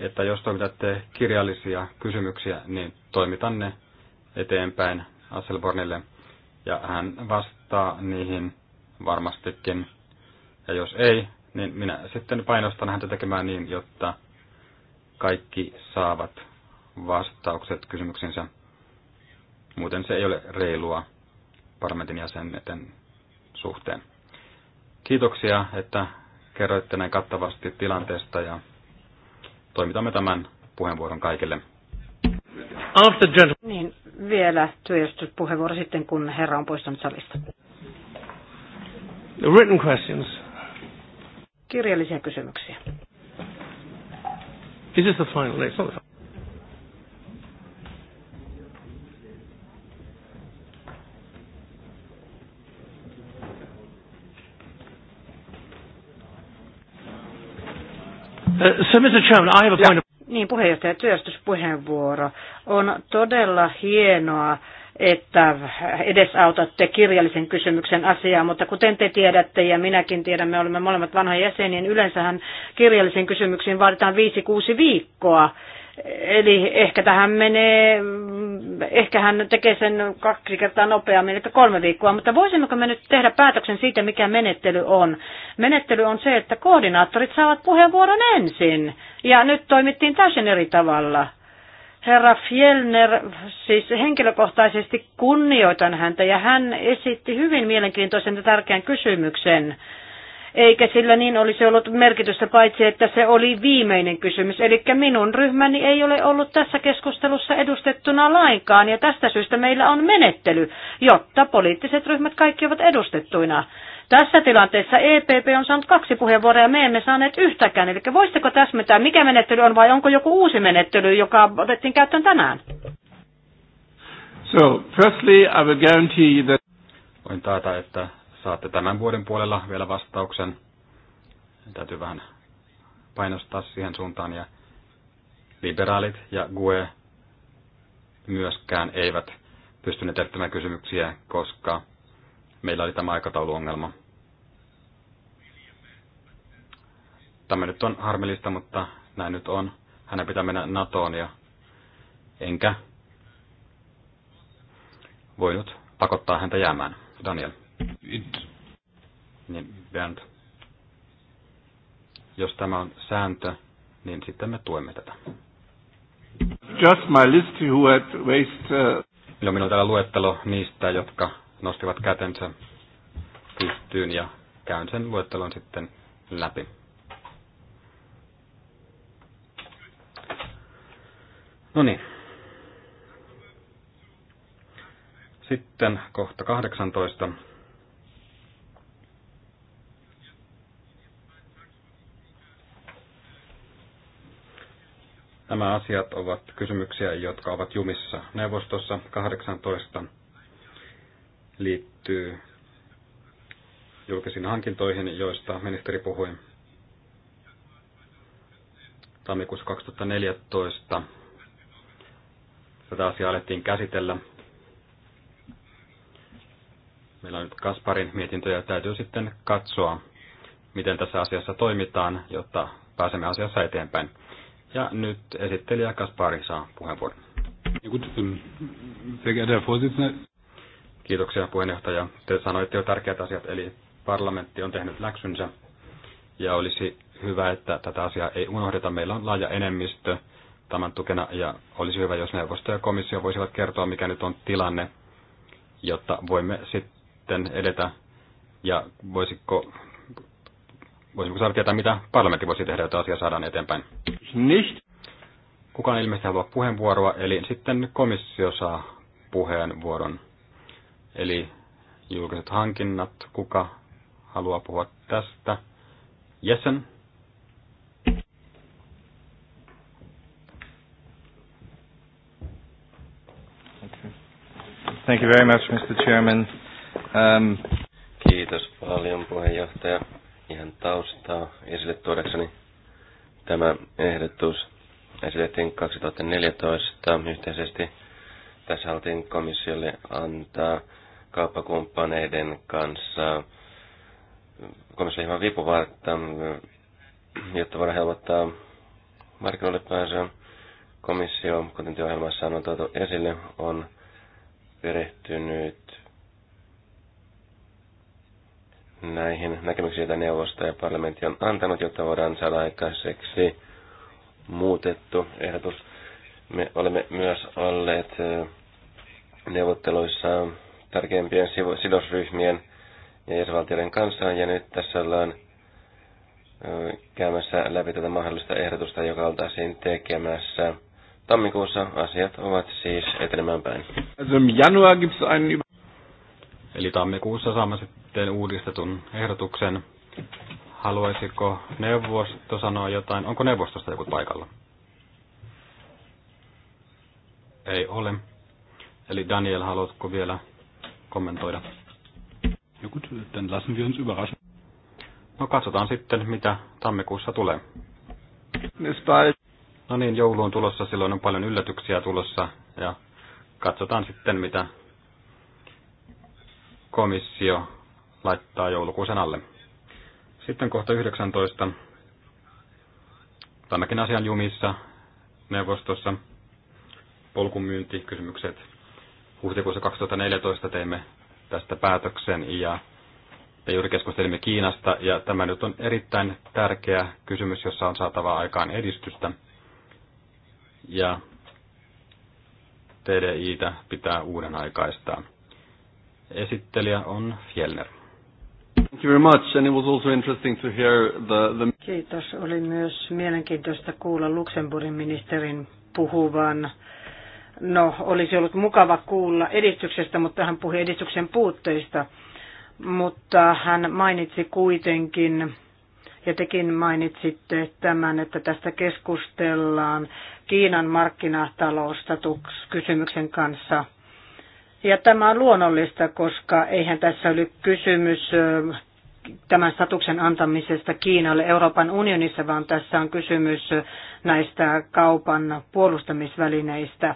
että jos toimitatte kirjallisia kysymyksiä, niin toimitan ne eteenpäin Asselbornille ja hän vastaa niihin varmastikin. Ja jos ei, niin minä sitten painostan häntä tekemään niin, jotta kaikki saavat vastaukset kysymyksinsä. Muuten se ei ole reilua parlamentin jäsenten suhteen. Kiitoksia, että kerroitte näin kattavasti tilanteesta ja toimitamme tämän puheenvuoron kaikille. After niin, vielä työjärjestyspuheenvuoro sitten, kun herra on poistunut salista. written questions. Kirjallisia kysymyksiä. Is this the final? It's not the final. Uh, so, Mr. Chairman, I have a point of... Niin, puheenjohtaja, työstyspuheenvuoro. On todella hienoa, että edesautatte kirjallisen kysymyksen asiaa, mutta kuten te tiedätte ja minäkin tiedän, me olemme molemmat vanhoja jäseniä, niin yleensähän kirjallisiin kysymyksiin vaaditaan 5-6 viikkoa. Eli ehkä tähän menee, ehkä hän tekee sen kaksi kertaa nopeammin, eli kolme viikkoa, mutta voisimmeko me nyt tehdä päätöksen siitä, mikä menettely on? Menettely on se, että koordinaattorit saavat puheenvuoron ensin, ja nyt toimittiin täysin eri tavalla. Herra Fjellner, siis henkilökohtaisesti kunnioitan häntä, ja hän esitti hyvin mielenkiintoisen ja tärkeän kysymyksen eikä sillä niin olisi ollut merkitystä paitsi, että se oli viimeinen kysymys. Eli minun ryhmäni ei ole ollut tässä keskustelussa edustettuna lainkaan, ja tästä syystä meillä on menettely, jotta poliittiset ryhmät kaikki ovat edustettuina. Tässä tilanteessa EPP on saanut kaksi puheenvuoroa ja me emme saaneet yhtäkään. Eli voisitteko täsmentää, mikä menettely on vai onko joku uusi menettely, joka otettiin käyttöön tänään? So, firstly, I will guarantee that... Voin taata, että saatte tämän vuoden puolella vielä vastauksen. Täytyy vähän painostaa siihen suuntaan. Ja liberaalit ja GUE myöskään eivät pystyneet jättämään kysymyksiä, koska meillä oli tämä aikatauluongelma. Tämä nyt on harmillista, mutta näin nyt on. Hänen pitää mennä NATOon ja enkä voinut pakottaa häntä jäämään. Daniel niin Bernd, jos tämä on sääntö, niin sitten me tuemme tätä. Just my list who had raised, uh... Joo, minulla on täällä luettelo niistä, jotka nostivat kätensä pystyyn ja käyn sen luettelon sitten läpi. No niin. Sitten kohta 18. Nämä asiat ovat kysymyksiä, jotka ovat jumissa. Neuvostossa 18 liittyy julkisiin hankintoihin, joista ministeri puhui tammikuussa 2014. Tätä asiaa alettiin käsitellä. Meillä on nyt Kasparin mietintö ja täytyy sitten katsoa, miten tässä asiassa toimitaan, jotta pääsemme asiassa eteenpäin. Ja nyt esittelijä Kaspari saa puheenvuoron. Ähm, Kiitoksia puheenjohtaja. Te sanoitte jo tärkeät asiat, eli parlamentti on tehnyt läksynsä ja olisi hyvä, että tätä asiaa ei unohdeta. Meillä on laaja enemmistö tämän tukena ja olisi hyvä, jos neuvosto ja komissio voisivat kertoa, mikä nyt on tilanne, jotta voimme sitten edetä ja voisiko voisimmeko saada tietää, mitä parlamentti voisi tehdä, jotta asia saadaan eteenpäin? Nicht. Kukaan ilmeisesti haluaa puheenvuoroa, eli sitten komissio saa puheenvuoron. Eli julkiset hankinnat, kuka haluaa puhua tästä? Jessen. Thank you very much, Mr. Chairman. Um, Kiitos paljon puheenjohtaja ihan taustaa esille tuodakseni. Tämä ehdotus esitettiin 2014 yhteisesti. Tässä haluttiin komissiolle antaa kauppakumppaneiden kanssa komissiolle hieman vipuvartta, jotta voidaan helpottaa markkinoille pääsyä. Komissio, kuten työohjelmassa on tuotu esille, on perehtynyt näihin näkemyksiin, joita neuvosto ja parlamentti on antanut, jotta voidaan saada aikaiseksi muutettu ehdotus. Me olemme myös olleet neuvotteluissa tärkeimpien sidosryhmien ja jäsenvaltioiden kanssa, ja nyt tässä ollaan käymässä läpi tätä mahdollista ehdotusta, joka oltaisiin tekemässä tammikuussa. Asiat ovat siis etenemään päin. Eli tammikuussa saamme sitten sitten uudistetun ehdotuksen. Haluaisiko neuvosto sanoa jotain? Onko neuvostosta joku paikalla? Ei ole. Eli Daniel, haluatko vielä kommentoida? No gut, dann lassen wir uns überraschen. No katsotaan sitten, mitä tammikuussa tulee. No niin, joulu on tulossa, silloin on paljon yllätyksiä tulossa ja katsotaan sitten, mitä komissio laittaa joulukuusen alle. Sitten kohta 19. Tämäkin asian jumissa neuvostossa polkumyyntikysymykset. Huhtikuussa 2014 teimme tästä päätöksen ja me juuri keskustelimme Kiinasta ja tämä nyt on erittäin tärkeä kysymys, jossa on saatava aikaan edistystä. Ja TDItä pitää uuden aikaistaa. Esittelijä on Fjellner. Thank you very much, and it was also interesting to hear the, the... Kiitos. Oli myös mielenkiintoista kuulla Luxemburgin ministerin puhuvan no, olisi ollut mukava kuulla edistyksestä, mutta hän puhui edistyksen puutteista. Mutta hän mainitsi kuitenkin, ja tekin mainitsitte tämän, että tästä keskustellaan Kiinan kysymyksen kanssa – ja tämä on luonnollista, koska eihän tässä ole kysymys tämän statuksen antamisesta Kiinalle Euroopan unionissa, vaan tässä on kysymys näistä kaupan puolustamisvälineistä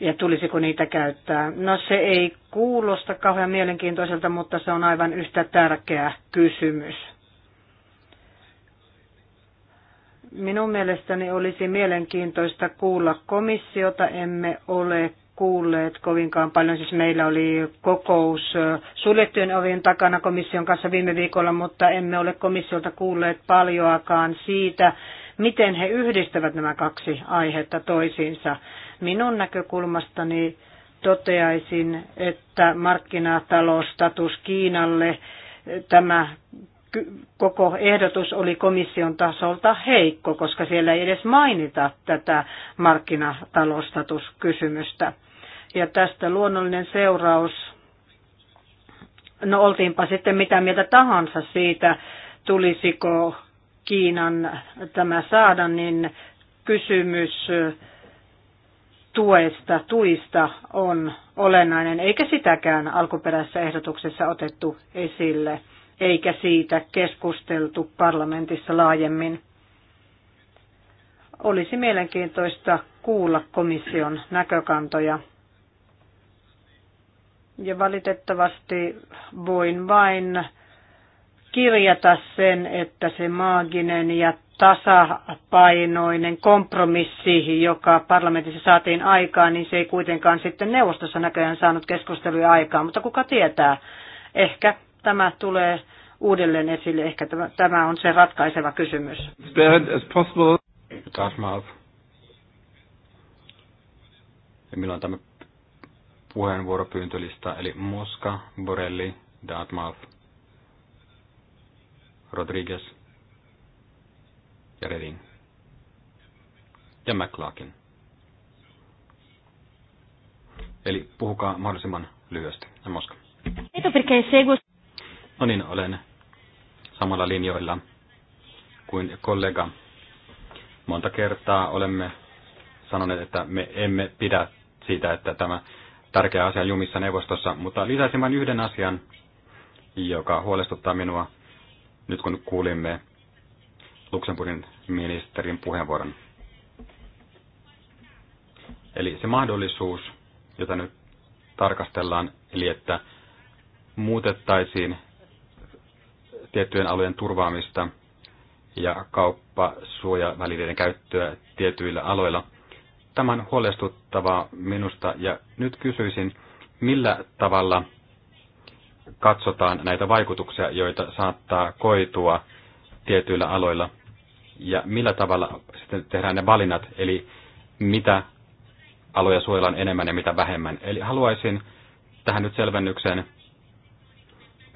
ja tulisiko niitä käyttää. No se ei kuulosta kauhean mielenkiintoiselta, mutta se on aivan yhtä tärkeä kysymys. Minun mielestäni olisi mielenkiintoista kuulla komissiota. Emme ole kuulleet kovinkaan paljon. Siis meillä oli kokous suljettujen ovien takana komission kanssa viime viikolla, mutta emme ole komissiolta kuulleet paljoakaan siitä, miten he yhdistävät nämä kaksi aihetta toisiinsa. Minun näkökulmastani toteaisin, että markkinataloustatus Kiinalle tämä koko ehdotus oli komission tasolta heikko, koska siellä ei edes mainita tätä markkinatalostatuskysymystä. Ja tästä luonnollinen seuraus, no oltiinpa sitten mitä mieltä tahansa siitä, tulisiko Kiinan tämä saada, niin kysymys tuesta, tuista on olennainen, eikä sitäkään alkuperäisessä ehdotuksessa otettu esille, eikä siitä keskusteltu parlamentissa laajemmin. Olisi mielenkiintoista kuulla komission näkökantoja ja valitettavasti voin vain kirjata sen, että se maaginen ja tasapainoinen kompromissi, joka parlamentissa saatiin aikaan, niin se ei kuitenkaan sitten neuvostossa näköjään saanut keskustelua aikaan. Mutta kuka tietää, ehkä tämä tulee uudelleen esille, ehkä tämä, on se ratkaiseva kysymys. Ja milloin tämä puheenvuoropyyntölista, eli Mosca, Borelli, Dartmouth, Rodriguez ja Redding ja McLaughlin. Eli puhukaa mahdollisimman lyhyesti. Ja Mosca. No niin, olen samalla linjoilla kuin kollega. Monta kertaa olemme sanoneet, että me emme pidä siitä, että tämä tärkeä asia jumissa neuvostossa, mutta lisäisin vain yhden asian, joka huolestuttaa minua nyt kun kuulimme Luxemburgin ministerin puheenvuoron. Eli se mahdollisuus, jota nyt tarkastellaan, eli että muutettaisiin tiettyjen alueen turvaamista ja kauppasuojavälineiden käyttöä tietyillä aloilla – Tämä on huolestuttavaa minusta ja nyt kysyisin, millä tavalla katsotaan näitä vaikutuksia, joita saattaa koitua tietyillä aloilla ja millä tavalla sitten tehdään ne valinnat, eli mitä aloja suojellaan enemmän ja mitä vähemmän. Eli haluaisin tähän nyt selvennyksen.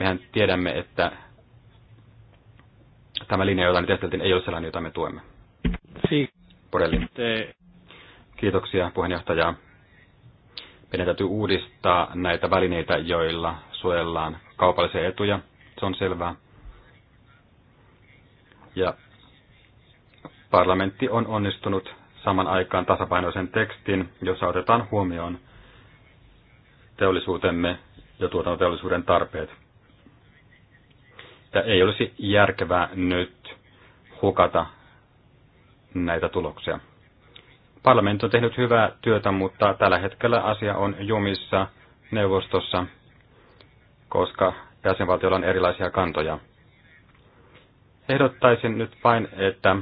Mehän tiedämme, että tämä linja, jota nyt ei ole sellainen, jota me tuemme. Te- Kiitoksia puheenjohtaja. Meidän täytyy uudistaa näitä välineitä, joilla suojellaan kaupallisia etuja. Se on selvää. Ja parlamentti on onnistunut saman aikaan tasapainoisen tekstin, jossa otetaan huomioon teollisuutemme ja tuotantoteollisuuden tarpeet. Ja ei olisi järkevää nyt hukata näitä tuloksia. Parlamentti on tehnyt hyvää työtä, mutta tällä hetkellä asia on jumissa neuvostossa, koska jäsenvaltiolla on erilaisia kantoja. Ehdottaisin nyt vain, että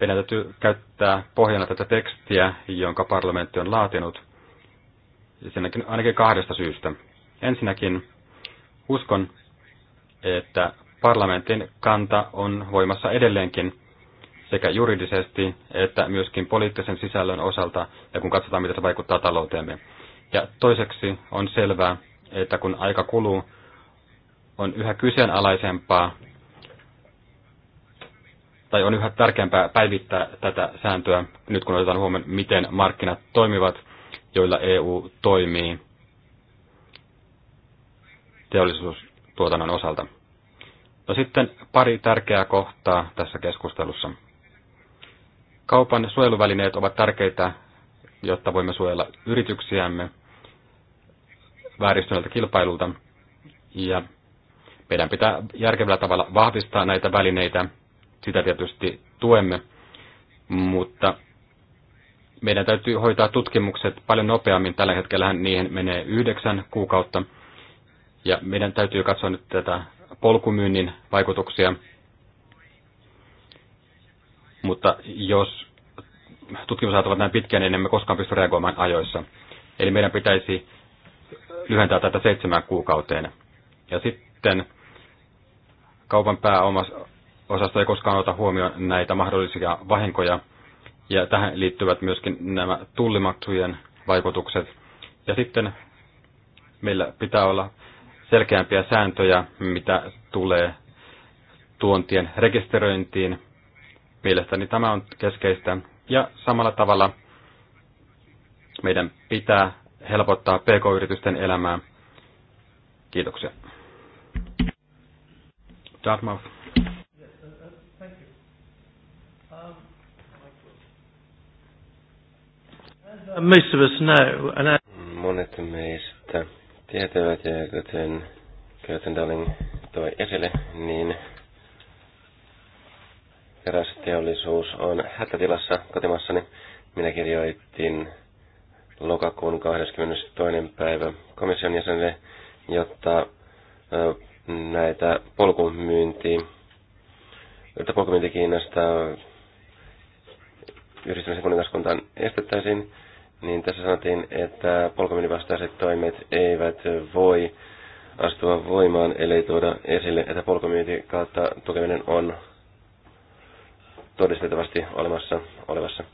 meidän täytyy käyttää pohjana tätä tekstiä, jonka parlamentti on laatinut, Siinäkin ainakin kahdesta syystä. Ensinnäkin uskon, että parlamentin kanta on voimassa edelleenkin, sekä juridisesti että myöskin poliittisen sisällön osalta ja kun katsotaan, miten se vaikuttaa talouteemme. Ja toiseksi on selvää, että kun aika kuluu, on yhä kyseenalaisempaa tai on yhä tärkeämpää päivittää tätä sääntöä nyt kun otetaan huomioon, miten markkinat toimivat, joilla EU toimii teollisuustuotannon osalta. No sitten pari tärkeää kohtaa tässä keskustelussa. Kaupan suojeluvälineet ovat tärkeitä, jotta voimme suojella yrityksiämme vääristyneeltä kilpailulta. Ja meidän pitää järkevällä tavalla vahvistaa näitä välineitä. Sitä tietysti tuemme, mutta meidän täytyy hoitaa tutkimukset paljon nopeammin. Tällä hetkellä niihin menee yhdeksän kuukautta. Ja meidän täytyy katsoa nyt tätä polkumyynnin vaikutuksia. Mutta jos tutkimusajat ovat näin pitkiä, niin emme koskaan pysty reagoimaan ajoissa. Eli meidän pitäisi lyhentää tätä seitsemään kuukauteen. Ja sitten kaupan pääomaosasto ei koskaan ota huomioon näitä mahdollisia vahinkoja. Ja tähän liittyvät myöskin nämä tullimaksujen vaikutukset. Ja sitten meillä pitää olla selkeämpiä sääntöjä, mitä tulee tuontien rekisteröintiin Mielestäni tämä on keskeistä. Ja samalla tavalla meidän pitää helpottaa pk-yritysten elämää. Kiitoksia. Dartmouth. Most of us know, and I... Monet meistä tietävät, ja kuten Kötendalin toi esille, niin teollisuus on hätätilassa kotimassani. Minä kirjoitin lokakuun 22. päivä komission jäsenille, jotta näitä polkumyyntiä, että polkumyynti Kiinasta yhdistämisen kuningaskuntaan estettäisiin, niin tässä sanottiin, että polkumyynnin vastaiset toimet eivät voi astua voimaan, ellei tuoda esille, että polkumyynti kautta tukeminen on todistettavasti olemassa, olevassa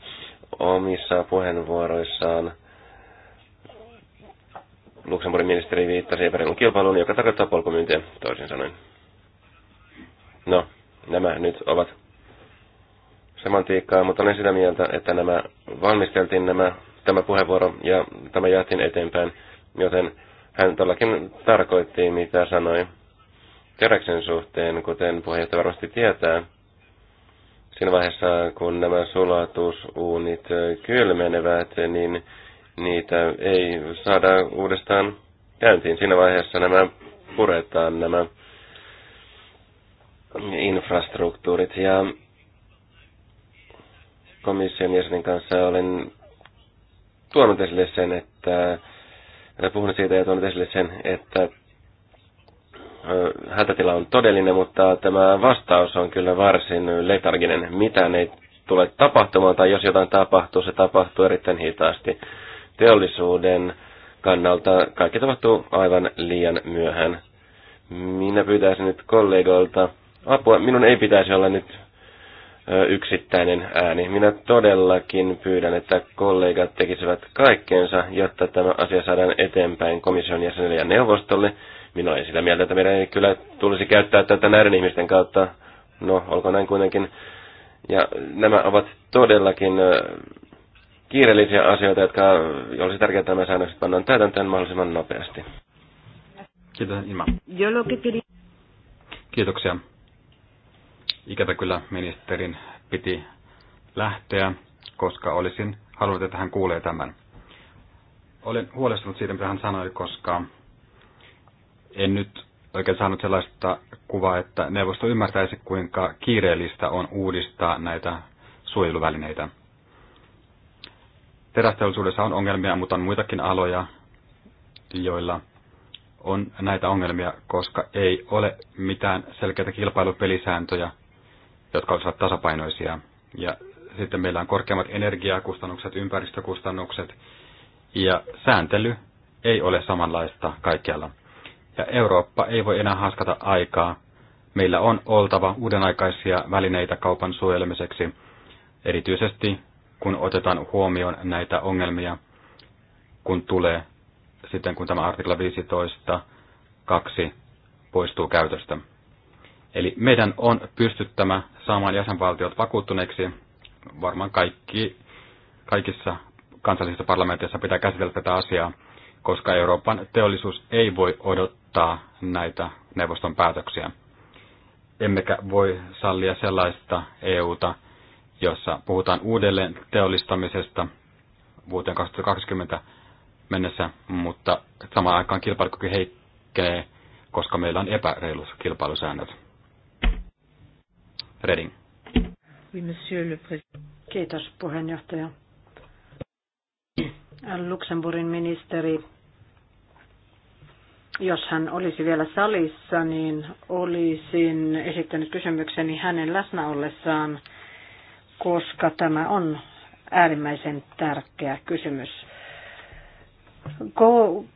omissa puheenvuoroissaan. Luxemburgin ministeri viittasi epäreilun kilpailuun, joka tarkoittaa polkumyyntiä, toisin sanoen. No, nämä nyt ovat semantiikkaa, mutta olen sitä mieltä, että nämä valmisteltiin nämä, tämä puheenvuoro ja tämä jaettiin eteenpäin, joten hän todellakin tarkoitti, mitä sanoi teräksen suhteen, kuten puheenjohtaja varmasti tietää siinä vaiheessa, kun nämä sulatusuunit kylmenevät, niin niitä ei saada uudestaan käyntiin. Siinä vaiheessa nämä puretaan nämä infrastruktuurit ja komission jäsenen kanssa olen tuonut esille sen, että puhunut siitä ja tuonut esille sen, että hätätila on todellinen, mutta tämä vastaus on kyllä varsin letarginen. Mitään ei tule tapahtumaan, tai jos jotain tapahtuu, se tapahtuu erittäin hitaasti. Teollisuuden kannalta kaikki tapahtuu aivan liian myöhään. Minä pyytäisin nyt kollegoilta apua. Minun ei pitäisi olla nyt yksittäinen ääni. Minä todellakin pyydän, että kollegat tekisivät kaikkeensa, jotta tämä asia saadaan eteenpäin komission jäsenelle ja neuvostolle. Minä olen sitä mieltä, että meidän ei kyllä tulisi käyttää tätä näiden ihmisten kautta. No, olko näin kuitenkin. Ja nämä ovat todellakin kiireellisiä asioita, jotka olisi tärkeää, että nämä säännökset pannaan täytäntöön mahdollisimman nopeasti. Kiitos, Kiitoksia. Ikävä kyllä ministerin piti lähteä, koska olisin halunnut, että hän kuulee tämän. Olen huolestunut siitä, mitä hän sanoi, koska en nyt oikein saanut sellaista kuvaa, että neuvosto ymmärtäisi, kuinka kiireellistä on uudistaa näitä suojeluvälineitä. Terästeollisuudessa on ongelmia, mutta on muitakin aloja, joilla on näitä ongelmia, koska ei ole mitään selkeitä kilpailupelisääntöjä, jotka olisivat tasapainoisia. Ja sitten meillä on korkeammat energiakustannukset, ympäristökustannukset ja sääntely ei ole samanlaista kaikkialla ja Eurooppa ei voi enää haskata aikaa. Meillä on oltava uudenaikaisia välineitä kaupan suojelemiseksi, erityisesti kun otetaan huomioon näitä ongelmia, kun tulee sitten kun tämä artikla 15.2 2 poistuu käytöstä. Eli meidän on pystyttämä saamaan jäsenvaltiot vakuuttuneiksi. Varmaan kaikki, kaikissa kansallisissa parlamenteissa pitää käsitellä tätä asiaa koska Euroopan teollisuus ei voi odottaa näitä neuvoston päätöksiä. Emmekä voi sallia sellaista EUta, jossa puhutaan uudelleen teollistamisesta vuoteen 2020 mennessä, mutta samaan aikaan kilpailukyky heikkenee, koska meillä on epäreilut kilpailusäännöt. Reding. Kiitos puheenjohtaja. Luxemburgin ministeri jos hän olisi vielä salissa, niin olisin esittänyt kysymykseni hänen läsnä ollessaan, koska tämä on äärimmäisen tärkeä kysymys.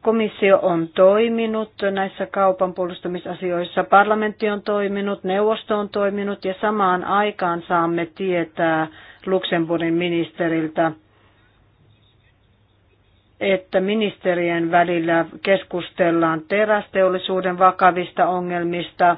Komissio on toiminut näissä kaupan puolustamisasioissa, parlamentti on toiminut, neuvosto on toiminut ja samaan aikaan saamme tietää Luxemburgin ministeriltä, että ministerien välillä keskustellaan terästeollisuuden vakavista ongelmista,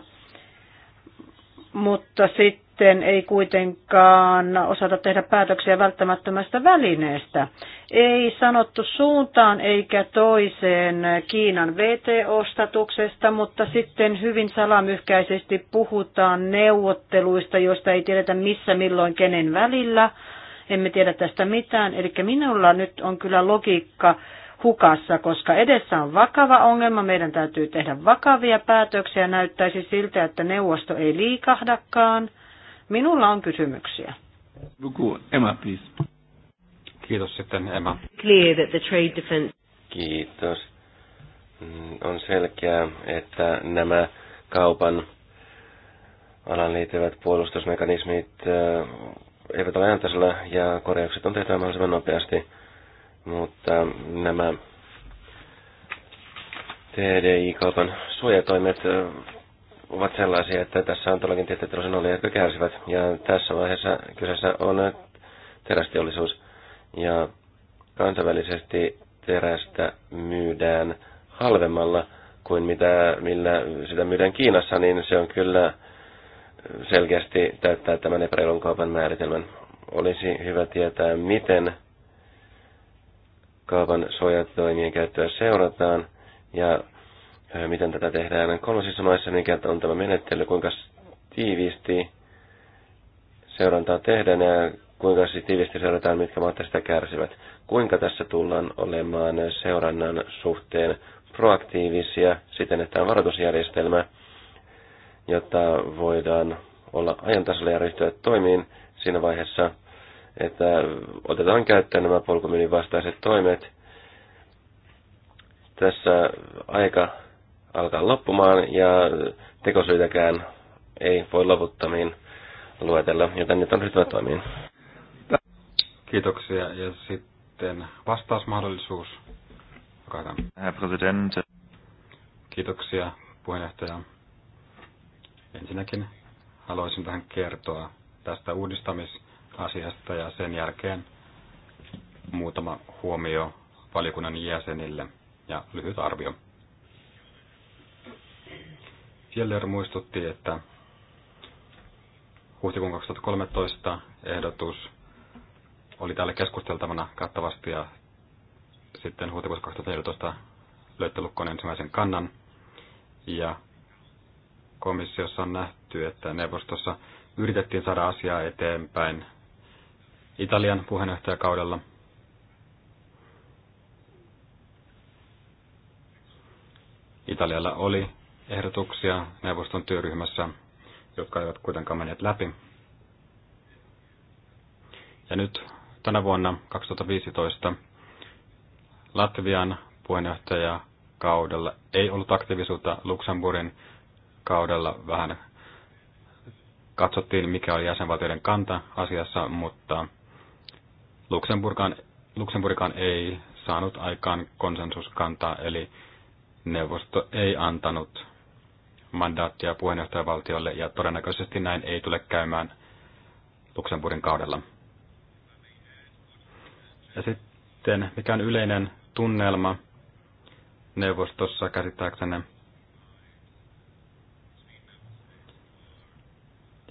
mutta sitten ei kuitenkaan osata tehdä päätöksiä välttämättömästä välineestä. Ei sanottu suuntaan eikä toiseen Kiinan VTO-statuksesta, mutta sitten hyvin salamyhkäisesti puhutaan neuvotteluista, joista ei tiedetä missä, milloin, kenen välillä – emme tiedä tästä mitään. Eli minulla nyt on kyllä logiikka hukassa, koska edessä on vakava ongelma, meidän täytyy tehdä vakavia päätöksiä, näyttäisi siltä, että neuvosto ei liikahdakaan. Minulla on kysymyksiä. Emma, please. Kiitos sitten, Emma. Clear that the trade defense... Kiitos. Mm, on selkeää, että nämä kaupan alan liittyvät puolustusmekanismit eivät ole ajantasalla ja korjaukset on tehtävä mahdollisimman nopeasti. Mutta nämä TDI-kaupan suojatoimet ovat sellaisia, että tässä on todellakin tietty oli, jotka kärsivät. Ja tässä vaiheessa kyseessä on terästeollisuus. Ja kansainvälisesti terästä myydään halvemmalla kuin mitä, millä sitä myydään Kiinassa, niin se on kyllä selkeästi täyttää tämän epäreilun kaupan määritelmän. Olisi hyvä tietää, miten kaupan suojatoimien käyttöä seurataan ja miten tätä tehdään kolmasissa maissa, mikä on tämä menettely, kuinka tiiviisti seurantaa tehdään ja kuinka siis tiiviisti seurataan, mitkä maat tästä kärsivät. Kuinka tässä tullaan olemaan seurannan suhteen proaktiivisia siten, että on varoitusjärjestelmä – jotta voidaan olla ajan ja ryhtyä toimiin siinä vaiheessa, että otetaan käyttöön nämä polkumyynnin vastaiset toimet. Tässä aika alkaa loppumaan ja tekosyitäkään ei voi loputtamiin luetella, joten nyt on ryhtyä toimiin. Kiitoksia ja sitten vastausmahdollisuus. Herr Kiitoksia puheenjohtaja. Ensinnäkin haluaisin vähän kertoa tästä uudistamisasiasta ja sen jälkeen muutama huomio valiokunnan jäsenille ja lyhyt arvio. Fjeller muistutti, että huhtikuun 2013 ehdotus oli täällä keskusteltavana kattavasti ja sitten huhtikuussa 2014 löytti lukkoon ensimmäisen kannan ja komissiossa on nähty, että neuvostossa yritettiin saada asiaa eteenpäin Italian puheenjohtajakaudella. Italialla oli ehdotuksia neuvoston työryhmässä, jotka eivät kuitenkaan menneet läpi. Ja nyt tänä vuonna 2015 Latvian puheenjohtajakaudella ei ollut aktiivisuutta Luxemburgin kaudella vähän katsottiin, mikä oli jäsenvaltioiden kanta asiassa, mutta Luxemburgan, Luxemburgaan ei saanut aikaan konsensuskantaa, eli neuvosto ei antanut mandaattia puheenjohtajavaltiolle, ja todennäköisesti näin ei tule käymään Luxemburgin kaudella. Ja sitten, mikä on yleinen tunnelma neuvostossa käsittääksenne?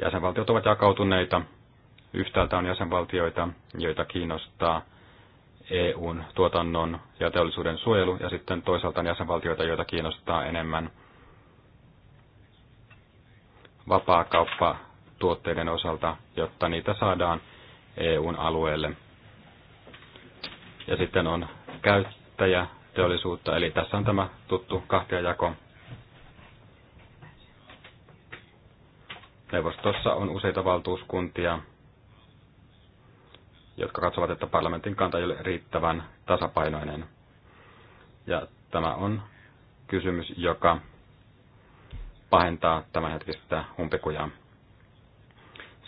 Jäsenvaltiot ovat jakautuneita. Yhtäältä on jäsenvaltioita, joita kiinnostaa EUn tuotannon ja teollisuuden suojelu, ja sitten toisaalta on jäsenvaltioita, joita kiinnostaa enemmän vapaa tuotteiden osalta, jotta niitä saadaan EUn alueelle. Ja sitten on käyttäjäteollisuutta, eli tässä on tämä tuttu kahtiajako. Neuvostossa on useita valtuuskuntia, jotka katsovat, että parlamentin kanta ei ole riittävän tasapainoinen. Ja tämä on kysymys, joka pahentaa hetkistä umpikujaa.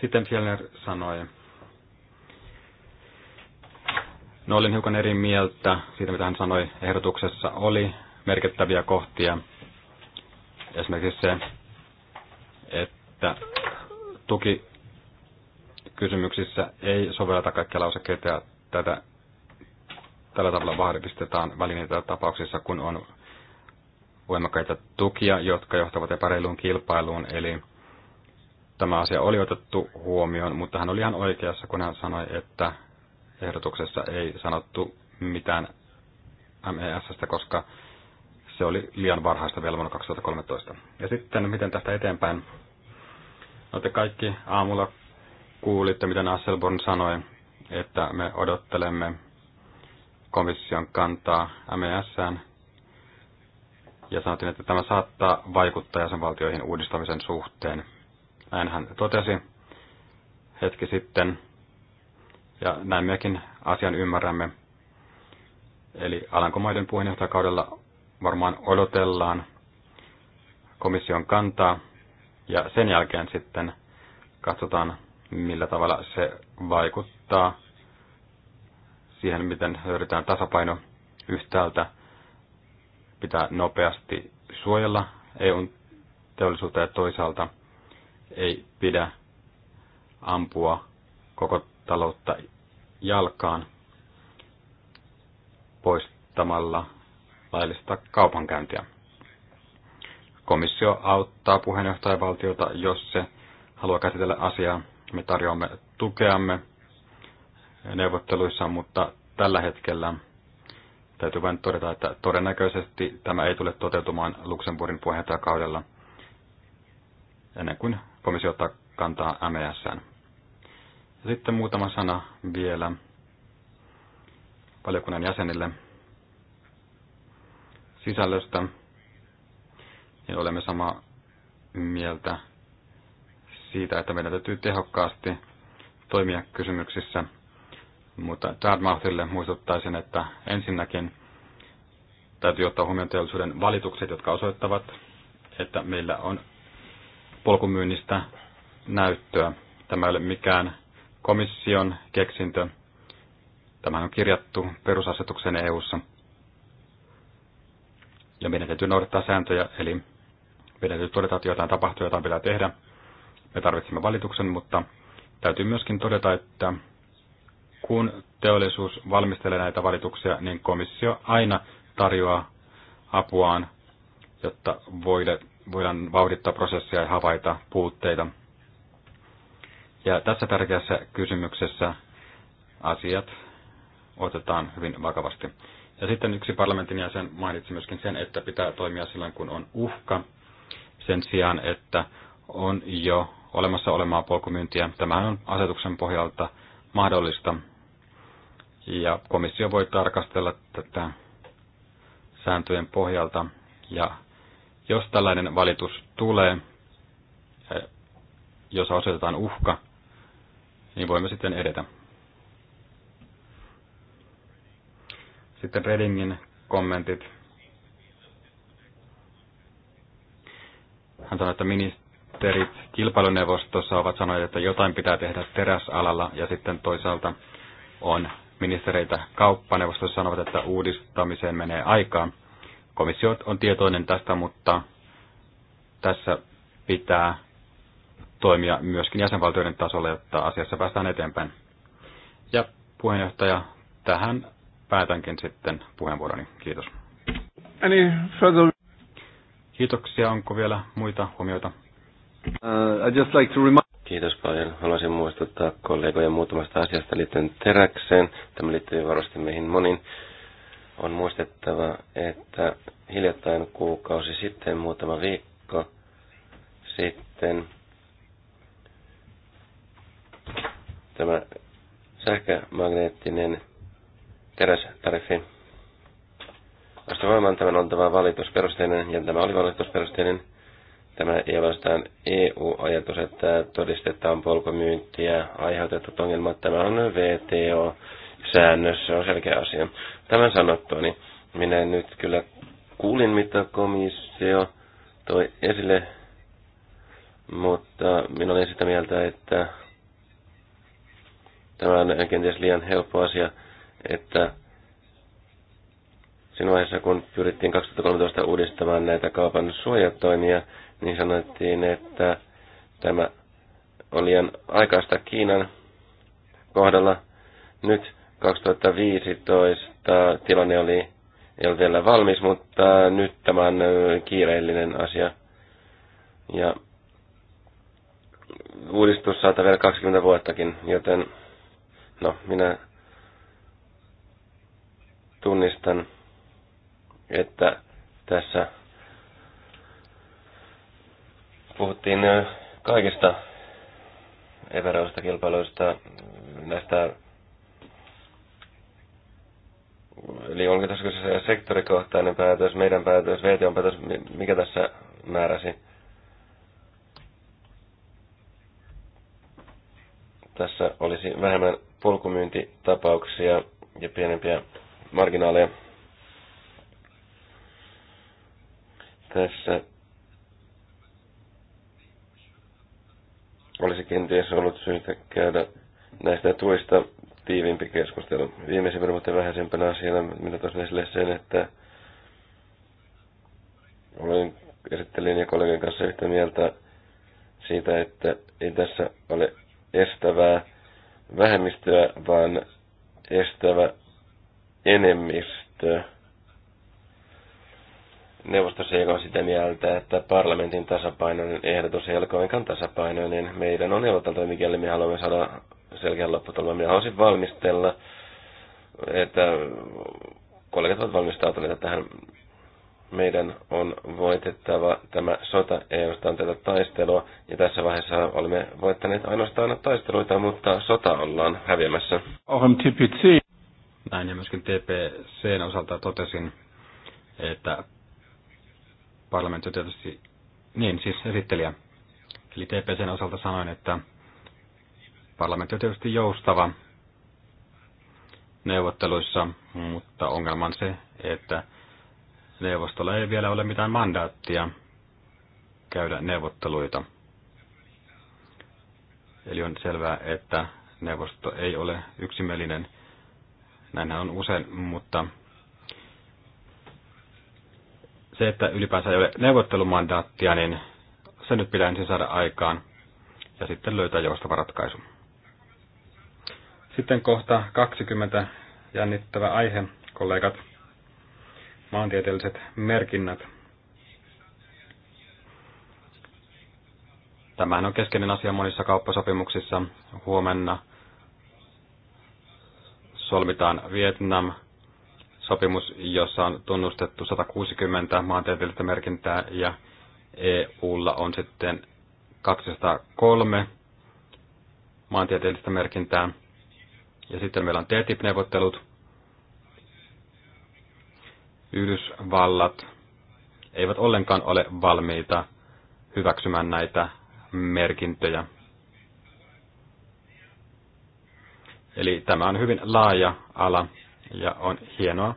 Sitten Fjellner sanoi, no olin hiukan eri mieltä siitä, mitä hän sanoi ehdotuksessa oli merkittäviä kohtia. Esimerkiksi se, että että tuki kysymyksissä ei sovelleta kaikkia lausekkeita ja tätä, tällä tavalla vahvistetaan välineitä tapauksissa, kun on voimakkaita tukia, jotka johtavat epäreiluun kilpailuun. Eli tämä asia oli otettu huomioon, mutta hän oli ihan oikeassa, kun hän sanoi, että ehdotuksessa ei sanottu mitään MESstä, koska se oli liian varhaista vielä vuonna 2013. Ja sitten miten tästä eteenpäin? No te kaikki aamulla kuulitte, mitä Asselborn sanoi, että me odottelemme komission kantaa MESään. Ja sanottiin, että tämä saattaa vaikuttaa jäsenvaltioihin uudistamisen suhteen. Näin hän totesi hetki sitten. Ja näin mekin asian ymmärrämme. Eli Alankomaiden puheenjohtajakaudella varmaan odotellaan komission kantaa. Ja sen jälkeen sitten katsotaan, millä tavalla se vaikuttaa siihen, miten löydetään tasapaino yhtäältä. Pitää nopeasti suojella EUn teollisuutta ja toisaalta ei pidä ampua koko taloutta jalkaan poistamalla laillista kaupankäyntiä komissio auttaa puheenjohtajavaltiota, jos se haluaa käsitellä asiaa. Me tarjoamme tukeamme neuvotteluissa, mutta tällä hetkellä täytyy vain todeta, että todennäköisesti tämä ei tule toteutumaan Luxemburgin puheenjohtajakaudella ennen kuin komissio ottaa kantaa MESään. Ja sitten muutama sana vielä valiokunnan jäsenille sisällöstä niin olemme samaa mieltä siitä, että meidän täytyy tehokkaasti toimia kysymyksissä. Mutta Dartmouthille muistuttaisin, että ensinnäkin täytyy ottaa huomioon teollisuuden valitukset, jotka osoittavat, että meillä on polkumyynnistä näyttöä. Tämä ei ole mikään komission keksintö. Tämä on kirjattu perusasetukseen EU-ssa. Ja meidän täytyy noudattaa sääntöjä, eli meidän täytyy todeta, että jotain tapahtuu, jotain pitää tehdä. Me tarvitsemme valituksen, mutta täytyy myöskin todeta, että kun teollisuus valmistelee näitä valituksia, niin komissio aina tarjoaa apuaan, jotta voidaan vauhdittaa prosessia ja havaita puutteita. Ja tässä tärkeässä kysymyksessä asiat otetaan hyvin vakavasti. Ja sitten yksi parlamentin jäsen mainitsi myöskin sen, että pitää toimia silloin, kun on uhka sen sijaan, että on jo olemassa olemaa polkumyyntiä. Tämähän on asetuksen pohjalta mahdollista. Ja komissio voi tarkastella tätä sääntöjen pohjalta. Ja jos tällainen valitus tulee, eh, jos osoitetaan uhka, niin voimme sitten edetä. Sitten Redingin kommentit. Hän sanoi, että ministerit kilpailuneuvostossa ovat sanoneet, että jotain pitää tehdä teräsalalla ja sitten toisaalta on ministereitä kauppaneuvostossa sanovat, että uudistamiseen menee aikaa. Komissio on tietoinen tästä, mutta tässä pitää toimia myöskin jäsenvaltioiden tasolla, jotta asiassa päästään eteenpäin. Ja puheenjohtaja, tähän päätänkin sitten puheenvuoroni. Kiitos. Any further Kiitoksia. Onko vielä muita huomioita? Uh, I just like to remind... Kiitos paljon. Haluaisin muistuttaa kollegoja muutamasta asiasta liittyen teräkseen. Tämä liittyy varmasti meihin monin. On muistettava, että hiljattain kuukausi sitten, muutama viikko sitten, tämä sähkömagneettinen terästariffi Vasta voimaan tämän oltava valitusperusteinen, ja tämä oli valitusperusteinen. Tämä ei vastaan EU-ajatus, että todistetaan polkumyyntiä aiheutetut ongelmat. Tämä on VTO-säännös, se on selkeä asia. Tämän sanottua, niin minä nyt kyllä kuulin, mitä komissio toi esille, mutta minä olen sitä mieltä, että tämä on kenties liian helppo asia, että siinä vaiheessa, kun pyrittiin 2013 uudistamaan näitä kaupan suojatoimia, niin sanottiin, että tämä on liian aikaista Kiinan kohdalla. Nyt 2015 tilanne oli, ei ole vielä valmis, mutta nyt tämä on kiireellinen asia. Ja uudistus saattaa vielä 20 vuottakin, joten no, minä tunnistan että tässä puhuttiin kaikista epäröistä kilpailuista, näistä, eli onko tässä kyseessä sektorikohtainen päätös, meidän päätös, VTOn päätös, mikä tässä määräsi? Tässä olisi vähemmän polkumyyntitapauksia ja pienempiä marginaaleja. Tässä olisi kenties ollut syytä käydä näistä tuista tiiviimpi keskustelu. verran, mutta vähäisempänä asiana minä tosin esille sen, että olen esittelin ja kollegan kanssa yhtä mieltä siitä, että ei tässä ole estävää vähemmistöä, vaan estävä enemmistö neuvostossa, joka on sitä mieltä, että parlamentin tasapainoinen ehdotus ei ole kovinkaan tasapainoinen. Meidän on neuvoteltava, mikäli me haluamme saada selkeän lopputulman. Minä haluaisin valmistella, että kollegat ovat valmistautuneet tähän. Meidän on voitettava tämä sota, ei ainoastaan tätä taistelua, ja tässä vaiheessa olemme voittaneet ainoastaan taisteluita, mutta sota ollaan häviämässä. TPC, Näin ja myöskin TPCn osalta totesin, että parlamentti on tietysti, niin siis esittelijä. Eli TPCn osalta sanoin, että parlamentti on tietysti joustava neuvotteluissa, mutta ongelma on se, että neuvostolla ei vielä ole mitään mandaattia käydä neuvotteluita. Eli on selvää, että neuvosto ei ole yksimielinen. Näinhän on usein, mutta se, että ylipäänsä ei ole neuvottelumandaattia, niin se nyt pitää ensin saada aikaan ja sitten löytää joustava ratkaisu. Sitten kohta 20 jännittävä aihe, kollegat, maantieteelliset merkinnät. Tämähän on keskeinen asia monissa kauppasopimuksissa. Huomenna solmitaan Vietnam, sopimus, jossa on tunnustettu 160 maantieteellistä merkintää ja EUlla on sitten 203 maantieteellistä merkintää. Ja sitten meillä on TTIP-neuvottelut. Yhdysvallat eivät ollenkaan ole valmiita hyväksymään näitä merkintöjä. Eli tämä on hyvin laaja ala ja on hienoa,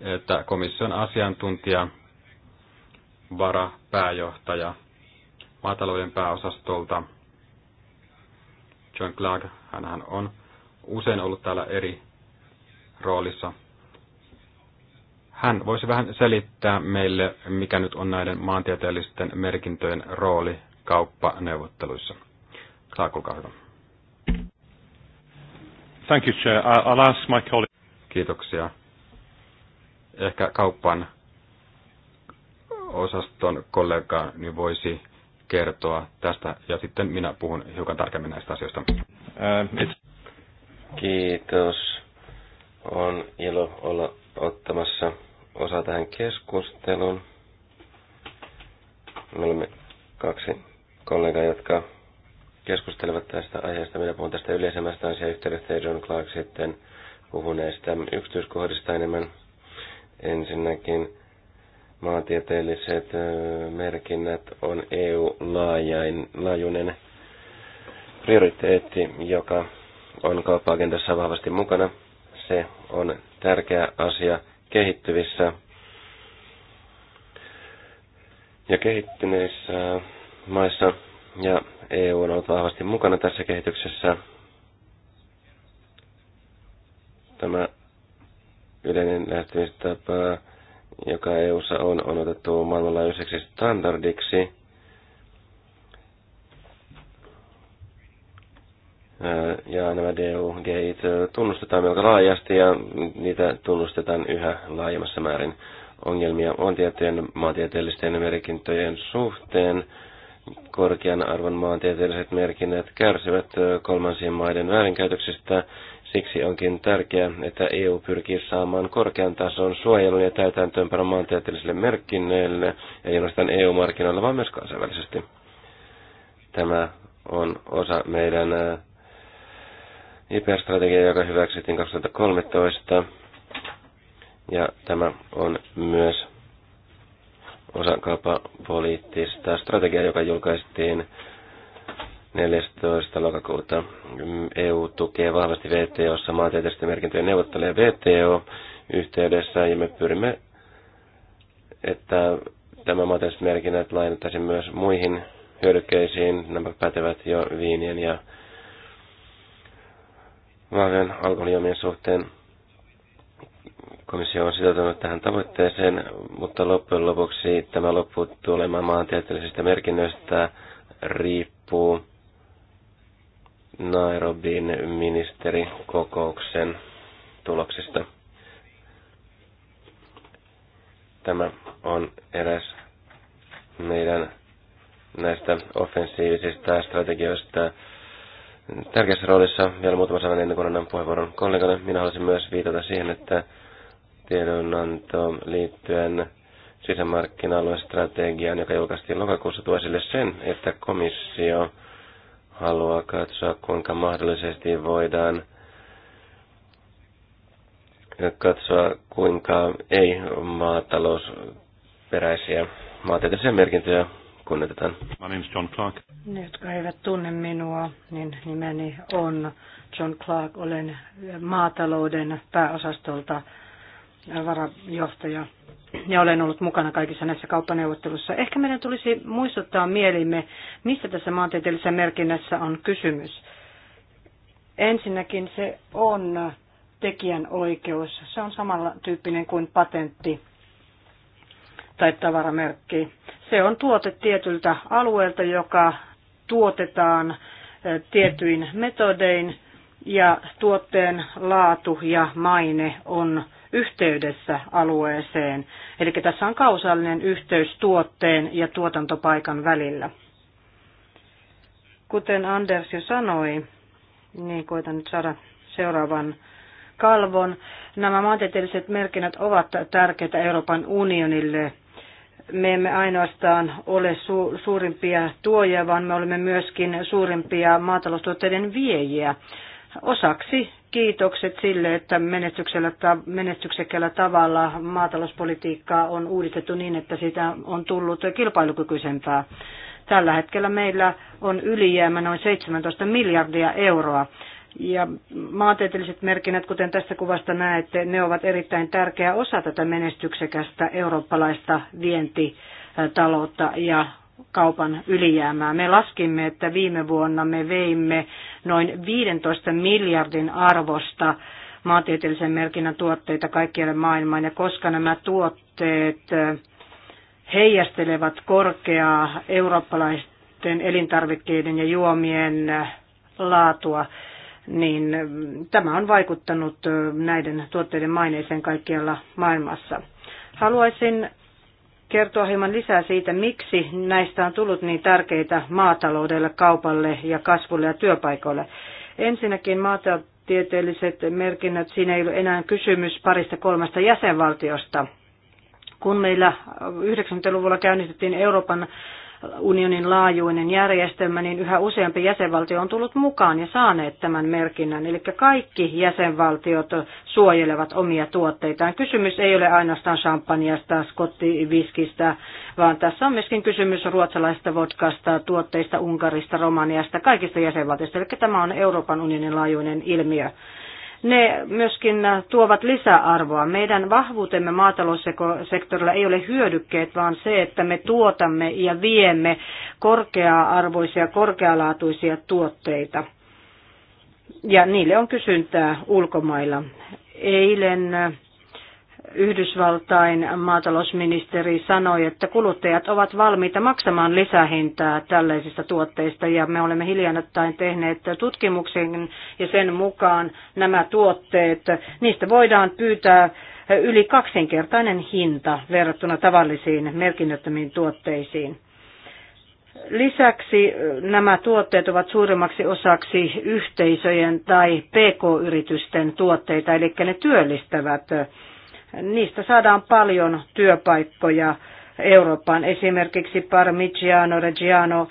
että komission asiantuntija, pääjohtaja, maatalouden pääosastolta, John Clark, hän on usein ollut täällä eri roolissa. Hän voisi vähän selittää meille, mikä nyt on näiden maantieteellisten merkintöjen rooli kauppaneuvotteluissa. Clark, olkaa hyvä. Thank you, Chair. I'll ask my colleague. Kiitoksia. Ehkä kauppan osaston kollega niin voisi kertoa tästä, ja sitten minä puhun hiukan tarkemmin näistä asioista. Uh, Kiitos. On ilo olla ottamassa osaa tähän keskusteluun. Me olemme kaksi kollegaa, jotka keskustelevat tästä aiheesta. Minä puhun tästä yleisemmästä asiayhteydestä ja John Clark sitten puhuu näistä yksityiskohdista enemmän. Ensinnäkin maantieteelliset merkinnät on EU-laajuinen prioriteetti, joka on kauppa-agendassa vahvasti mukana. Se on tärkeä asia kehittyvissä ja kehittyneissä maissa ja EU on ollut vahvasti mukana tässä kehityksessä. Tämä yleinen lähestymistapa, joka EUssa on, on otettu maailmanlaajuiseksi standardiksi. Ja nämä DUGit tunnustetaan melko laajasti ja niitä tunnustetaan yhä laajemmassa määrin. Ongelmia on tiettyjen maantieteellisten merkintöjen suhteen korkean arvon maantieteelliset merkinnät kärsivät kolmansien maiden väärinkäytöksistä. Siksi onkin tärkeää, että EU pyrkii saamaan korkean tason suojelun ja täytäntöönpanon maantieteellisille merkinnöille, ei ainoastaan EU-markkinoilla, vaan myös kansainvälisesti. Tämä on osa meidän IPR-strategiaa, joka hyväksyttiin 2013, ja tämä on myös osakaapa poliittista strategiaa, joka julkaistiin 14. lokakuuta. EU tukee vahvasti VTOssa maantieteellisten merkintöjen neuvottelee VTO-yhteydessä ja me pyrimme, että tämä maantieteelliset merkinnät laajennettaisiin myös muihin hyödykkeisiin. Nämä pätevät jo viinien ja vahvien alkoholijuomien suhteen. Komissio on sitoutunut tähän tavoitteeseen, mutta loppujen lopuksi tämä loppu tulemaan maantieteellisistä merkinnöistä riippuu Nairobin ministerikokouksen tuloksista. Tämä on eräs meidän näistä offensiivisista strategioista tärkeässä roolissa. Vielä muutama sana ennen kuin annan puheenvuoron kollegalle. Minä haluaisin myös viitata siihen, että tiedonanto liittyen sisämarkkina-alueen strategiaan, joka julkaistiin lokakuussa, tuo esille sen, että komissio haluaa katsoa, kuinka mahdollisesti voidaan katsoa, kuinka ei maatalousperäisiä maatieteellisiä merkintöjä kunnetetaan. My name is John Clark. Ne, jotka eivät tunne minua, niin nimeni on John Clark. Olen maatalouden pääosastolta varajohtaja ja olen ollut mukana kaikissa näissä kauppaneuvotteluissa. Ehkä meidän tulisi muistuttaa mielimme, mistä tässä maantieteellisessä merkinnässä on kysymys. Ensinnäkin se on tekijänoikeus. Se on samalla tyyppinen kuin patentti tai tavaramerkki. Se on tuote tietyltä alueelta, joka tuotetaan eh, tietyin metodein ja tuotteen laatu ja maine on yhteydessä alueeseen. Eli tässä on kausallinen yhteys tuotteen ja tuotantopaikan välillä. Kuten Anders jo sanoi, niin koitan nyt saada seuraavan kalvon. Nämä maantieteelliset merkinnät ovat tärkeitä Euroopan unionille. Me emme ainoastaan ole su- suurimpia tuojia, vaan me olemme myöskin suurimpia maataloustuotteiden viejiä. Osaksi kiitokset sille, että menestyksellä, menestyksekkäällä tavalla maatalouspolitiikkaa on uudistettu niin, että sitä on tullut kilpailukykyisempää. Tällä hetkellä meillä on ylijäämä noin 17 miljardia euroa. Ja maantieteelliset merkinnät, kuten tästä kuvasta näette, ne ovat erittäin tärkeä osa tätä menestyksekästä eurooppalaista vientitaloutta ja kaupan ylijäämää. Me laskimme, että viime vuonna me veimme noin 15 miljardin arvosta maantieteellisen merkinnän tuotteita kaikkialle maailmaan. Ja koska nämä tuotteet heijastelevat korkeaa eurooppalaisten elintarvikkeiden ja juomien laatua, niin tämä on vaikuttanut näiden tuotteiden maineeseen kaikkialla maailmassa. Haluaisin kertoa hieman lisää siitä, miksi näistä on tullut niin tärkeitä maataloudelle, kaupalle ja kasvulle ja työpaikoille. Ensinnäkin maatieteelliset merkinnät, siinä ei ole enää kysymys parista kolmesta jäsenvaltiosta. Kun meillä 90-luvulla käynnistettiin Euroopan unionin laajuinen järjestelmä, niin yhä useampi jäsenvaltio on tullut mukaan ja saaneet tämän merkinnän. Eli kaikki jäsenvaltiot suojelevat omia tuotteitaan. Kysymys ei ole ainoastaan champanjasta, skottiviskistä, vaan tässä on myöskin kysymys ruotsalaisesta vodkasta, tuotteista Unkarista, Romaniasta, kaikista jäsenvaltioista. Eli tämä on Euroopan unionin laajuinen ilmiö ne myöskin äh, tuovat lisäarvoa. Meidän vahvuutemme maataloussektorilla ei ole hyödykkeet, vaan se, että me tuotamme ja viemme korkea-arvoisia, korkealaatuisia tuotteita. Ja niille on kysyntää ulkomailla. Eilen äh, Yhdysvaltain maatalousministeri sanoi, että kuluttajat ovat valmiita maksamaan lisähintaa tällaisista tuotteista ja me olemme hiljattain tehneet tutkimuksen ja sen mukaan nämä tuotteet, niistä voidaan pyytää yli kaksinkertainen hinta verrattuna tavallisiin merkinnöttömiin tuotteisiin. Lisäksi nämä tuotteet ovat suurimmaksi osaksi yhteisöjen tai pk-yritysten tuotteita, eli ne työllistävät niistä saadaan paljon työpaikkoja Eurooppaan. Esimerkiksi Parmigiano Reggiano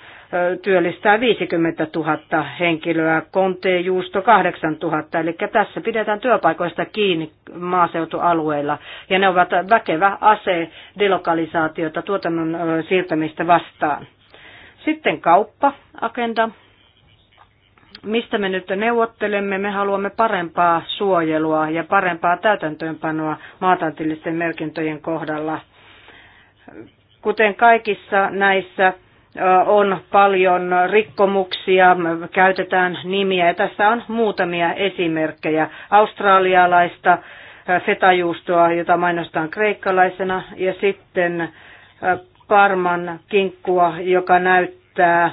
työllistää 50 000 henkilöä, Conte Juusto 8 000, eli tässä pidetään työpaikoista kiinni maaseutualueilla, ja ne ovat väkevä ase delokalisaatiota tuotannon siirtämistä vastaan. Sitten kauppa, agenda, Mistä me nyt neuvottelemme? Me haluamme parempaa suojelua ja parempaa täytäntöönpanoa maatantillisten merkintöjen kohdalla. Kuten kaikissa näissä on paljon rikkomuksia, käytetään nimiä ja tässä on muutamia esimerkkejä australialaista fetajuustoa, jota mainostaan kreikkalaisena ja sitten parman kinkkua, joka näyttää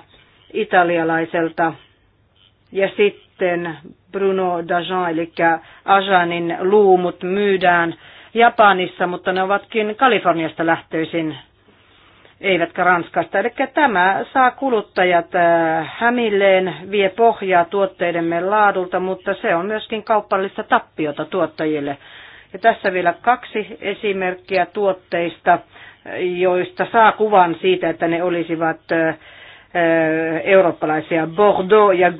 italialaiselta ja sitten Bruno Dajan, eli Ajanin luumut myydään Japanissa, mutta ne ovatkin Kaliforniasta lähtöisin, eivätkä Ranskasta. Eli tämä saa kuluttajat äh, hämilleen, vie pohjaa tuotteidemme laadulta, mutta se on myöskin kaupallista tappiota tuottajille. Ja tässä vielä kaksi esimerkkiä tuotteista, joista saa kuvan siitä, että ne olisivat äh, eurooppalaisia, Bordeaux ja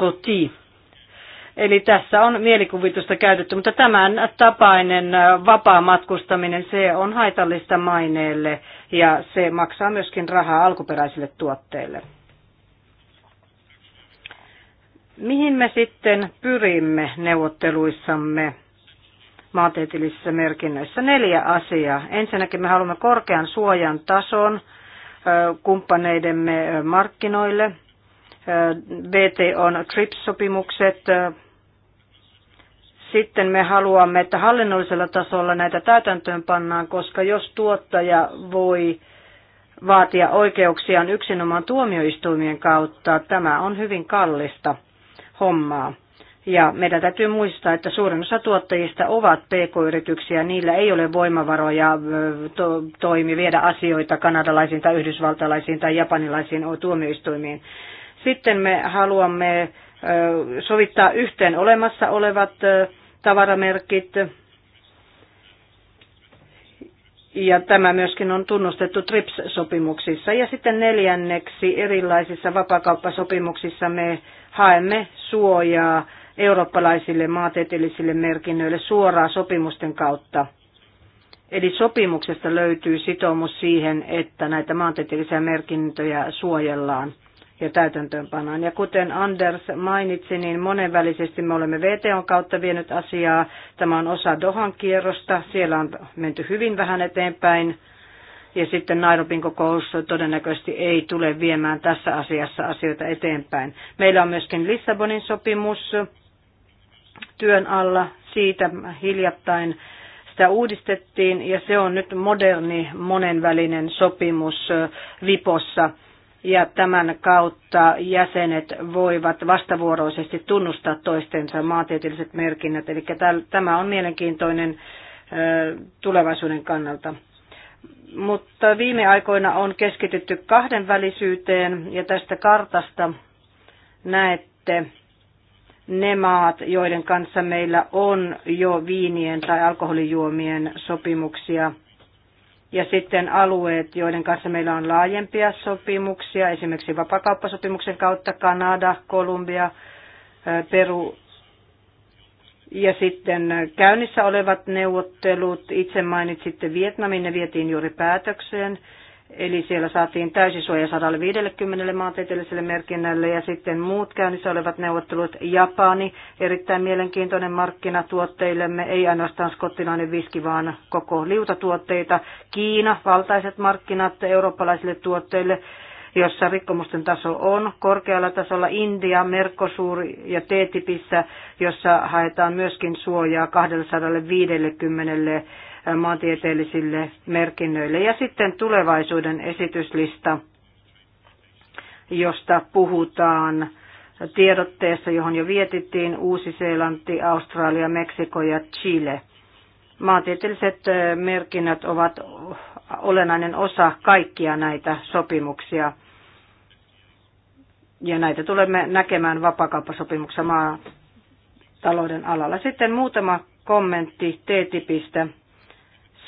Roti. Eli tässä on mielikuvitusta käytetty, mutta tämän tapainen vapaa matkustaminen, se on haitallista maineelle ja se maksaa myöskin rahaa alkuperäisille tuotteille. Mihin me sitten pyrimme neuvotteluissamme maantieteellisissä merkinnöissä? Neljä asiaa. Ensinnäkin me haluamme korkean suojan tason, kumppaneidemme markkinoille. VT on TRIPS-sopimukset. Sitten me haluamme, että hallinnollisella tasolla näitä täytäntöön pannaan, koska jos tuottaja voi vaatia oikeuksiaan yksinomaan tuomioistuimien kautta, tämä on hyvin kallista hommaa. Ja meidän täytyy muistaa, että suurin osa tuottajista ovat pk-yrityksiä, niillä ei ole voimavaroja to, toimi viedä asioita kanadalaisiin tai yhdysvaltalaisiin tai japanilaisiin tuomioistuimiin. Sitten me haluamme sovittaa yhteen olemassa olevat tavaramerkit, ja tämä myöskin on tunnustettu TRIPS-sopimuksissa. Ja sitten neljänneksi erilaisissa vapakauppasopimuksissa me haemme suojaa eurooppalaisille maatieteellisille merkinnöille suoraan sopimusten kautta. Eli sopimuksesta löytyy sitoumus siihen, että näitä maantieteellisiä merkintöjä suojellaan ja täytäntöönpanoon. Ja kuten Anders mainitsi, niin monenvälisesti me olemme VTOn kautta vienyt asiaa. Tämä on osa Dohan kierrosta. Siellä on menty hyvin vähän eteenpäin. Ja sitten Nairobin kokous todennäköisesti ei tule viemään tässä asiassa asioita eteenpäin. Meillä on myöskin Lissabonin sopimus, työn alla. Siitä hiljattain sitä uudistettiin ja se on nyt moderni monenvälinen sopimus Vipossa ja tämän kautta jäsenet voivat vastavuoroisesti tunnustaa toistensa maantieteelliset merkinnät. Eli tämä on mielenkiintoinen tulevaisuuden kannalta. Mutta viime aikoina on keskitytty kahdenvälisyyteen ja tästä kartasta näette, ne maat, joiden kanssa meillä on jo viinien tai alkoholijuomien sopimuksia. Ja sitten alueet, joiden kanssa meillä on laajempia sopimuksia, esimerkiksi vapakauppasopimuksen kautta Kanada, Kolumbia, Peru. Ja sitten käynnissä olevat neuvottelut, itse mainitsitte Vietnamin, ne vietiin juuri päätökseen. Eli siellä saatiin täysisuoja 150 maantieteelliselle merkinnälle ja sitten muut käynnissä olevat neuvottelut. Japani, erittäin mielenkiintoinen markkina tuotteillemme, ei ainoastaan skottilainen viski, vaan koko liutatuotteita. Kiina, valtaiset markkinat eurooppalaisille tuotteille jossa rikkomusten taso on korkealla tasolla India, Merkosuur ja teetipissä jossa haetaan myöskin suojaa 250 maantieteellisille merkinnöille. Ja sitten tulevaisuuden esityslista, josta puhutaan tiedotteessa, johon jo vietittiin Uusi-Seelanti, Australia, Meksiko ja Chile. Maantieteelliset merkinnät ovat olennainen osa kaikkia näitä sopimuksia. Ja näitä tulemme näkemään vapakauppasopimuksessa maatalouden alalla. Sitten muutama kommentti TTIPistä.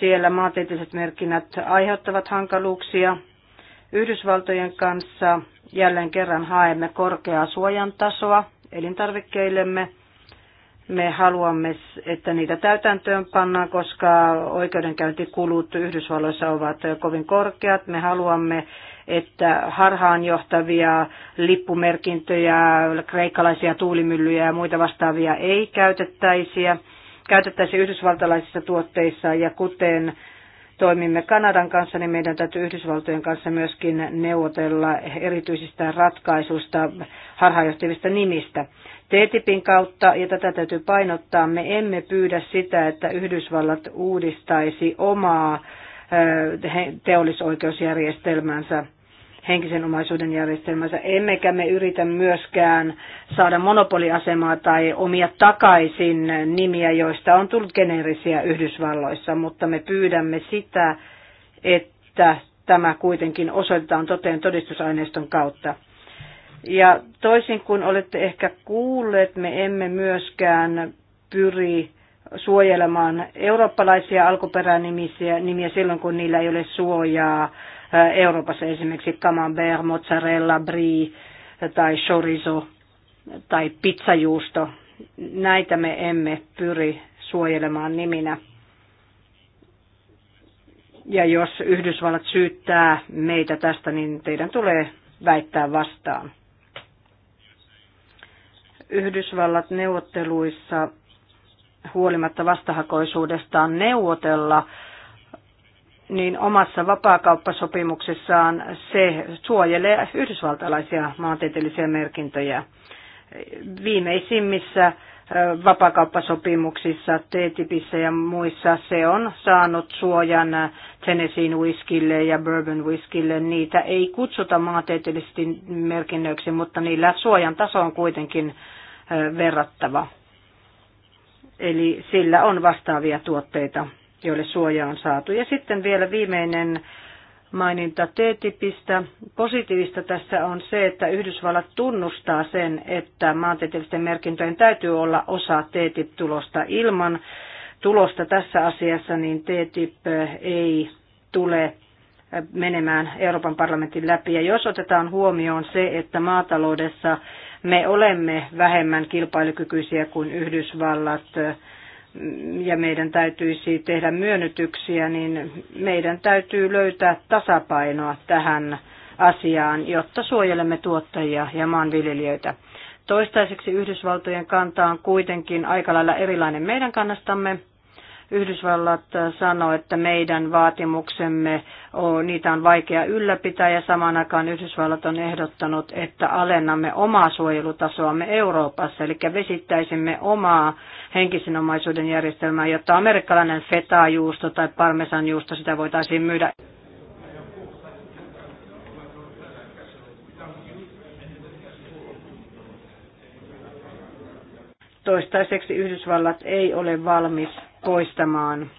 Siellä maantieteelliset merkinnät aiheuttavat hankaluuksia. Yhdysvaltojen kanssa jälleen kerran haemme korkeaa suojan tasoa elintarvikkeillemme. Me haluamme, että niitä täytäntöön pannaan, koska oikeudenkäyntikulut Yhdysvalloissa ovat kovin korkeat. Me haluamme, että harhaanjohtavia lippumerkintöjä, kreikkalaisia tuulimyllyjä ja muita vastaavia ei käytettäisiä käytettäisiin yhdysvaltalaisissa tuotteissa ja kuten toimimme Kanadan kanssa, niin meidän täytyy Yhdysvaltojen kanssa myöskin neuvotella erityisistä ratkaisuista, harhaanjohtavista nimistä. TTIPin kautta, ja tätä täytyy painottaa, me emme pyydä sitä, että Yhdysvallat uudistaisi omaa teollisoikeusjärjestelmänsä henkisen omaisuuden järjestelmänsä, emmekä me yritä myöskään saada monopoliasemaa tai omia takaisin nimiä, joista on tullut geneerisiä Yhdysvalloissa, mutta me pyydämme sitä, että tämä kuitenkin osoitetaan toteen todistusaineiston kautta. Ja toisin kuin olette ehkä kuulleet, me emme myöskään pyri suojelemaan eurooppalaisia alkuperänimiä silloin, kun niillä ei ole suojaa Äh, Euroopassa esimerkiksi camembert, mozzarella, brie äh, tai chorizo tai pizzajuusto. Näitä me emme pyri suojelemaan niminä. Ja jos Yhdysvallat syyttää meitä tästä, niin teidän tulee väittää vastaan. Yhdysvallat neuvotteluissa huolimatta vastahakoisuudestaan neuvotella niin omassa vapaakauppasopimuksessaan se suojelee yhdysvaltalaisia maantieteellisiä merkintöjä. Viimeisimmissä vapaakauppasopimuksissa, TTIPissä ja muissa se on saanut suojan Tennesseein whiskille ja bourbon whiskille. Niitä ei kutsuta maantieteellisesti merkinnöiksi, mutta niillä suojan taso on kuitenkin verrattava. Eli sillä on vastaavia tuotteita joille suoja on saatu. Ja sitten vielä viimeinen maininta T-tipistä. Positiivista tässä on se, että Yhdysvallat tunnustaa sen, että maantieteellisten merkintöjen täytyy olla osa tip tulosta ilman tulosta tässä asiassa, niin T-tip ei tule menemään Euroopan parlamentin läpi. Ja jos otetaan huomioon se, että maataloudessa me olemme vähemmän kilpailukykyisiä kuin Yhdysvallat, ja meidän täytyisi tehdä myönnytyksiä, niin meidän täytyy löytää tasapainoa tähän asiaan, jotta suojelemme tuottajia ja maanviljelijöitä. Toistaiseksi Yhdysvaltojen kanta on kuitenkin aika lailla erilainen meidän kannastamme. Yhdysvallat sanoi, että meidän vaatimuksemme, on, niitä on vaikea ylläpitää ja samaan aikaan Yhdysvallat on ehdottanut, että alennamme omaa suojelutasoamme Euroopassa, eli vesittäisimme omaa henkisen omaisuuden järjestelmää, jotta amerikkalainen feta-juusto tai parmesanjuusto, sitä voitaisiin myydä Toistaiseksi Yhdysvallat ei ole valmis poistamaan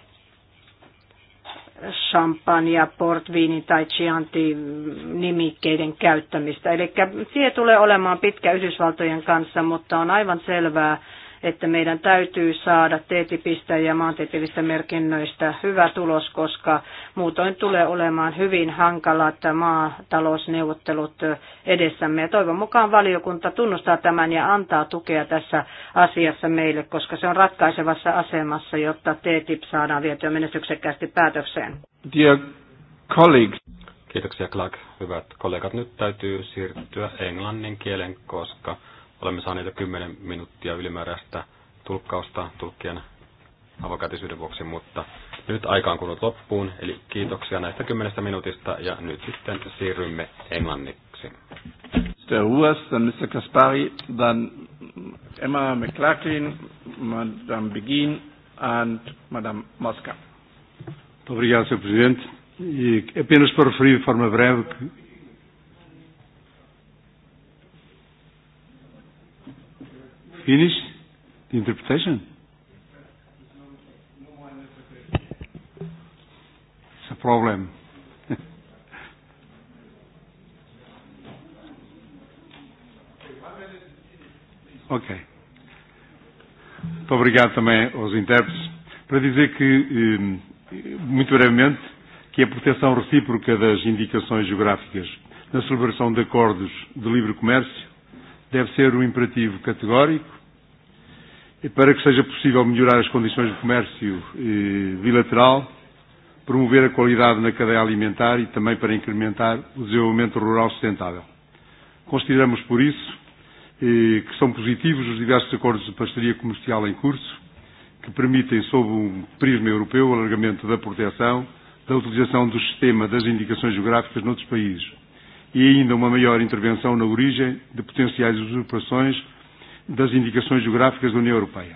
champagne, portviini tai chianti nimikkeiden käyttämistä. Eli tie tulee olemaan pitkä Yhdysvaltojen kanssa, mutta on aivan selvää, että meidän täytyy saada TTIPistä ja maantieteellistä merkinnöistä hyvä tulos, koska muutoin tulee olemaan hyvin hankalat maatalousneuvottelut edessämme. Ja toivon mukaan valiokunta tunnustaa tämän ja antaa tukea tässä asiassa meille, koska se on ratkaisevassa asemassa, jotta TTIP saadaan vietyä menestyksekkäästi päätökseen. Dear colleagues. Kiitoksia Clark. Hyvät kollegat, nyt täytyy siirtyä englannin kielen, koska Olemme saaneet jo 10 minuuttia ylimääräistä tulkkausta tulkkien avokätisyyden vuoksi, mutta nyt aika on kulunut loppuun, eli kiitoksia näistä kymmenestä minuutista ja nyt sitten siirrymme englanniksi. Mr. Ruas, then Mr. Kaspari, then Emma McLaughlin, Madame Begin and Madame Mosca. Muito obrigado, Sr. Presidente. apenas para referir de forma breve finished the interpretation? It's a problem. ok. Muito obrigado também aos intérpretes. Para dizer que, muito brevemente, que a proteção recíproca das indicações geográficas na celebração de acordos de livre comércio deve ser um imperativo categórico e para que seja possível melhorar as condições de comércio eh, bilateral, promover a qualidade na cadeia alimentar e também para incrementar o desenvolvimento rural sustentável. Consideramos, por isso, eh, que são positivos os diversos acordos de parceria comercial em curso, que permitem, sob um prisma europeu, o alargamento da proteção, da utilização do sistema das indicações geográficas noutros países e ainda uma maior intervenção na origem de potenciais usurpações das indicações geográficas da União Europeia.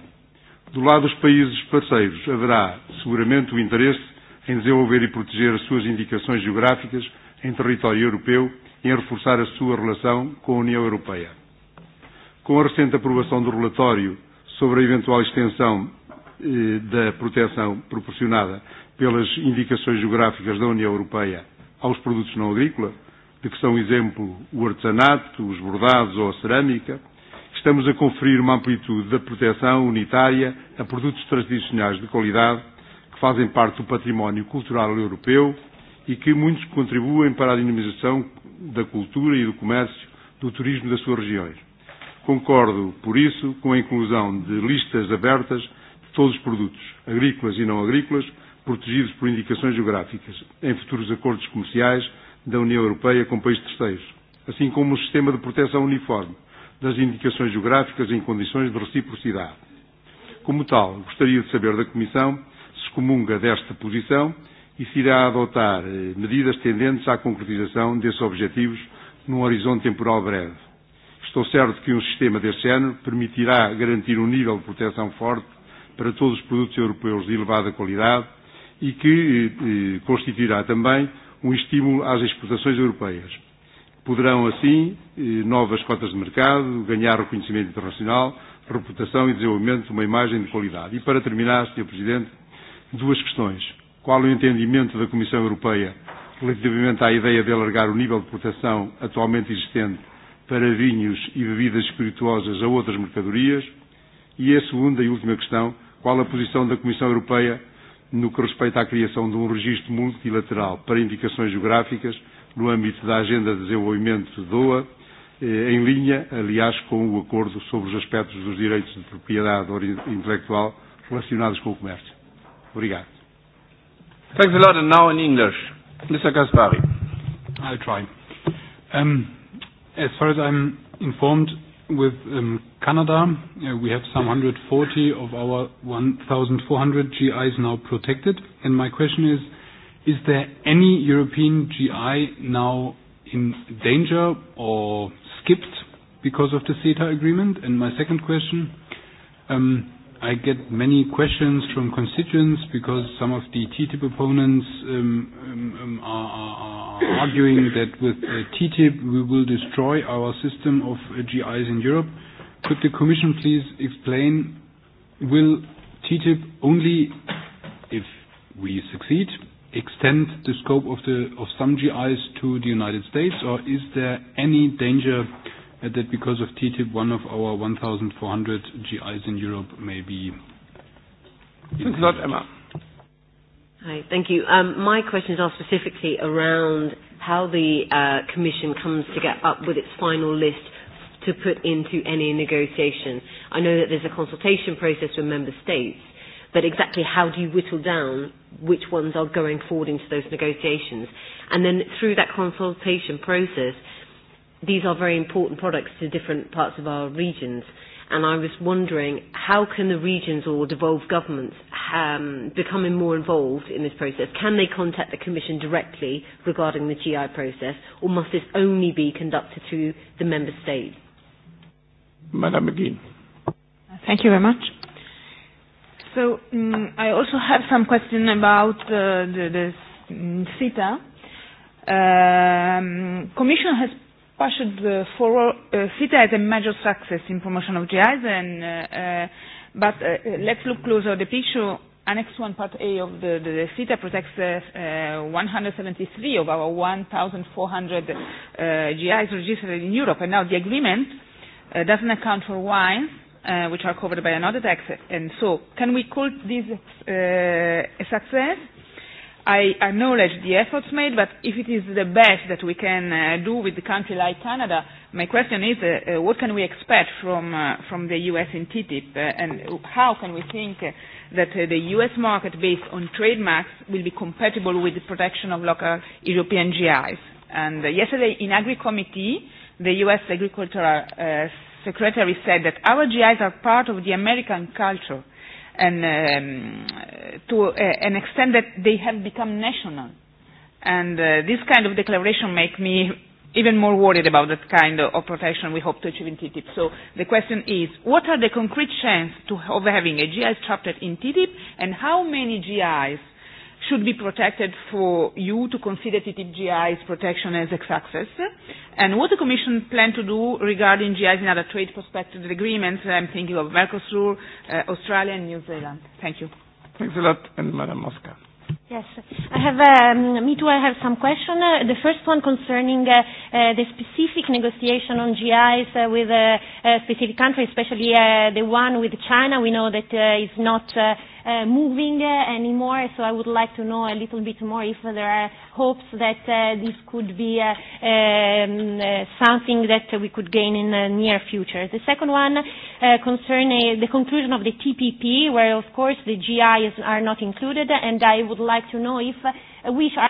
Do lado dos países parceiros, haverá seguramente o interesse em desenvolver e proteger as suas indicações geográficas em território europeu e em reforçar a sua relação com a União Europeia. Com a recente aprovação do relatório sobre a eventual extensão eh, da proteção proporcionada pelas indicações geográficas da União Europeia aos produtos não agrícola, de que são exemplo o artesanato, os bordados ou a cerâmica, estamos a conferir uma amplitude da proteção unitária a produtos tradicionais de qualidade que fazem parte do património cultural europeu e que muitos contribuem para a dinamização da cultura e do comércio, do turismo das suas regiões. Concordo, por isso, com a inclusão de listas abertas de todos os produtos, agrícolas e não agrícolas, protegidos por indicações geográficas, em futuros acordos comerciais da União Europeia com países terceiros, assim como um sistema de proteção uniforme das indicações geográficas em condições de reciprocidade. Como tal, gostaria de saber da Comissão se comunga desta posição e se irá adotar eh, medidas tendentes à concretização desses objetivos num horizonte temporal breve. Estou certo que um sistema deste género permitirá garantir um nível de proteção forte para todos os produtos europeus de elevada qualidade e que eh, eh constituirá também um estímulo às exportações europeias Poderão, assim, eh, novas cotas de mercado, ganhar reconhecimento internacional, reputação e desenvolvimento de uma imagem de qualidade. E, para terminar, Sr. Presidente, duas questões. Qual o entendimento da Comissão Europeia relativamente à ideia de alargar o nível de proteção atualmente existente para vinhos e bebidas espirituosas a outras mercadorias? E a segunda e última questão, qual a posição da Comissão Europeia no que respeita à criação de um registro multilateral para indicações geográficas no âmbito da Agenda de Desenvolvimento DOA, eh, em linha, aliás, com o acordo sobre os aspectos dos direitos de propriedade intelectual relacionados com o comércio. Obrigado. Thanks a lot, and now in English, Mr. Gaspari. I'll try. Um, as far as I'm informed, with um, Canada, uh, we have some 140 of our 1,400 GIs now protected, and my question is Is there any European GI now in danger or skipped because of the CETA agreement? And my second question, um, I get many questions from constituents because some of the TTIP opponents um, um, um are, are arguing that with uh, TTIP we will destroy our system of uh, GIs in Europe. Could the Commission please explain, will TTIP only, if we succeed, extend the scope of, the, of some GIs to the United States, or is there any danger that because of TTIP, one of our 1,400 GIs in Europe may be? Thanks a Emma. Hi. Thank you. Um, my questions are specifically around how the uh, commission comes to get up with its final list to put into any negotiation. I know that there's a consultation process with member states, but exactly how do you whittle down which ones are going forward into those negotiations? And then through that consultation process, these are very important products to different parts of our regions. And I was wondering, how can the regions or devolved governments um, become more involved in this process? Can they contact the Commission directly regarding the GI process, or must this only be conducted through the Member State? Madam McGee. Thank you very much. So um, I also have some question about uh, the, the CETA. Um, Commission has pushed uh, for uh, CETA as a major success in promotion of GIs, and, uh, uh, but uh, uh, let's look closer at the picture. Annex 1 Part A of the, the, the CETA protects uh, uh, 173 of our 1,400 uh, GIs registered in Europe, and now the agreement uh, doesn't account for wines, uh, which are covered by another tax. And so, can we call this uh, a success? I acknowledge the efforts made, but if it is the best that we can uh, do with a country like Canada, my question is, uh, uh, what can we expect from, uh, from the U.S. in TTIP, uh, and how can we think uh, that uh, the U.S. market based on trademarks will be compatible with the protection of local European GIs? And uh, yesterday in Agri Committee, the U.S. Agricultural uh, Secretary said that our GIs are part of the American culture and um, to uh, an extent that they have become national. And uh, this kind of declaration make me even more worried about that kind of protection we hope to achieve in TTIP. So the question is, what are the concrete chances of having a GI chapter in TTIP and how many GIs should be protected for you to consider TTIP's protection as ex access, and what the Commission plan to do regarding GIs in other trade prospective agreements. I'm thinking of Mercosur, uh, Australia, and New Zealand. Thank you. Thanks a lot, and Madam Mosca. Yes, I have. Um, me too. I have some questions. Uh, the first one concerning uh, uh, the specific negotiation on GIs uh, with a, uh, a uh, specific country, especially uh, the one with China. We know that uh, is not. Uh, uh, moving uh, anymore. So I would like to know a little bit more if there are hopes that uh, this could be uh, um, uh, something that we could gain in the near future. The second one uh, concerns uh, the conclusion of the TPP, where of course the GIs are not included, and I would like to know if uh, we are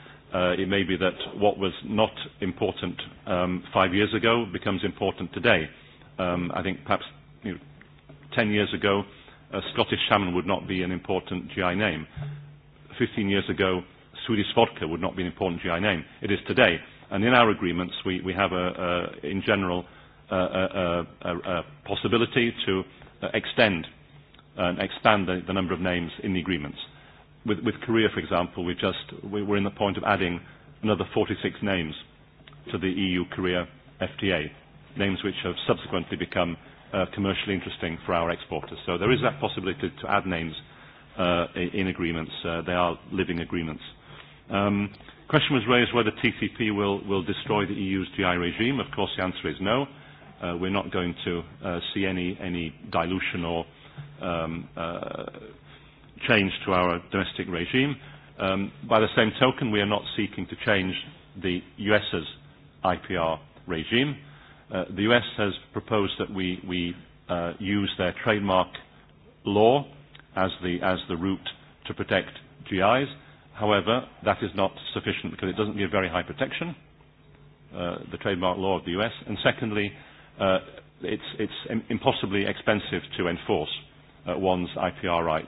uh, it may be that what was not important um, five years ago becomes important today. Um, I think perhaps you know, 10 years ago, uh, Scottish salmon would not be an important GI name. 15 years ago, Swedish vodka would not be an important GI name. It is today. And in our agreements, we, we have, a, a, in general, a, a, a, a possibility to uh, extend uh, and expand the, the number of names in the agreements with, with Korea, for example, just, we were in the point of adding another 46 names to the EU-Korea FTA, names which have subsequently become uh, commercially interesting for our exporters. So there is that possibility to, to add names uh, in agreements. Uh, they are living agreements. Um, question was raised whether TCP will, will destroy the EU's GI regime. Of course, the answer is no. Uh, we're not going to uh, see any, any dilution or um, uh, change to our domestic regime. Um, by the same token, we are not seeking to change the US's IPR regime. Uh, the US has proposed that we, we uh, use their trademark law as the, as the route to protect GIs. However, that is not sufficient because it doesn't give very high protection, uh, the trademark law of the US. And secondly, uh, it's, it's impossibly expensive to enforce uh, one's IPR right